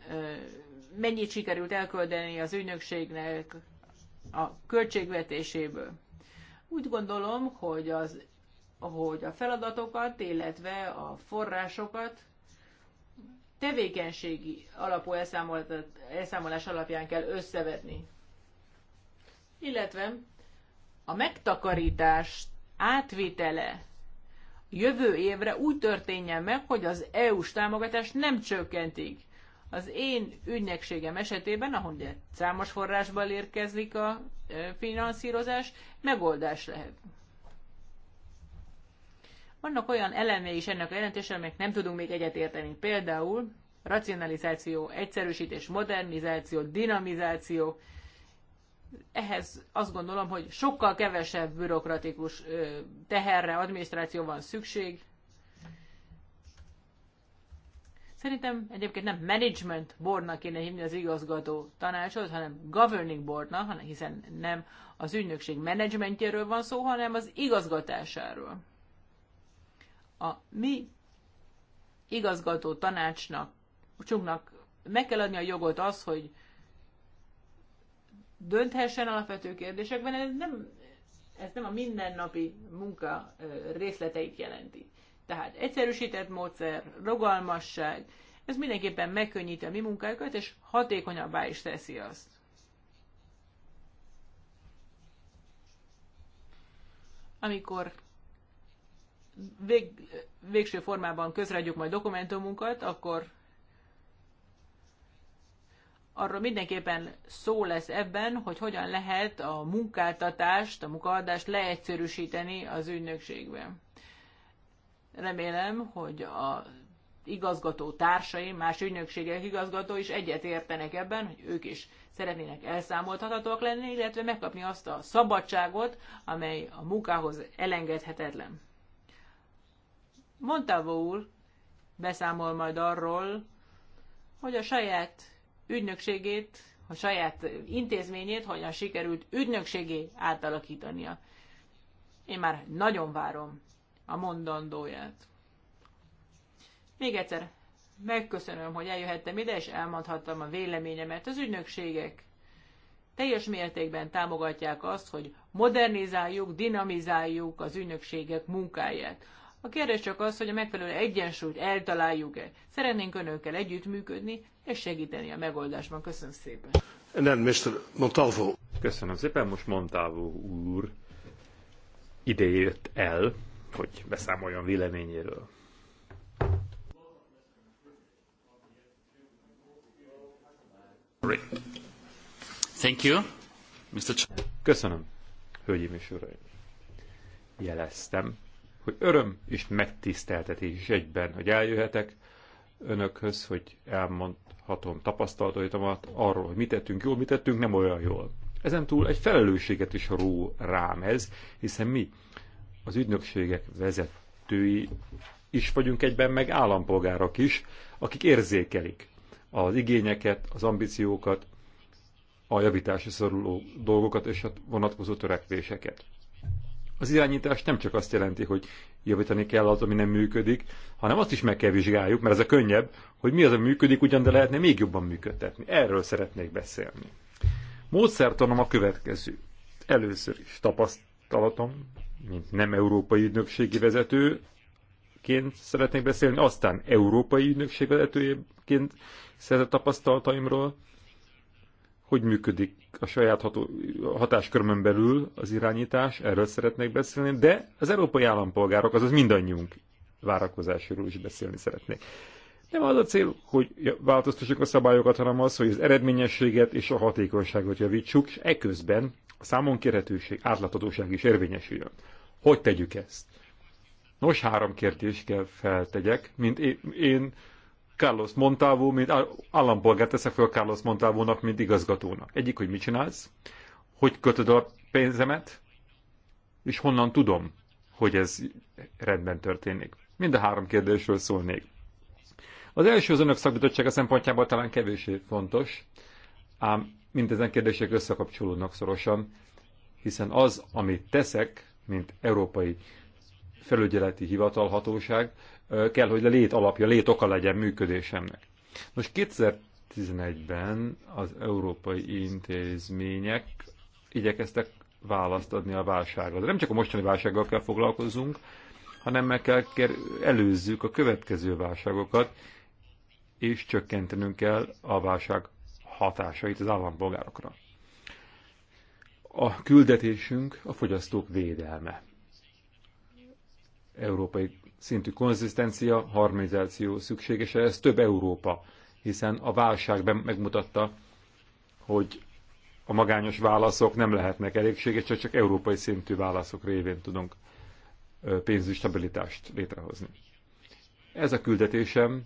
mennyit sikerült elköldeni az ügynökségnek a költségvetéséből. Úgy gondolom, hogy az hogy a feladatokat, illetve a forrásokat tevékenységi alapú elszámolás alapján kell összevetni. Illetve a megtakarítás átvitele jövő évre úgy történjen meg, hogy az EU-s támogatás nem csökkentik. Az én ügynökségem esetében, ahol számos forrásból érkezik a e, finanszírozás, megoldás lehet. Vannak olyan elemei is ennek a jelentésnek, amelyek nem tudunk még egyetérteni. Például racionalizáció, egyszerűsítés, modernizáció, dinamizáció. Ehhez azt gondolom, hogy sokkal kevesebb bürokratikus teherre, adminisztráció van szükség. Szerintem egyébként nem management boardnak kéne hívni az igazgató tanácsot, hanem governing boardnak, hiszen nem az ügynökség menedzsmentjéről van szó, hanem az igazgatásáról. A mi igazgató tanácsnak, csunknak meg kell adni a jogot az, hogy dönthessen alapvető kérdésekben, ez nem, ez nem a mindennapi munka részleteit jelenti. Tehát egyszerűsített módszer, rogalmasság, ez mindenképpen megkönnyíti a mi munkájukat, és hatékonyabbá is teszi azt. Amikor vég, végső formában közreadjuk majd dokumentumunkat, akkor arról mindenképpen szó lesz ebben, hogy hogyan lehet a munkáltatást, a munkaadást leegyszerűsíteni az ügynökségben. Remélem, hogy a igazgató társai, más ügynökségek igazgató is egyet értenek ebben, hogy ők is szeretnének elszámoltathatóak lenni, illetve megkapni azt a szabadságot, amely a munkához elengedhetetlen. Mondta úr beszámol majd arról, hogy a saját ügynökségét, a saját intézményét hogyan sikerült ügynökségé átalakítania. Én már nagyon várom a mondandóját. Még egyszer megköszönöm, hogy eljöhettem ide, és elmondhattam a véleményemet. Az ügynökségek teljes mértékben támogatják azt, hogy modernizáljuk, dinamizáljuk az ügynökségek munkáját. A kérdés csak az, hogy a megfelelő egyensúlyt eltaláljuk-e. Szeretnénk önökkel együttműködni és segíteni a megoldásban. Köszönöm szépen. Nem, Mr. Montalvo. Köszönöm szépen, most Montalvo úr ideje jött el, hogy beszámoljon véleményéről. Thank you, Mr. Köszönöm, hölgyeim és uraim. Jeleztem, hogy öröm és megtiszteltetés is egyben, hogy eljöhetek önökhöz, hogy elmondhatom tapasztalatomat arról, hogy mit tettünk jól, mit tettünk nem olyan jól. Ezen túl egy felelősséget is ró rám ez, hiszen mi az ügynökségek vezetői is vagyunk egyben, meg állampolgárok is, akik érzékelik az igényeket, az ambíciókat, a javításra szoruló dolgokat és a vonatkozó törekvéseket. Az irányítás nem csak azt jelenti, hogy javítani kell az, ami nem működik, hanem azt is meg kell vizsgáljuk, mert ez a könnyebb, hogy mi az, ami működik, ugyan de lehetne még jobban működtetni. Erről szeretnék beszélni. Módszertanom a következő. Először is tapasztalatom, mint nem európai ügynökségi vezetőként szeretnék beszélni, aztán európai ügynökség vezetőjeként szerzett tapasztalataimról, hogy működik a saját ható, hatáskörmön belül az irányítás, erről szeretnék beszélni, de az európai állampolgárok, azaz mindannyiunk várakozásról is beszélni szeretnék. Nem az a cél, hogy változtassuk a szabályokat, hanem az, hogy az eredményességet és a hatékonyságot javítsuk, és eközben a számon kérhetőség, átláthatóság is érvényesüljön. Hogy tegyük ezt? Nos, három kérdést kell feltegyek, mint én, én Carlos Montalvo, mint állampolgár teszek fel Carlos Montalvónak, mint igazgatónak. Egyik, hogy mit csinálsz, hogy kötöd a pénzemet, és honnan tudom, hogy ez rendben történik. Mind a három kérdésről szólnék. Az első az önök szakbizottsága szempontjából talán kevésbé fontos, ám mindezen kérdések összekapcsolódnak szorosan, hiszen az, amit teszek, mint európai felügyeleti hivatalhatóság, kell, hogy a lét alapja, lét oka legyen működésemnek. Most 2011-ben az európai intézmények igyekeztek választ adni a válságra. De nem csak a mostani válsággal kell foglalkozzunk, hanem meg kell előzzük a következő válságokat, és csökkentenünk kell a válság hatásait az állampolgárokra. A küldetésünk a fogyasztók védelme. Európai szintű konzisztencia, harmonizáció szükséges, ez több Európa, hiszen a válság megmutatta, hogy a magányos válaszok nem lehetnek elégséges, csak, csak európai szintű válaszok révén tudunk pénzügyi stabilitást létrehozni. Ez a küldetésem,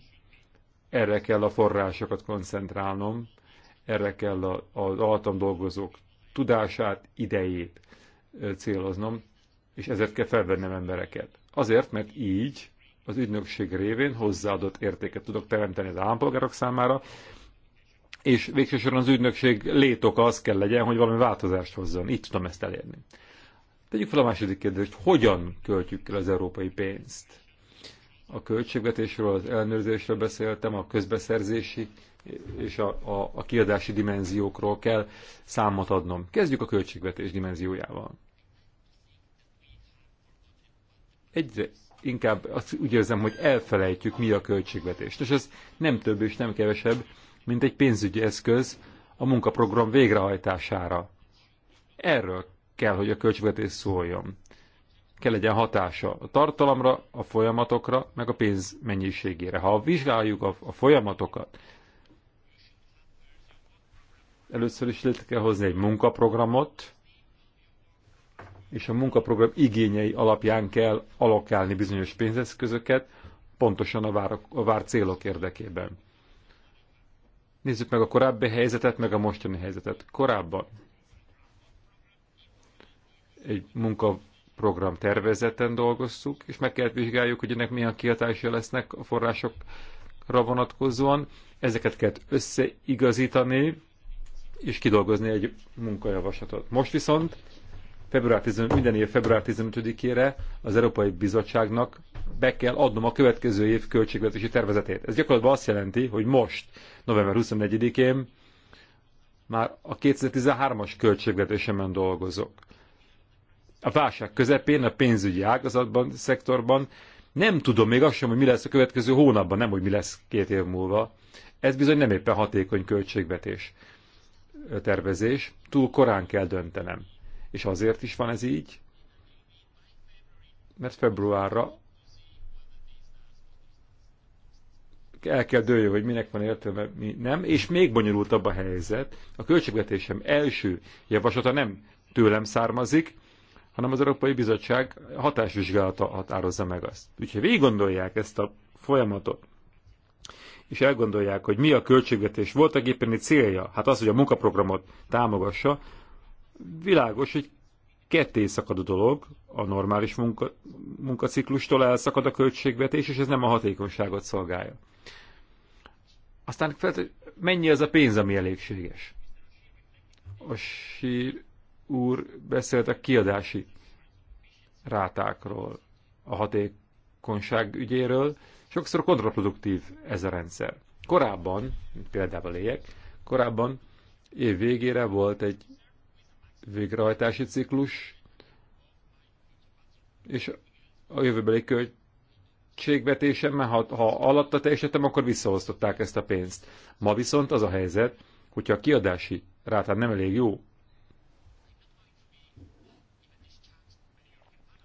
erre kell a forrásokat koncentrálnom, erre kell az alattam dolgozók tudását, idejét céloznom, és ezért kell felvennem embereket. Azért, mert így az ügynökség révén hozzáadott értéket tudok teremteni az állampolgárok számára, és végsősorban az ügynökség létoka az kell legyen, hogy valami változást hozzon. Így tudom ezt elérni. Tegyük fel a második kérdést, hogyan költjük el az európai pénzt? A költségvetésről, az ellenőrzésről beszéltem, a közbeszerzési és a, a, a kiadási dimenziókról kell számot adnom. Kezdjük a költségvetés dimenziójával. egyre inkább azt úgy érzem, hogy elfelejtjük, mi a költségvetést. És ez nem több és nem kevesebb, mint egy pénzügyi eszköz a munkaprogram végrehajtására. Erről kell, hogy a költségvetés szóljon. Kell legyen hatása a tartalomra, a folyamatokra, meg a pénz mennyiségére. Ha vizsgáljuk a, a folyamatokat, először is létre kell hozni egy munkaprogramot, és a munkaprogram igényei alapján kell alokálni bizonyos pénzeszközöket, pontosan a vár, a vár célok érdekében. Nézzük meg a korábbi helyzetet, meg a mostani helyzetet. Korábban egy munkaprogram tervezeten dolgoztuk, és meg kellett vizsgáljuk, hogy ennek milyen kihatása lesznek a forrásokra vonatkozóan. Ezeket kellett összeigazítani, és kidolgozni egy munkajavaslatot. Most viszont február 15, minden év február 15-ére az Európai Bizottságnak be kell adnom a következő év költségvetési tervezetét. Ez gyakorlatilag azt jelenti, hogy most, november 24-én már a 2013-as költségvetésemen dolgozok. A válság közepén, a pénzügyi ágazatban, szektorban nem tudom még azt sem, hogy mi lesz a következő hónapban, nem, hogy mi lesz két év múlva. Ez bizony nem éppen hatékony költségvetés tervezés. Túl korán kell döntenem és azért is van ez így, mert februárra el kell dőljön, hogy minek van értelme, mi nem, és még bonyolultabb a helyzet. A költségvetésem első javaslata nem tőlem származik, hanem az Európai Bizottság hatásvizsgálata határozza meg azt. Úgyhogy végig gondolják ezt a folyamatot, és elgondolják, hogy mi a költségvetés voltak éppen egy célja, hát az, hogy a munkaprogramot támogassa, Világos, hogy ketté szakad a dolog, a normális munka, munkaciklustól elszakad a költségvetés, és ez nem a hatékonyságot szolgálja. Aztán mennyi az a pénz, ami elégséges? A sír úr beszélt a kiadási rátákról, a hatékonyság ügyéről. Sokszor kontraproduktív ez a rendszer. Korábban, például éjek, korábban év végére volt egy végrehajtási ciklus, és a jövőbeli költségvetésem, mert ha, ha alatta teljesítettem, akkor visszahoztották ezt a pénzt. Ma viszont az a helyzet, hogyha a kiadási rátán nem elég jó,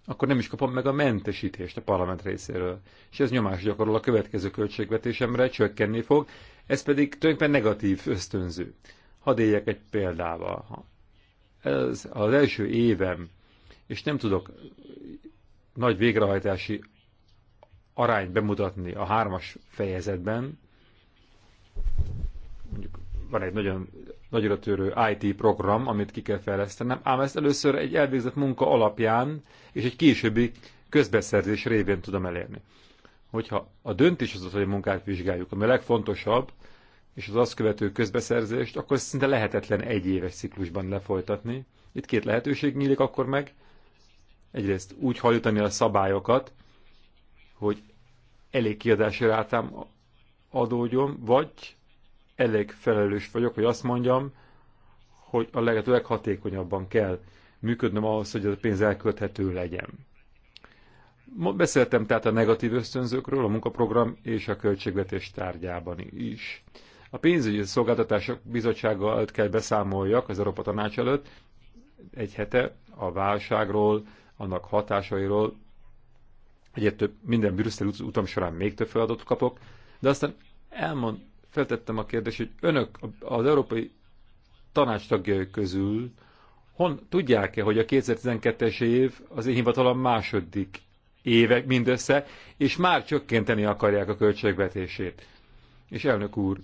akkor nem is kapom meg a mentesítést a parlament részéről. És ez nyomás gyakorol a következő költségvetésemre, csökkenni fog, ez pedig tulajdonképpen negatív ösztönző. Hadd éljek egy példával ez az első évem, és nem tudok nagy végrehajtási arányt bemutatni a hármas fejezetben, mondjuk van egy nagyon nagyra törő IT program, amit ki kell fejlesztenem, ám ezt először egy elvégzett munka alapján és egy későbbi közbeszerzés révén tudom elérni. Hogyha a döntéshozatali munkát vizsgáljuk, ami a legfontosabb, és az azt követő közbeszerzést, akkor szinte lehetetlen egy éves ciklusban lefolytatni. Itt két lehetőség nyílik akkor meg. Egyrészt úgy hajtani a szabályokat, hogy elég kiadási rátám adódjon, vagy elég felelős vagyok, hogy azt mondjam, hogy a lehető leghatékonyabban kell működnöm ahhoz, hogy ez a pénz elkölthető legyen. Beszéltem tehát a negatív ösztönzőkről a munkaprogram és a költségvetés tárgyában is. A pénzügyi szolgáltatások bizottsága előtt kell beszámoljak az Európa Tanács előtt egy hete a válságról, annak hatásairól. Egyet több, minden Brüsszel utam során még több feladatot kapok, de aztán elmond, feltettem a kérdést, hogy önök az Európai Tanács tagjai közül hon tudják-e, hogy a 2012-es év az én hivatalom második évek mindössze, és már csökkenteni akarják a költségvetését. És elnök úr,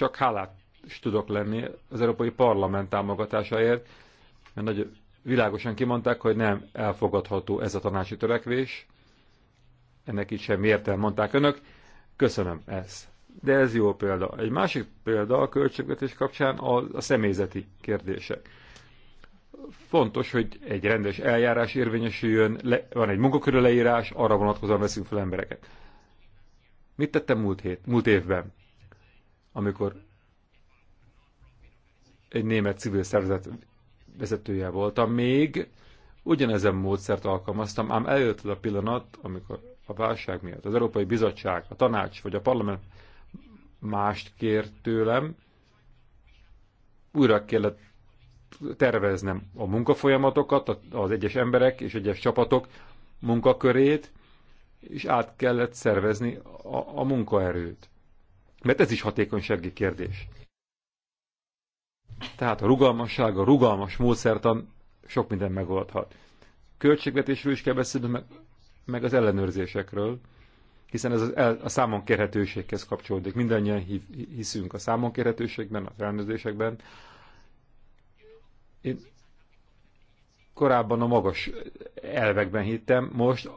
csak hálát is tudok lenni az Európai Parlament támogatásáért, mert nagyon világosan kimondták, hogy nem elfogadható ez a tanácsi törekvés. Ennek itt sem értelme, mondták önök. Köszönöm ezt. De ez jó példa. Egy másik példa a költségvetés kapcsán a, a személyzeti kérdések. Fontos, hogy egy rendes eljárás érvényesüljön, le, van egy munkakörüleírás, arra vonatkozóan veszünk fel embereket. Mit tettem múlt, hét, múlt évben? amikor egy német civil szervezet vezetője voltam még, ugyanezen módszert alkalmaztam, ám eljött az a pillanat, amikor a válság miatt az Európai Bizottság, a tanács vagy a parlament mást kért tőlem, újra kellett terveznem a munkafolyamatokat, az egyes emberek és egyes csapatok munkakörét, és át kellett szervezni a, a munkaerőt. Mert ez is hatékonysági kérdés. Tehát a rugalmasság, a rugalmas módszertan sok minden megoldhat. Költségvetésről is kell beszélnünk, meg, meg az ellenőrzésekről, hiszen ez az el, a számon kérhetőséghez kapcsolódik. Mindannyian hiszünk a számon kérhetőségben, az ellenőrzésekben. Én korábban a magas elvekben hittem, most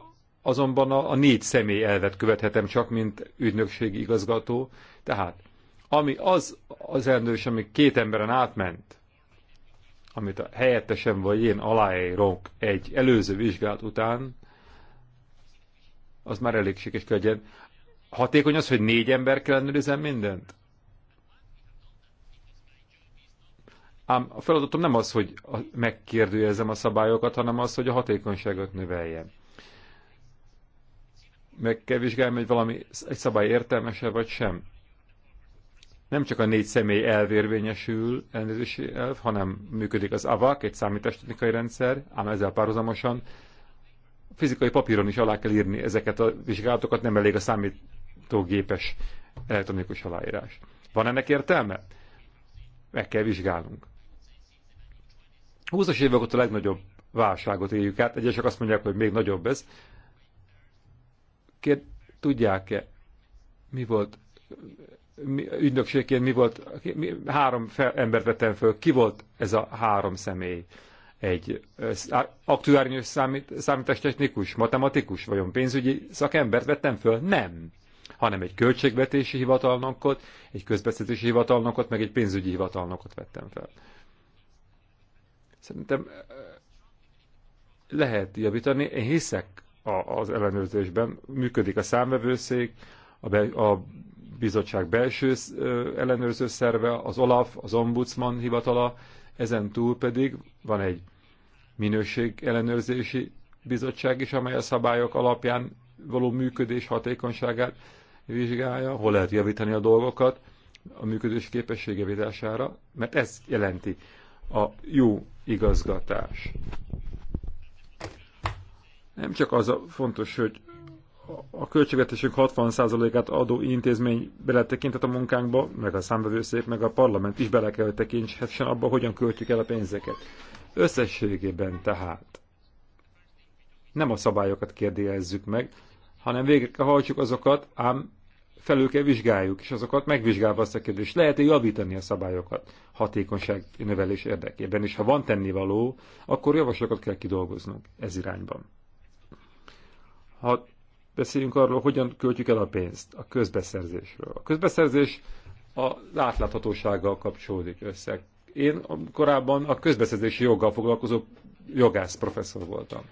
azonban a, a négy személy elvet követhetem csak, mint ügynökségi igazgató. Tehát, ami az az elnős, ami két emberen átment, amit a helyettesem vagy én aláírok egy előző vizsgálat után, az már elégséges legyen. Hatékony az, hogy négy ember kell ellenőrizem mindent? Ám a feladatom nem az, hogy megkérdőjezem a szabályokat, hanem az, hogy a hatékonyságot növeljem meg kell vizsgálni, hogy valami egy szabály értelmese vagy sem. Nem csak a négy személy elvérvényesül elnézési elv, hanem működik az AVAC, egy számítástechnikai rendszer, ám ezzel párhuzamosan fizikai papíron is alá kell írni ezeket a vizsgálatokat, nem elég a számítógépes elektronikus aláírás. Van ennek értelme? Meg kell vizsgálnunk. A 20-as évek óta a legnagyobb válságot éljük át. Egyesek azt mondják, hogy még nagyobb ez. Kér, tudják-e, mi volt mi, ügynökségként mi volt, mi, három fel, embert vettem föl, ki volt ez a három személy? Egy aktuárius számít, technikus, matematikus, vagy pénzügyi szakembert vettem föl? Nem hanem egy költségvetési hivatalnokot, egy közbeszedési hivatalnokot, meg egy pénzügyi hivatalnokot vettem fel. Szerintem lehet javítani. Én hiszek az ellenőrzésben. Működik a számvevőszék, a, be, a bizottság belső ellenőrző szerve, az OLAF, az ombudsman hivatala, ezen túl pedig van egy minőség ellenőrzési bizottság is, amely a szabályok alapján való működés hatékonyságát vizsgálja, hol lehet javítani a dolgokat a működés képessége mert ez jelenti a jó igazgatás. Nem csak az a fontos, hogy a költségvetésünk 60%-át adó intézmény beletekintett a munkánkba, meg a számbevőszék, meg a parlament is bele kell, hogy tekintsen abba, hogyan költjük el a pénzeket. Összességében tehát nem a szabályokat kérdezzük meg, hanem végre kell hajtsuk azokat, ám felül kell vizsgáljuk, és azokat megvizsgálva azt a kérdést, lehet-e javítani a szabályokat hatékonyság növelés érdekében, és ha van tennivaló, akkor javaslatokat kell kidolgoznunk ez irányban ha beszéljünk arról, hogyan költjük el a pénzt, a közbeszerzésről. A közbeszerzés az átláthatósággal kapcsolódik össze. Én korábban a közbeszerzési joggal foglalkozó jogász professzor voltam.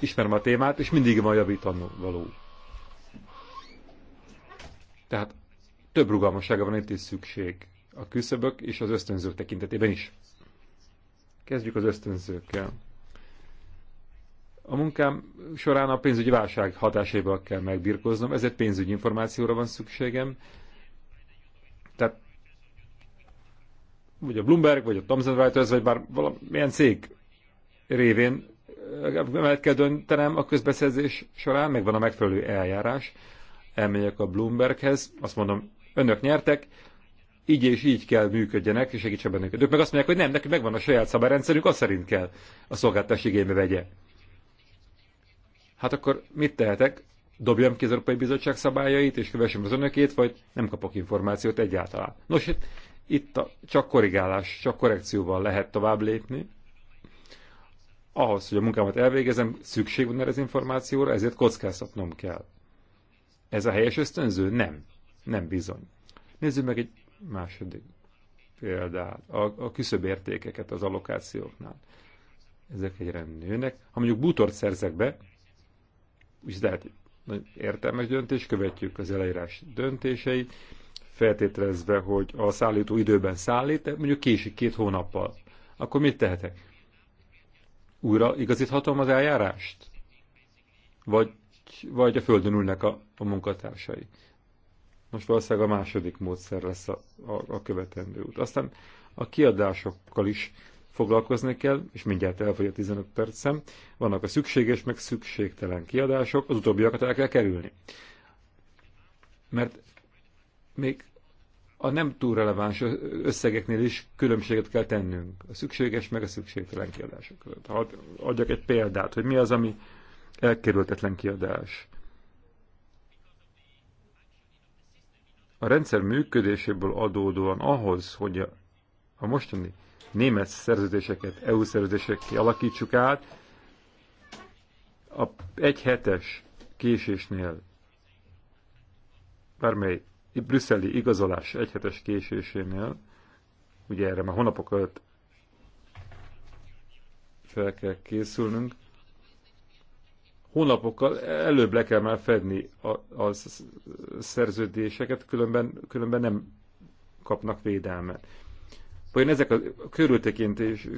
Ismerem a témát, és mindig van javítani való. Tehát több rugalmassága van itt is szükség a küszöbök és az ösztönzők tekintetében is. Kezdjük az ösztönzőkkel. A munkám során a pénzügyi válság hatásaival kell megbirkóznom, ezért pénzügyi információra van szükségem. Tehát vagy a Bloomberg, vagy a Thomson Reuters, vagy bár valamilyen cég révén eh, mellett kell döntenem a közbeszerzés során, megvan a megfelelő eljárás. Elmegyek a Bloomberghez, azt mondom, önök nyertek, így és így kell működjenek, és segítsen bennünket. Ők meg azt mondják, hogy nem, nekünk megvan a saját szabályrendszerünk, azt szerint kell a szolgáltás igénybe vegye hát akkor mit tehetek? Dobjam ki az Európai Bizottság szabályait, és kövessem az önökét, vagy nem kapok információt egyáltalán. Nos, itt, a, csak korrigálás, csak korrekcióval lehet tovább lépni. Ahhoz, hogy a munkámat elvégezem, szükség van erre az információra, ezért kockáztatnom kell. Ez a helyes ösztönző? Nem. Nem bizony. Nézzük meg egy második példát. A, a küszöbértékeket az allokációknál. Ezek egyre nőnek. Ha mondjuk bútort szerzek be, üzleti értelmes döntés, követjük az elejárás döntéseit, feltételezve, hogy a szállító időben szállít, mondjuk késik két hónappal. Akkor mit tehetek? Újra igazíthatom az eljárást? Vagy, vagy a földön ülnek a, a munkatársai? Most valószínűleg a második módszer lesz a, a, a követendő út. Aztán a kiadásokkal is foglalkozni kell, és mindjárt elfogy a 15 percem, vannak a szükséges, meg szükségtelen kiadások, az utóbbiakat el kell kerülni. Mert még a nem túl releváns összegeknél is különbséget kell tennünk. A szükséges, meg a szükségtelen kiadások között. Ha adjak egy példát, hogy mi az, ami elkerültetlen kiadás. A rendszer működéséből adódóan ahhoz, hogy a mostani német szerződéseket EU szerződéseket kialakítsuk át. A egy hetes késésnél bármely brüsszeli igazolás hetes késésénél, ugye erre már hónapok előtt fel kell készülnünk, hónapokkal előbb le kell már fedni a, a szerződéseket, különben, különben nem kapnak védelmet. Vajon ezek a körültekintés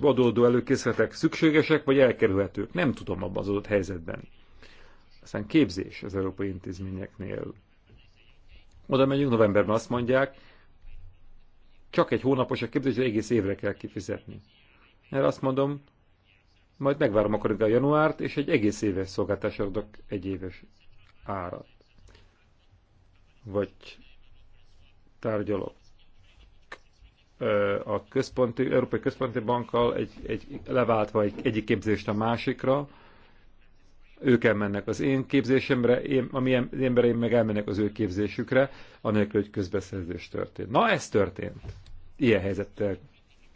adódó előkészületek szükségesek, vagy elkerülhetők? Nem tudom abban az adott helyzetben. Aztán képzés az európai intézményeknél. Oda megyünk novemberben, azt mondják, csak egy hónapos a képzés, de egész évre kell kifizetni. Erre azt mondom, majd megvárom akkor a januárt, és egy egész éves szolgáltásra adok egy éves árat. Vagy tárgyalok a központi, Európai Központi Bankkal egy, egy, leváltva egy, egyik képzést a másikra, ők elmennek az én képzésemre, én, a mi embereim meg elmennek az ő képzésükre, anélkül, hogy közbeszerzés történt. Na, ez történt. Ilyen helyzettel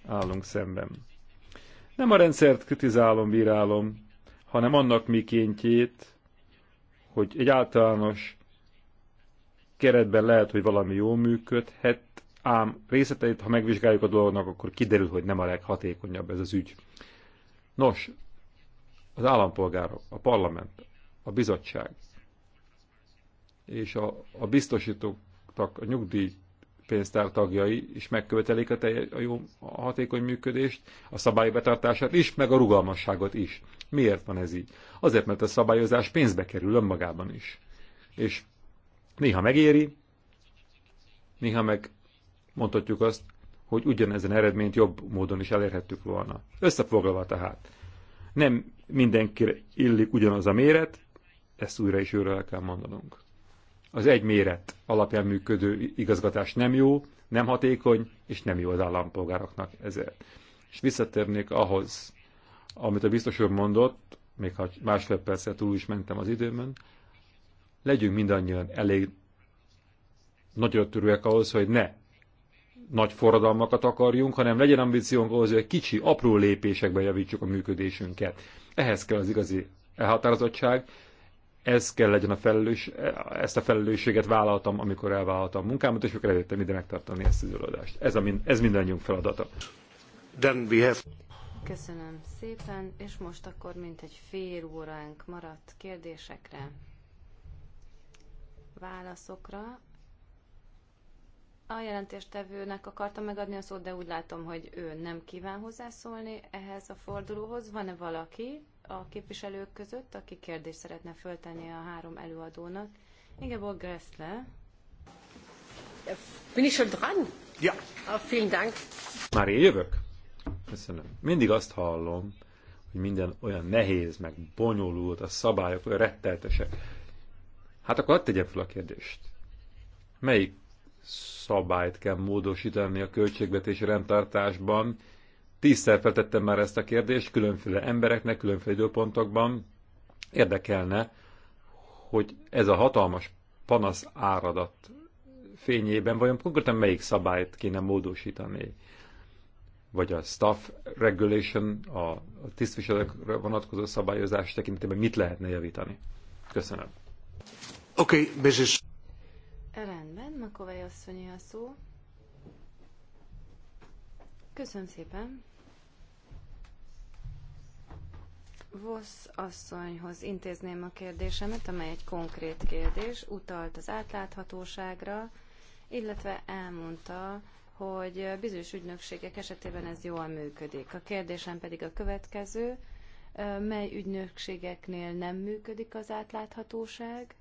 állunk szemben. Nem a rendszert kritizálom, bírálom, hanem annak mikéntjét, hogy egy általános keretben lehet, hogy valami jól működhet, ám részleteit, ha megvizsgáljuk a dolognak, akkor kiderül, hogy nem a leghatékonyabb ez az ügy. Nos, az állampolgárok, a parlament, a bizottság és a, a biztosítottak, a nyugdíj pénztár tagjai is megkövetelik a, telj, a jó a hatékony működést, a szabály betartását is, meg a rugalmasságot is. Miért van ez így? Azért, mert a szabályozás pénzbe kerül önmagában is. És néha megéri, néha meg mondhatjuk azt, hogy ugyanezen eredményt jobb módon is elérhettük volna. Összefoglalva tehát, nem mindenkire illik ugyanaz a méret, ezt újra és újra el kell mondanunk. Az egy méret alapján működő igazgatás nem jó, nem hatékony, és nem jó az állampolgároknak ezért. És visszatérnék ahhoz, amit a biztos úr mondott, még ha másfél percet túl is mentem az időmön, legyünk mindannyian elég nagyra törőek ahhoz, hogy ne nagy forradalmakat akarjunk, hanem legyen ambíciónk ahhoz, hogy kicsi, apró lépésekben javítsuk a működésünket. Ehhez kell az igazi elhatározottság, ez kell legyen a felelős, ezt a felelősséget vállaltam, amikor elvállaltam a munkámat, és akkor eljöttem ide megtartani ezt az előadást. Ez, a, ez mindannyiunk feladata. Then we have... Köszönöm szépen, és most akkor mint egy fél óránk maradt kérdésekre, válaszokra, a jelentéstevőnek akartam megadni a szót, de úgy látom, hogy ő nem kíván hozzászólni ehhez a fordulóhoz. Van-e valaki a képviselők között, aki kérdést szeretne föltenni a három előadónak? Ingeborg Gressle. Bin ich schon dran? Ja. Ah, vielen Dank. Már én jövök? Köszönöm. Mindig azt hallom, hogy minden olyan nehéz, meg bonyolult, a szabályok olyan retteltesek. Hát akkor ott tegyem fel a kérdést. Melyik szabályt kell módosítani a költségvetési rendtartásban. Tízszer feltettem már ezt a kérdést különféle embereknek, különféle időpontokban. Érdekelne, hogy ez a hatalmas panasz áradat fényében vajon konkrétan melyik szabályt kéne módosítani? Vagy a staff regulation, a tisztviselőkre vonatkozó szabályozás tekintetében mit lehetne javítani? Köszönöm. Oké, okay, Makovej asszonyi a szó. Köszönöm szépen. Vosz asszonyhoz intézném a kérdésemet, amely egy konkrét kérdés, utalt az átláthatóságra, illetve elmondta, hogy bizonyos ügynökségek esetében ez jól működik. A kérdésem pedig a következő, mely ügynökségeknél nem működik az átláthatóság?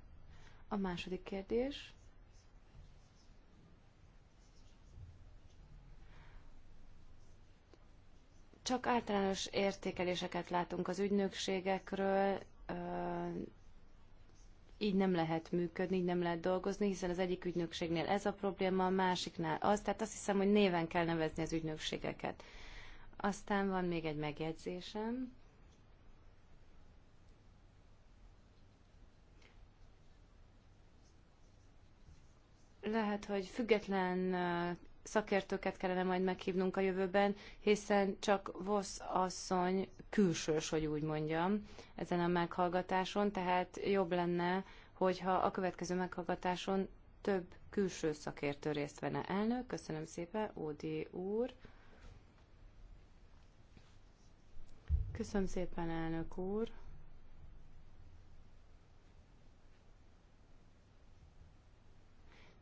A második kérdés. Csak általános értékeléseket látunk az ügynökségekről, így nem lehet működni, így nem lehet dolgozni, hiszen az egyik ügynökségnél ez a probléma, a másiknál az. Tehát azt hiszem, hogy néven kell nevezni az ügynökségeket. Aztán van még egy megjegyzésem. Lehet, hogy független szakértőket kellene majd meghívnunk a jövőben, hiszen csak Vosz asszony külsős, hogy úgy mondjam, ezen a meghallgatáson, tehát jobb lenne, hogyha a következő meghallgatáson több külső szakértő részt venne. Elnök, köszönöm szépen, Ódi úr. Köszönöm szépen, elnök úr.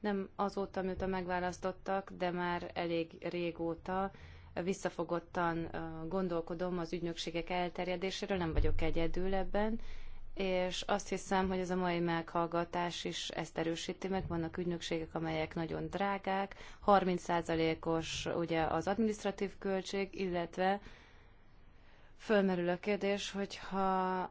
nem azóta, mióta megválasztottak, de már elég régóta visszafogottan gondolkodom az ügynökségek elterjedéséről, nem vagyok egyedül ebben, és azt hiszem, hogy ez a mai meghallgatás is ezt erősíti meg. Vannak ügynökségek, amelyek nagyon drágák, 30%-os ugye az administratív költség, illetve fölmerül a kérdés, hogyha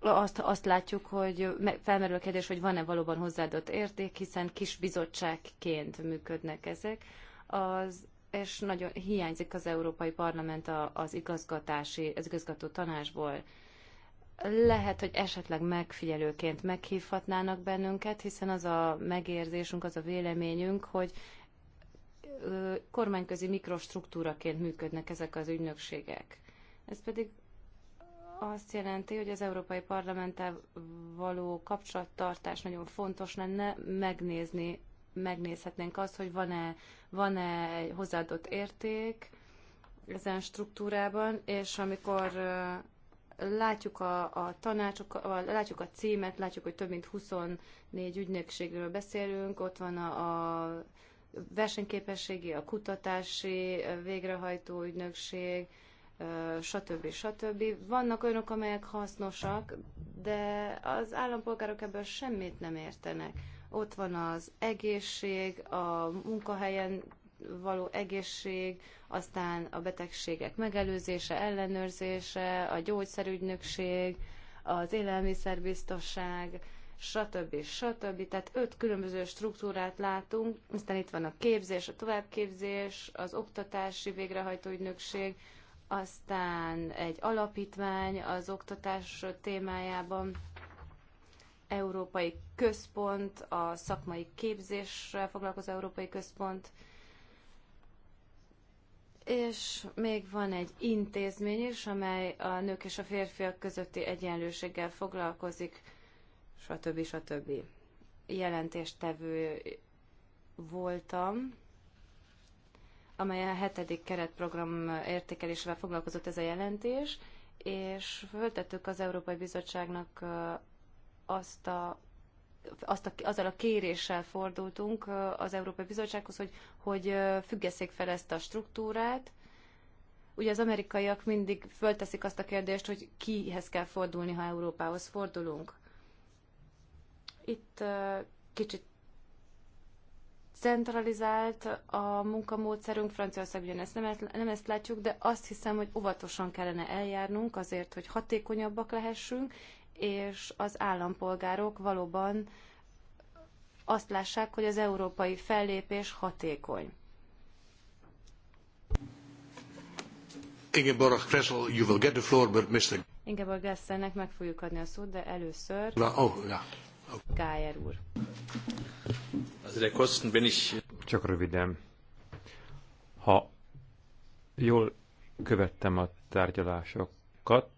azt, azt látjuk, hogy felmerül a kérdés, hogy van-e valóban hozzáadott érték, hiszen kis bizottságként működnek ezek, az, és nagyon hiányzik az Európai Parlament az igazgatási, az igazgató tanácsból. Lehet, hogy esetleg megfigyelőként meghívhatnának bennünket, hiszen az a megérzésünk, az a véleményünk, hogy kormányközi mikrostruktúraként működnek ezek az ügynökségek. Ez pedig azt jelenti, hogy az Európai Parlamenttel való kapcsolattartás nagyon fontos lenne megnézni, megnézhetnénk azt, hogy van-e, van-e egy hozzáadott érték ezen struktúrában, és amikor látjuk a, a tanácsok, látjuk a címet, látjuk, hogy több mint 24 ügynökségről beszélünk, ott van a, a versenyképességi, a kutatási, végrehajtó ügynökség, stb. stb. Vannak olyanok, amelyek hasznosak, de az állampolgárok ebből semmit nem értenek. Ott van az egészség, a munkahelyen való egészség, aztán a betegségek megelőzése, ellenőrzése, a gyógyszerügynökség, az élelmiszerbiztosság, stb. stb. Tehát öt különböző struktúrát látunk, aztán itt van a képzés, a továbbképzés, az oktatási végrehajtó ügynökség, aztán egy alapítvány az oktatás témájában, Európai Központ, a szakmai képzéssel foglalkozó Európai Központ, és még van egy intézmény is, amely a nők és a férfiak közötti egyenlőséggel foglalkozik, stb. stb. Jelentéstevő voltam amely a hetedik keretprogram értékelésével foglalkozott ez a jelentés, és föltettük az Európai Bizottságnak azt a azt a, azzal a kéréssel fordultunk az Európai Bizottsághoz, hogy, hogy függesszék fel ezt a struktúrát. Ugye az amerikaiak mindig fölteszik azt a kérdést, hogy kihez kell fordulni, ha Európához fordulunk. Itt kicsit centralizált a munkamódszerünk, Franciaország ugyanezt nem, nem ezt látjuk, de azt hiszem, hogy óvatosan kellene eljárnunk azért, hogy hatékonyabbak lehessünk, és az állampolgárok valóban azt lássák, hogy az európai fellépés hatékony. Ingeborg Kressel, you will get the floor, but Mr. Ingeborg Gresselnek meg fogjuk adni a szót, de először... Na, oh, yeah. oh. Gájer úr. Csak röviden. Ha jól követtem a tárgyalásokat,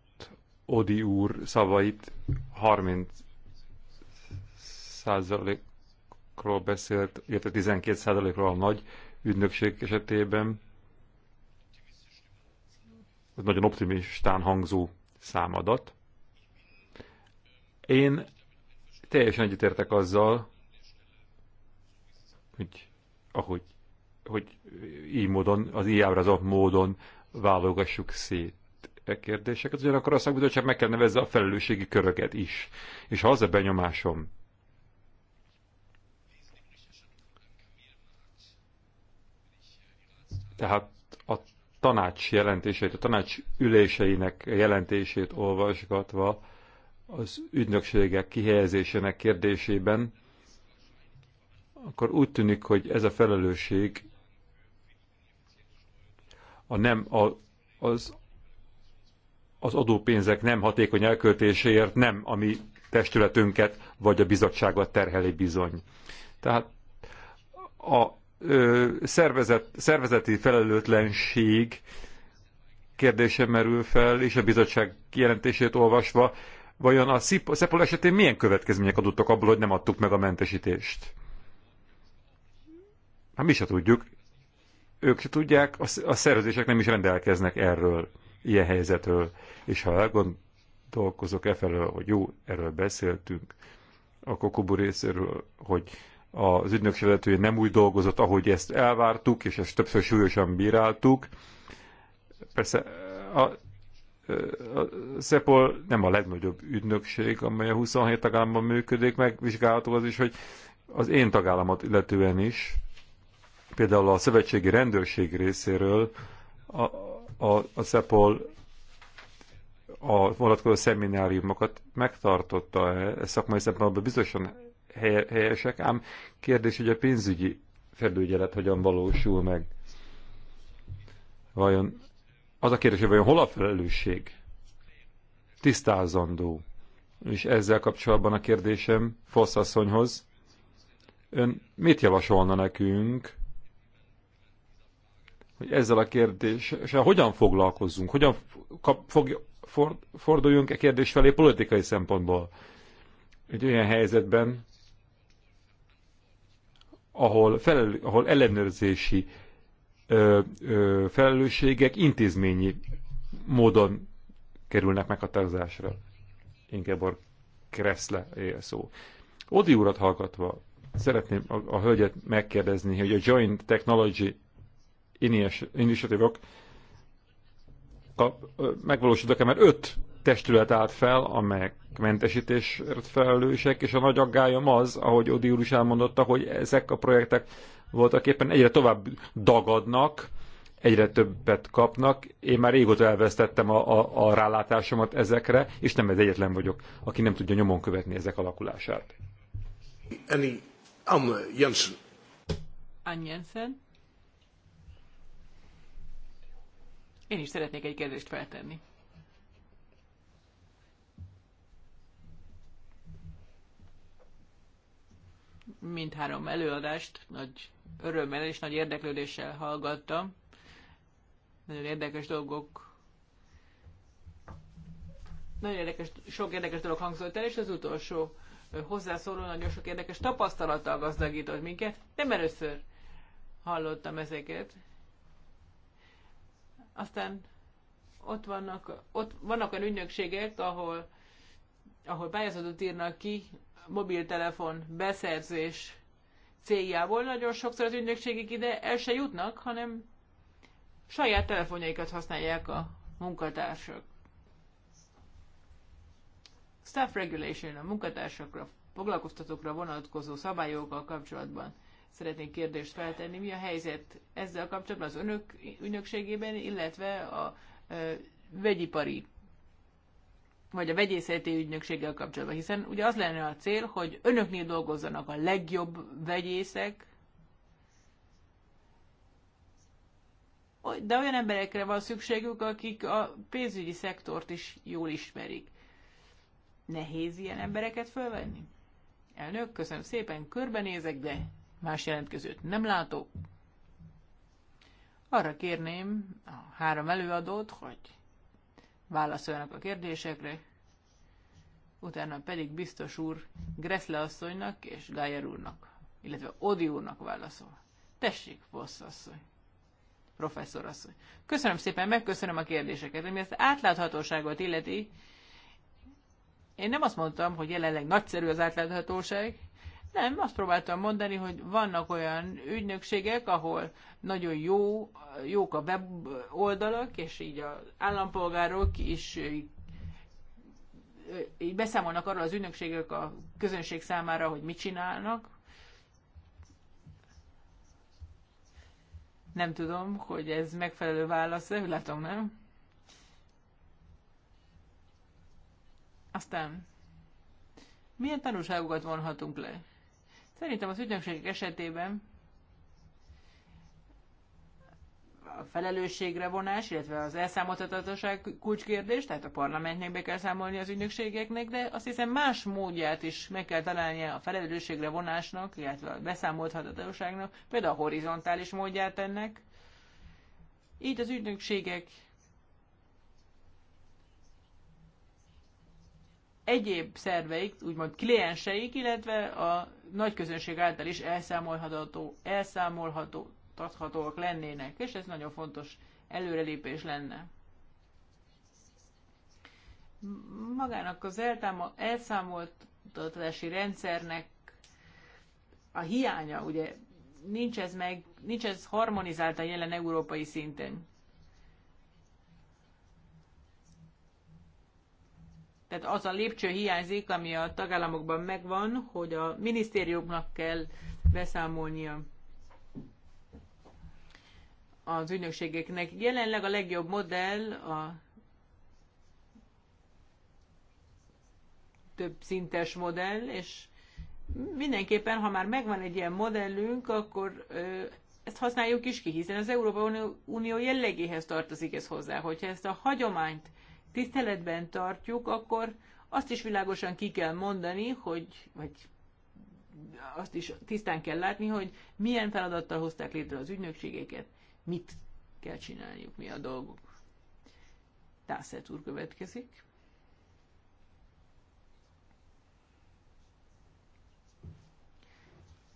Odi úr szavait 30 százalékról beszélt, illetve 12 százalékról a nagy ügynökség esetében. Ez nagyon optimistán hangzó számadat. Én teljesen egyetértek azzal, hogy ahogy hogy így módon, az így ábrázolt módon válogassuk szét e kérdéseket, ugyanakkor a szakbizottság meg kell nevezze a felelősségi köröket is. És ha az a benyomásom, tehát a tanács jelentéseit, a tanács üléseinek jelentését olvasgatva az ügynökségek kihelyezésének kérdésében akkor úgy tűnik, hogy ez a felelősség a nem, a, az, az adópénzek nem hatékony elköltéséért nem a mi testületünket vagy a bizottságot terheli bizony. Tehát a ö, szervezet, szervezeti felelőtlenség kérdése merül fel, és a bizottság jelentését olvasva, vajon a SZEPOL esetén milyen következmények adottak abból, hogy nem adtuk meg a mentesítést? Hát mi se tudjuk. Ők se tudják, a szerződések nem is rendelkeznek erről, ilyen helyzetről. És ha elgondolkozok e felől, hogy jó, erről beszéltünk, a Kokobu részéről, hogy az ügynökség vezetője nem úgy dolgozott, ahogy ezt elvártuk, és ezt többször súlyosan bíráltuk. Persze a, a, Szepol nem a legnagyobb ügynökség, amely a 27 tagállamban működik, megvizsgálható az is, hogy az én tagállamat illetően is például a szövetségi rendőrség részéről a, a, a CEPOL a vonatkozó szemináriumokat megtartotta, e, e szakmai szempontból biztosan helyesek, ám kérdés, hogy a pénzügyi felügyelet hogyan valósul meg. Vajon az a kérdés, hogy vajon hol a felelősség? Tisztázandó. És ezzel kapcsolatban a kérdésem Fosszasszonyhoz. Ön mit javasolna nekünk hogy ezzel a kérdéssel hát hogyan foglalkozzunk, hogyan kap, fog, for, forduljunk e kérdés felé politikai szempontból. Egy olyan helyzetben, ahol, felel, ahol ellenőrzési ö, ö, felelősségek intézményi módon kerülnek meghatározásra. Ingeborg Kressle él szó. Odi urat hallgatva szeretném a, a hölgyet megkérdezni, hogy a Joint Technology initiatívok megvalósultak, -e? mert öt testület állt fel, amelyek mentesítésért felelősek, és a nagy aggályom az, ahogy Odi úr is elmondotta, hogy ezek a projektek voltak éppen egyre tovább dagadnak, egyre többet kapnak. Én már régóta elvesztettem a, a, a rálátásomat ezekre, és nem ez egyetlen vagyok, aki nem tudja nyomon követni ezek alakulását. Annyi, Anne uh, Jensen. Annyi Jensen. Én is szeretnék egy kérdést feltenni. Mindhárom előadást nagy örömmel és nagy érdeklődéssel hallgattam. Nagyon érdekes dolgok nagyon érdekes, sok érdekes dolog hangzott el, és az utolsó hozzászóló nagyon sok érdekes tapasztalattal gazdagított minket. Nem először hallottam ezeket. Aztán ott vannak, ott vannak olyan ügynökségek, ahol, ahol pályázatot írnak ki mobiltelefon beszerzés céljából. Nagyon sokszor az ügynökségek ide el se jutnak, hanem saját telefonjaikat használják a munkatársak. Staff regulation, a munkatársakra, foglalkoztatókra vonatkozó szabályokkal kapcsolatban szeretnék kérdést feltenni. Mi a helyzet ezzel kapcsolatban az önök ünökségében, illetve a vegyipari vagy a vegyészeti ügynökséggel kapcsolatban, hiszen ugye az lenne a cél, hogy önöknél dolgozzanak a legjobb vegyészek, de olyan emberekre van szükségük, akik a pénzügyi szektort is jól ismerik. Nehéz ilyen embereket fölvenni? Elnök, köszönöm szépen, körbenézek, de Más jelentkezőt nem látok. Arra kérném a három előadót, hogy válaszoljanak a kérdésekre, utána pedig biztos úr Greszle asszonynak és Geyer úrnak, illetve Odi úrnak válaszol. Tessék, Vossz asszony, professzor asszony. Köszönöm szépen, megköszönöm a kérdéseket. Ami ezt átláthatóságot illeti, én nem azt mondtam, hogy jelenleg nagyszerű az átláthatóság, nem, azt próbáltam mondani, hogy vannak olyan ügynökségek, ahol nagyon jó, jók a web oldalak, és így az állampolgárok is így beszámolnak arról az ügynökségek a közönség számára, hogy mit csinálnak. Nem tudom, hogy ez megfelelő válasz, de látom, nem? Aztán milyen tanulságokat vonhatunk le? Szerintem az ügynökségek esetében a felelősségre vonás, illetve az elszámoltatatosság kulcskérdés, tehát a parlamentnek be kell számolni az ügynökségeknek, de azt hiszem más módját is meg kell találnia a felelősségre vonásnak, illetve a beszámolthatatóságnak, például a horizontális módját ennek. Így az ügynökségek egyéb szerveik, úgymond klienseik, illetve a nagy közönség által is elszámolható, elszámolható tarthatóak lennének, és ez nagyon fontos előrelépés lenne. Magának az elszámoltatási rendszernek a hiánya, ugye nincs ez, meg, nincs ez harmonizáltan jelen európai szinten. tehát az a lépcső hiányzik, ami a tagállamokban megvan, hogy a minisztériumnak kell beszámolnia az ügynökségeknek. Jelenleg a legjobb modell a több szintes modell, és mindenképpen, ha már megvan egy ilyen modellünk, akkor ezt használjuk is ki, hiszen az Európai Unió jellegéhez tartozik ez hozzá. Hogyha ezt a hagyományt tiszteletben tartjuk, akkor azt is világosan ki kell mondani, hogy, vagy azt is tisztán kell látni, hogy milyen feladattal hozták létre az ügynökségeket, mit kell csinálniuk, mi a dolguk. Tászert úr következik.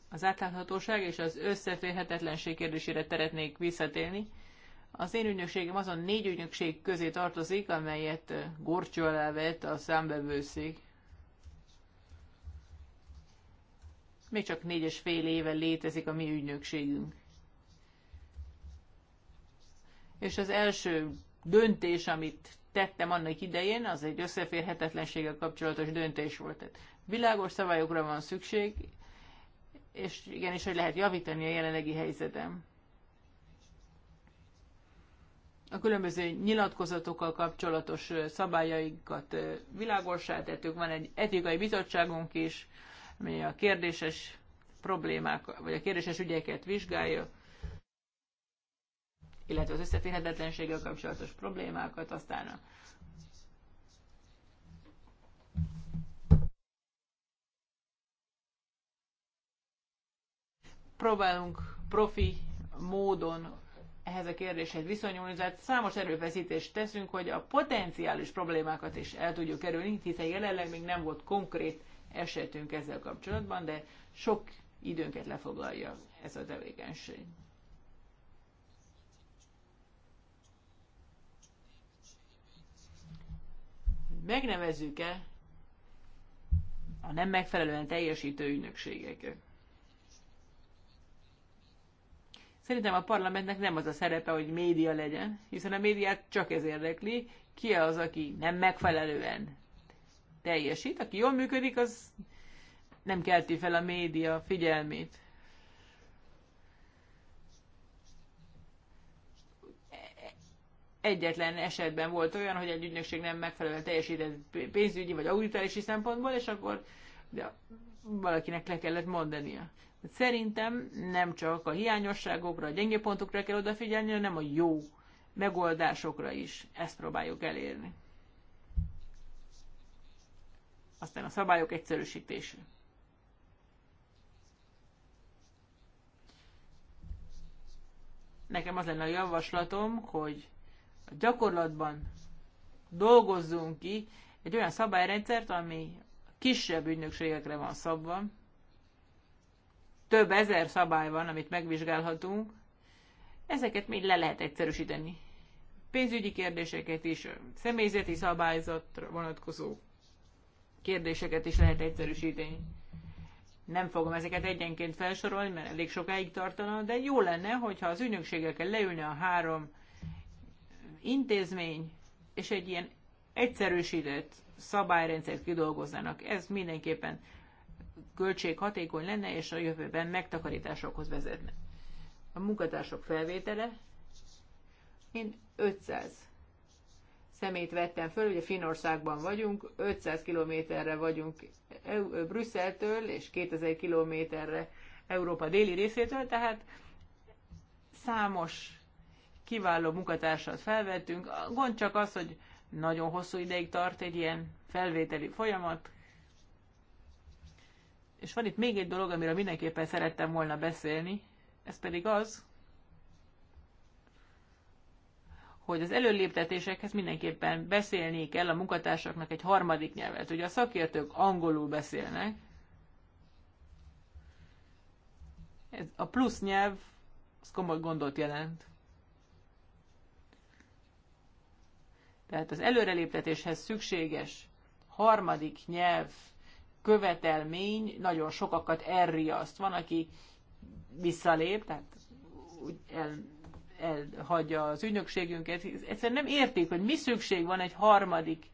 Az átláthatóság és az összeférhetetlenség kérdésére szeretnék visszatérni. Az én ügynökségem azon négy ügynökség közé tartozik, amelyet gorcsó alá vett a számbevőszék. Még csak négy és fél éve létezik a mi ügynökségünk. És az első döntés, amit tettem annak idején, az egy összeférhetetlenséggel kapcsolatos döntés volt. Tehát világos szabályokra van szükség, és igenis, hogy lehet javítani a jelenlegi helyzetem a különböző nyilatkozatokkal kapcsolatos szabályaikat világosá tettük. Van egy etikai bizottságunk is, ami a kérdéses problémák, vagy a kérdéses ügyeket vizsgálja, illetve az összeférhetetlenséggel kapcsolatos problémákat, aztán a próbálunk profi módon ehhez a kérdéshez viszonyulni, tehát számos erőfeszítést teszünk, hogy a potenciális problémákat is el tudjuk kerülni, hiszen jelenleg még nem volt konkrét esetünk ezzel kapcsolatban, de sok időnket lefoglalja ez a tevékenység. Megnevezzük-e a nem megfelelően teljesítő ügynökségeket? Szerintem a parlamentnek nem az a szerepe, hogy média legyen, hiszen a médiát csak ez érdekli, ki az, aki nem megfelelően teljesít, aki jól működik, az nem kelti fel a média figyelmét. Egyetlen esetben volt olyan, hogy egy ügynökség nem megfelelően teljesített pénzügyi vagy auditálisi szempontból, és akkor de valakinek le kellett mondania. Szerintem nem csak a hiányosságokra, a gyenge pontokra kell odafigyelni, hanem a jó megoldásokra is. Ezt próbáljuk elérni. Aztán a szabályok egyszerűsítése. Nekem az lenne a javaslatom, hogy a gyakorlatban dolgozzunk ki egy olyan szabályrendszert, ami kisebb ügynökségekre van szabva, több ezer szabály van, amit megvizsgálhatunk, ezeket mind le lehet egyszerűsíteni. Pénzügyi kérdéseket is, személyzeti szabályzatra vonatkozó kérdéseket is lehet egyszerűsíteni. Nem fogom ezeket egyenként felsorolni, mert elég sokáig tartana, de jó lenne, hogyha az ügynökségekkel leülne a három intézmény, és egy ilyen egyszerűsített szabályrendszert kidolgoznának. Ez mindenképpen költséghatékony lenne, és a jövőben megtakarításokhoz vezetne. A munkatársok felvétele, én 500 szemét vettem föl, ugye Finországban vagyunk, 500 kilométerre vagyunk Brüsszeltől, és 2000 kilométerre Európa déli részétől, tehát számos kiváló munkatársat felvettünk. A gond csak az, hogy nagyon hosszú ideig tart egy ilyen felvételi folyamat, és van itt még egy dolog, amiről mindenképpen szerettem volna beszélni, ez pedig az, hogy az előléptetésekhez mindenképpen beszélni kell a munkatársaknak egy harmadik nyelvet. Ugye a szakértők angolul beszélnek, ez a plusz nyelv, az komoly gondot jelent. Tehát az előreléptetéshez szükséges harmadik nyelv követelmény nagyon sokakat elriaszt. Van, aki visszalép, tehát úgy el, elhagyja az ügynökségünket. Egyszerűen nem értik, hogy mi szükség van egy harmadik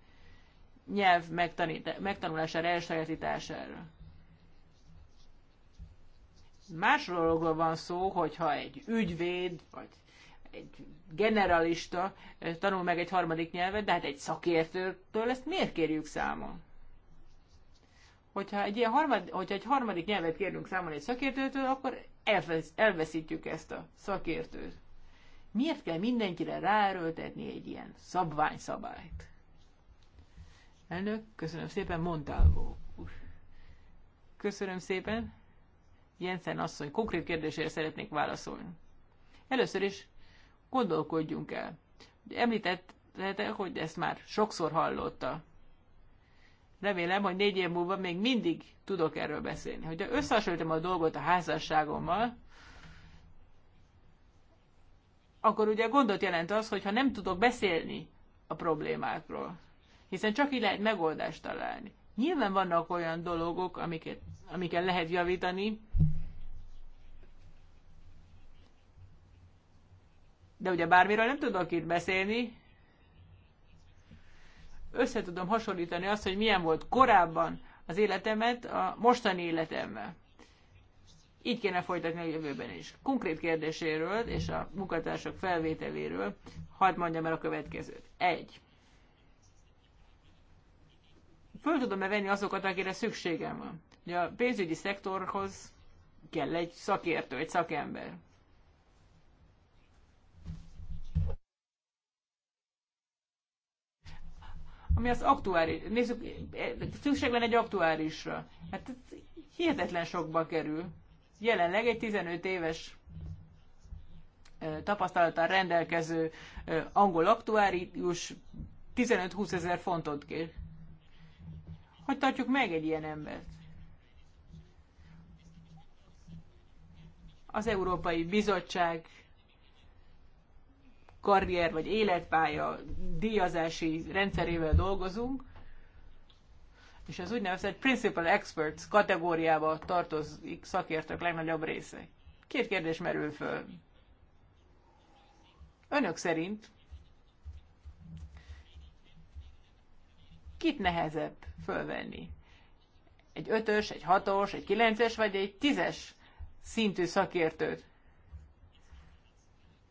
nyelv megtanít, megtanulására, elsajátítására. Más dologról van szó, hogyha egy ügyvéd, vagy egy generalista eh, tanul meg egy harmadik nyelvet, de hát egy szakértőtől ezt miért kérjük számon? hogyha egy, ilyen harmad, hogyha egy harmadik nyelvet kérünk számon egy szakértőtől, akkor elvesz, elveszítjük ezt a szakértőt. Miért kell mindenkire ráerőltetni egy ilyen szabványszabályt? Elnök, köszönöm szépen, mondtál Köszönöm szépen. Jensen asszony, konkrét kérdésére szeretnék válaszolni. Először is gondolkodjunk el. lehet-e, hogy ezt már sokszor hallotta remélem, hogy négy év múlva még mindig tudok erről beszélni. Hogyha összehasonlítom a dolgot a házasságommal, akkor ugye gondot jelent az, hogyha nem tudok beszélni a problémákról, hiszen csak így lehet megoldást találni. Nyilván vannak olyan dolgok, amiket, amiket lehet javítani, de ugye bármiről nem tudok itt beszélni, összetudom hasonlítani azt, hogy milyen volt korábban az életemet a mostani életemmel. Így kéne folytatni a jövőben is. Konkrét kérdéséről és a munkatársak felvételéről hadd mondjam el a következőt. Egy. Föl tudom-e venni azokat, akire szükségem van? Ugye a pénzügyi szektorhoz kell egy szakértő, egy szakember. ami az aktuális. Nézzük, szükség lenne egy aktuálisra. Hát ez hihetetlen sokba kerül. Jelenleg egy 15 éves tapasztalattal rendelkező angol aktuárius 15-20 ezer fontot kér. Hogy tartjuk meg egy ilyen embert? Az Európai Bizottság karrier vagy életpálya díjazási rendszerével dolgozunk, és az úgynevezett Principal Experts kategóriába tartozik szakértők legnagyobb része. Két kérdés merül föl. Önök szerint kit nehezebb fölvenni? Egy ötös, egy hatos, egy kilences, vagy egy tízes szintű szakértőt?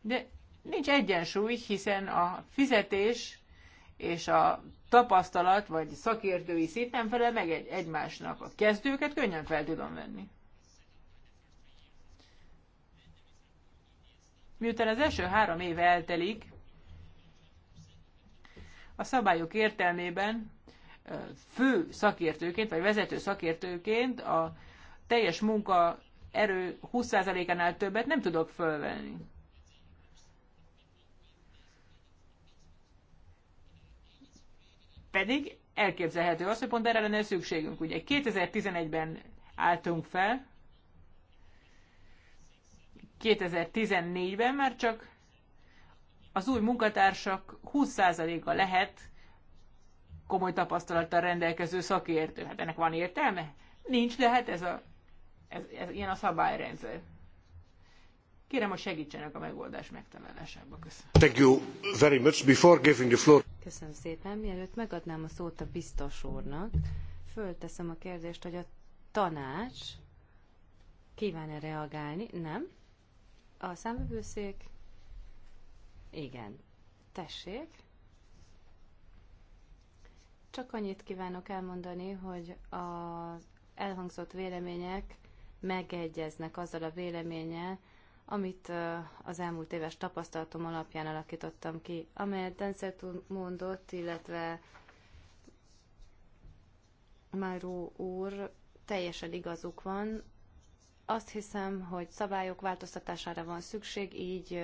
De nincs egyensúly, hiszen a fizetés és a tapasztalat vagy szakértői szint nem felel meg egy, egymásnak. A kezdőket könnyen fel tudom venni. Miután az első három év eltelik, a szabályok értelmében fő szakértőként, vagy vezető szakértőként a teljes munka erő 20%-ánál többet nem tudok fölvenni. pedig elképzelhető az, hogy pont erre lenne szükségünk. Ugye 2011-ben álltunk fel, 2014-ben már csak az új munkatársak 20%-a lehet komoly tapasztalattal rendelkező szakértő. Hát ennek van értelme? Nincs, de hát ez, a, ez, ez ilyen a szabályrendszer. Kérem, hogy segítsenek a megoldás megtalálásába. Köszönöm. Thank you very much. Before giving the floor... Köszönöm szépen. Mielőtt megadnám a szót a biztos úrnak, fölteszem a kérdést, hogy a tanács kíván-e reagálni? Nem. A számvevőszék? Igen. Tessék. Csak annyit kívánok elmondani, hogy az elhangzott vélemények megegyeznek azzal a véleménye, amit az elmúlt éves tapasztalatom alapján alakítottam ki, amelyet Denszert mondott, illetve Máró úr, teljesen igazuk van. Azt hiszem, hogy szabályok változtatására van szükség, így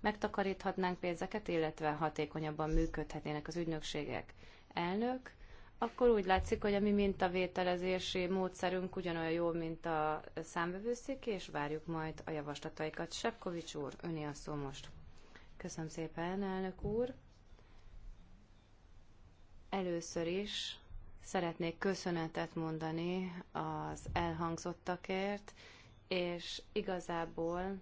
megtakaríthatnánk pénzeket, illetve hatékonyabban működhetnének az ügynökségek. Elnök, akkor úgy látszik, hogy a mi mintavételezési módszerünk ugyanolyan jó, mint a számvevőszék, és várjuk majd a javaslataikat. Sepkovics úr, öné a szó most. Köszönöm szépen, elnök úr. Először is szeretnék köszönetet mondani az elhangzottakért, és igazából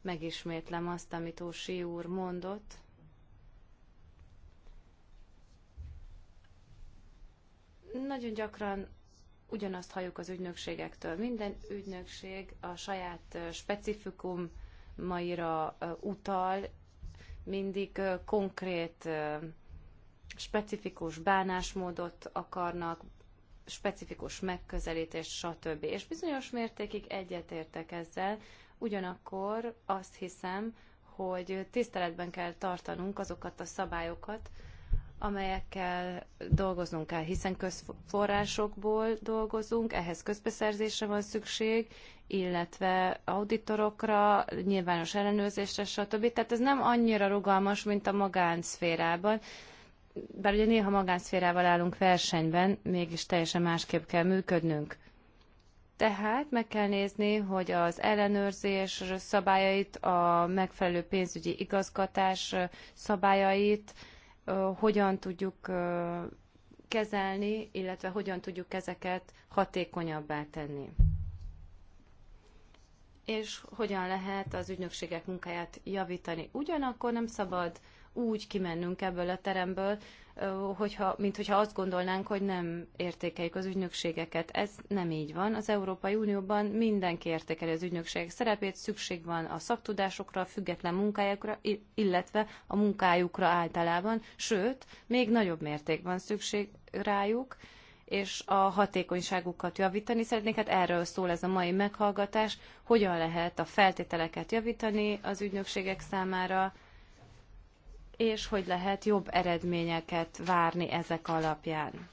megismétlem azt, amit Ósi úr mondott, Nagyon gyakran ugyanazt halljuk az ügynökségektől. Minden ügynökség a saját specifikum maira utal, mindig konkrét, specifikus bánásmódot akarnak, specifikus megközelítést, stb. És bizonyos mértékig egyetértek ezzel, ugyanakkor azt hiszem, hogy tiszteletben kell tartanunk azokat a szabályokat, amelyekkel dolgoznunk kell, hiszen közforrásokból dolgozunk, ehhez közbeszerzésre van szükség, illetve auditorokra, nyilvános ellenőrzésre, stb. Tehát ez nem annyira rugalmas, mint a magánszférában. Bár ugye néha magánszférával állunk versenyben, mégis teljesen másképp kell működnünk. Tehát meg kell nézni, hogy az ellenőrzés szabályait, a megfelelő pénzügyi igazgatás szabályait, hogyan tudjuk kezelni, illetve hogyan tudjuk ezeket hatékonyabbá tenni. És hogyan lehet az ügynökségek munkáját javítani. Ugyanakkor nem szabad úgy kimennünk ebből a teremből, hogyha, mint hogyha azt gondolnánk, hogy nem értékeljük az ügynökségeket. Ez nem így van. Az Európai Unióban mindenki értékeli az ügynökségek szerepét, szükség van a szaktudásokra, a független munkájukra, illetve a munkájukra általában, sőt, még nagyobb mértékben szükség rájuk, és a hatékonyságukat javítani szeretnék. Hát erről szól ez a mai meghallgatás, hogyan lehet a feltételeket javítani az ügynökségek számára, és hogy lehet jobb eredményeket várni ezek alapján.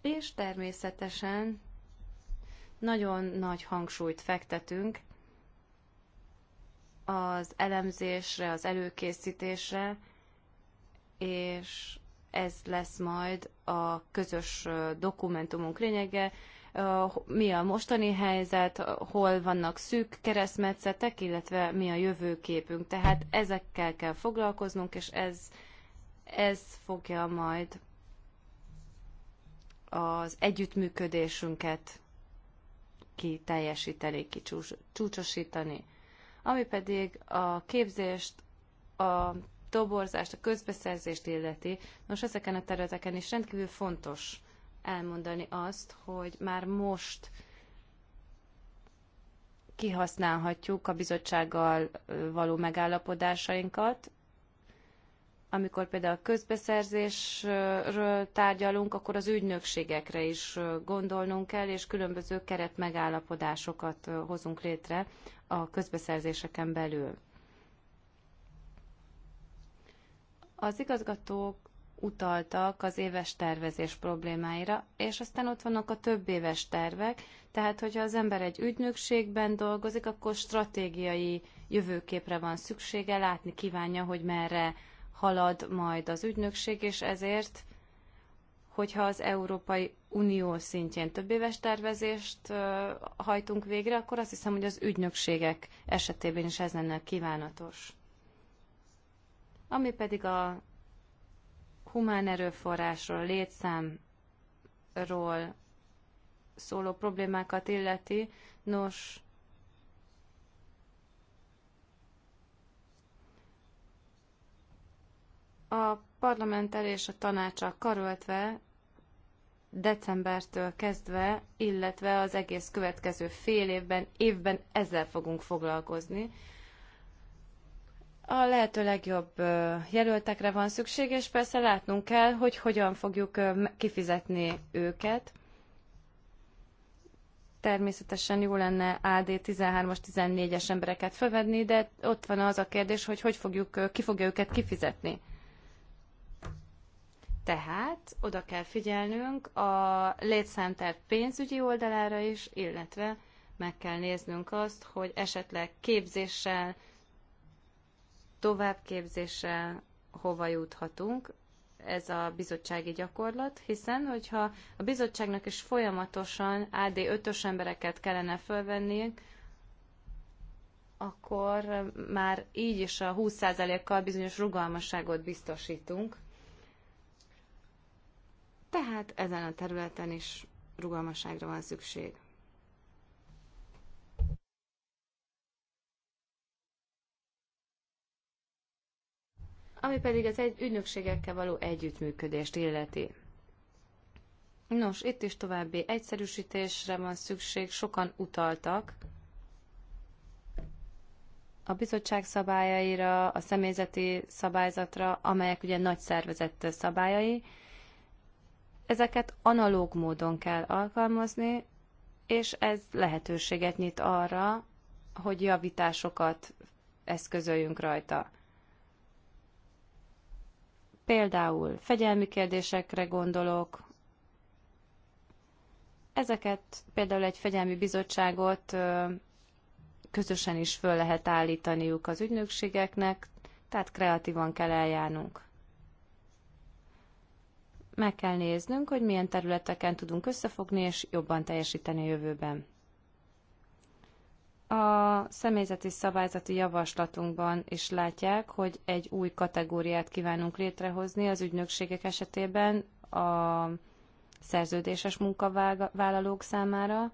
És természetesen nagyon nagy hangsúlyt fektetünk az elemzésre, az előkészítésre, és ez lesz majd a közös dokumentumunk lényege, mi a mostani helyzet, hol vannak szűk keresztmetszetek, illetve mi a jövőképünk. Tehát ezekkel kell foglalkoznunk, és ez, ez fogja majd az együttműködésünket kiteljesíteni, kicsúcsosítani. csúcsosítani. Ami pedig a képzést, a toborzást, a közbeszerzést illeti, nos ezeken a területeken is rendkívül fontos elmondani azt, hogy már most kihasználhatjuk a bizottsággal való megállapodásainkat, amikor például a közbeszerzésről tárgyalunk, akkor az ügynökségekre is gondolnunk kell, és különböző keret megállapodásokat hozunk létre a közbeszerzéseken belül. Az igazgatók utaltak az éves tervezés problémáira, és aztán ott vannak a több éves tervek, tehát hogyha az ember egy ügynökségben dolgozik, akkor stratégiai jövőképre van szüksége, látni kívánja, hogy merre halad majd az ügynökség, és ezért, hogyha az Európai Unió szintjén több éves tervezést hajtunk végre, akkor azt hiszem, hogy az ügynökségek esetében is ez lenne kívánatos. Ami pedig a humán erőforrásról, létszámról szóló problémákat illeti, nos, a parlamenttel és a tanácsal karöltve decembertől kezdve, illetve az egész következő fél évben, évben ezzel fogunk foglalkozni, a lehető legjobb jelöltekre van szükség, és persze látnunk kell, hogy hogyan fogjuk kifizetni őket. Természetesen jó lenne AD 13-as, 14-es embereket fövedni, de ott van az a kérdés, hogy hogy fogjuk, ki fogja őket kifizetni. Tehát oda kell figyelnünk a létszámterv pénzügyi oldalára is, illetve meg kell néznünk azt, hogy esetleg képzéssel, továbbképzéssel hova juthatunk, ez a bizottsági gyakorlat, hiszen hogyha a bizottságnak is folyamatosan AD 5-ös embereket kellene fölvenni, akkor már így is a 20%-kal bizonyos rugalmasságot biztosítunk. Tehát ezen a területen is rugalmasságra van szükség. ami pedig az egy ügynökségekkel való együttműködést illeti. Nos, itt is további egyszerűsítésre van szükség, sokan utaltak a bizottság szabályaira, a személyzeti szabályzatra, amelyek ugye nagy szervezett szabályai. Ezeket analóg módon kell alkalmazni, és ez lehetőséget nyit arra, hogy javításokat eszközöljünk rajta. Például fegyelmi kérdésekre gondolok, ezeket például egy fegyelmi bizottságot közösen is föl lehet állítaniuk az ügynökségeknek, tehát kreatívan kell eljárnunk. Meg kell néznünk, hogy milyen területeken tudunk összefogni és jobban teljesíteni a jövőben. A személyzeti szabályzati javaslatunkban is látják, hogy egy új kategóriát kívánunk létrehozni az ügynökségek esetében a szerződéses munkavállalók számára,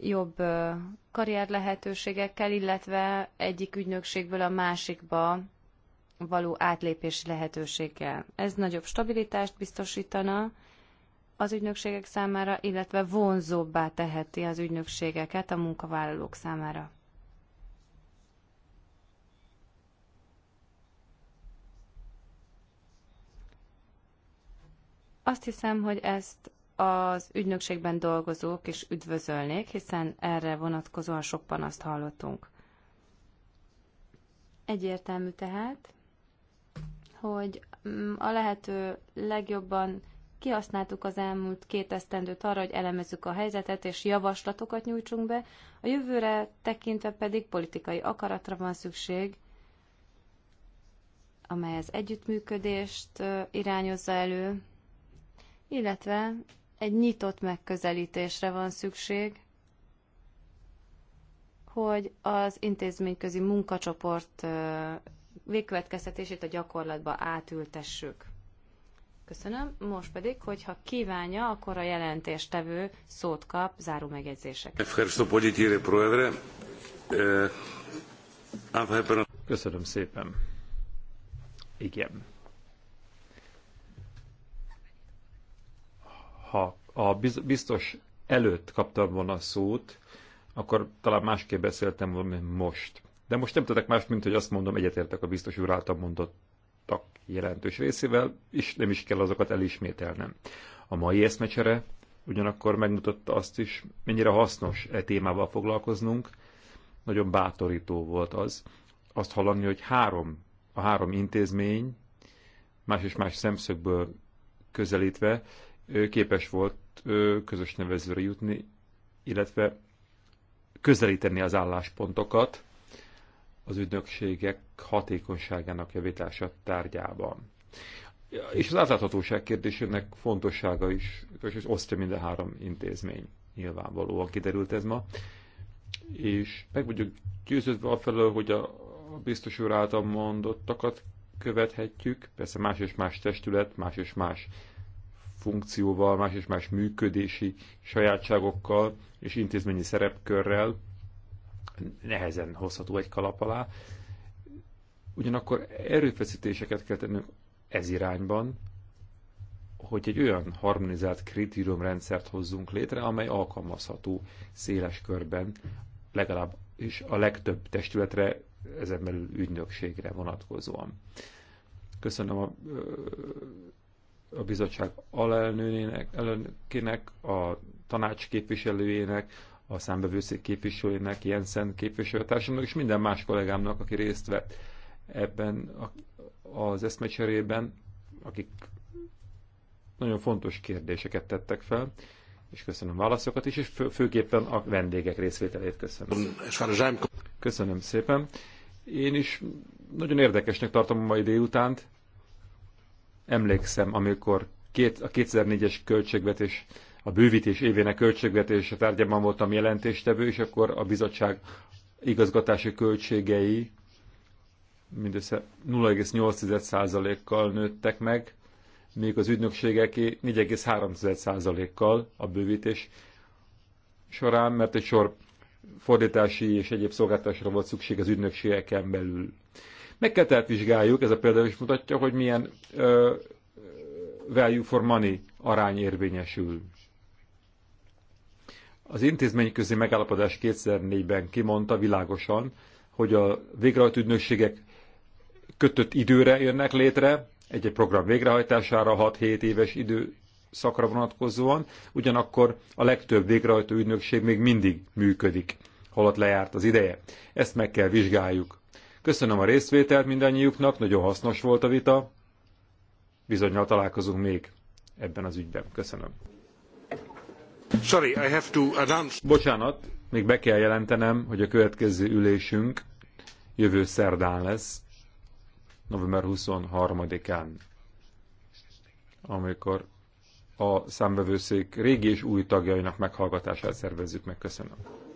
jobb karrier lehetőségekkel, illetve egyik ügynökségből a másikba való átlépési lehetőséggel. Ez nagyobb stabilitást biztosítana, az ügynökségek számára, illetve vonzóbbá teheti az ügynökségeket a munkavállalók számára. Azt hiszem, hogy ezt az ügynökségben dolgozók is üdvözölnék, hiszen erre vonatkozóan sok panaszt hallottunk. Egyértelmű tehát, hogy mm, a lehető legjobban Kihasználtuk az elmúlt két esztendőt arra, hogy elemezzük a helyzetet és javaslatokat nyújtsunk be, a jövőre tekintve pedig politikai akaratra van szükség, amely az együttműködést irányozza elő, illetve egy nyitott megközelítésre van szükség, hogy az intézményközi munkacsoport végkövetkeztetését a gyakorlatba átültessük. Köszönöm. Most pedig, hogyha kívánja, akkor a jelentéstevő szót kap záró megjegyzésekre. Köszönöm szépen. Igen. Ha a biztos előtt kaptam volna a szót, akkor talán másképp beszéltem volna, mint most. De most nem tudok más, mint hogy azt mondom, egyetértek a biztos úr által mondott Tak jelentős részével, és nem is kell azokat elismételnem. A mai eszmecsere ugyanakkor megmutatta azt is, mennyire hasznos e témával foglalkoznunk. Nagyon bátorító volt az, azt hallani, hogy három, a három intézmény más és más szemszögből közelítve képes volt közös nevezőre jutni, illetve közelíteni az álláspontokat, az ügynökségek hatékonyságának javítása tárgyában. És az átláthatóság kérdésének fontossága is, és osztja minden három intézmény nyilvánvalóan kiderült ez ma. És meg vagyok győződve felől, hogy a biztos úr által mondottakat követhetjük, persze más és más testület, más és más funkcióval, más és más működési sajátságokkal és intézményi szerepkörrel, nehezen hozható egy kalap alá. Ugyanakkor erőfeszítéseket kell tennünk ez irányban, hogy egy olyan harmonizált kritériumrendszert hozzunk létre, amely alkalmazható széles körben, legalább is a legtöbb testületre, ezen belül ügynökségre vonatkozóan. Köszönöm a, a bizottság alelnőnének, a tanács képviselőjének, a számbevőszék képviselőjének, Jensen képviselőtársamnak, és minden más kollégámnak, aki részt vett ebben az eszmecserében, akik nagyon fontos kérdéseket tettek fel, és köszönöm a válaszokat is, és fő, főképpen a vendégek részvételét köszönöm. Köszönöm szépen. Én is nagyon érdekesnek tartom a mai délutánt. Emlékszem, amikor két, a 2004-es költségvetés a bővítés évének költségvetése tárgyában voltam jelentéstevő, és akkor a bizottság igazgatási költségei mindössze 0,8%-kal nőttek meg, még az ügynökségeké 4,3%-kal a bővítés során, mert egy sor fordítási és egyéb szolgáltatásra volt szükség az ügynökségeken belül. Meg kell tehát vizsgáljuk, ez a példa is mutatja, hogy milyen ö, value for money arány érvényesül. Az intézményközi megállapodás 2004-ben kimondta világosan, hogy a végrehajtó ügynökségek kötött időre jönnek létre, egy-egy program végrehajtására 6-7 éves időszakra vonatkozóan, ugyanakkor a legtöbb végrehajtó ügynökség még mindig működik, holott lejárt az ideje. Ezt meg kell vizsgáljuk. Köszönöm a részvételt mindannyiuknak, nagyon hasznos volt a vita. Bizonyal találkozunk még ebben az ügyben. Köszönöm. Bocsánat, még be kell jelentenem, hogy a következő ülésünk jövő szerdán lesz, november 23-án, amikor a számbevőszék régi és új tagjainak meghallgatását szervezzük meg. Köszönöm.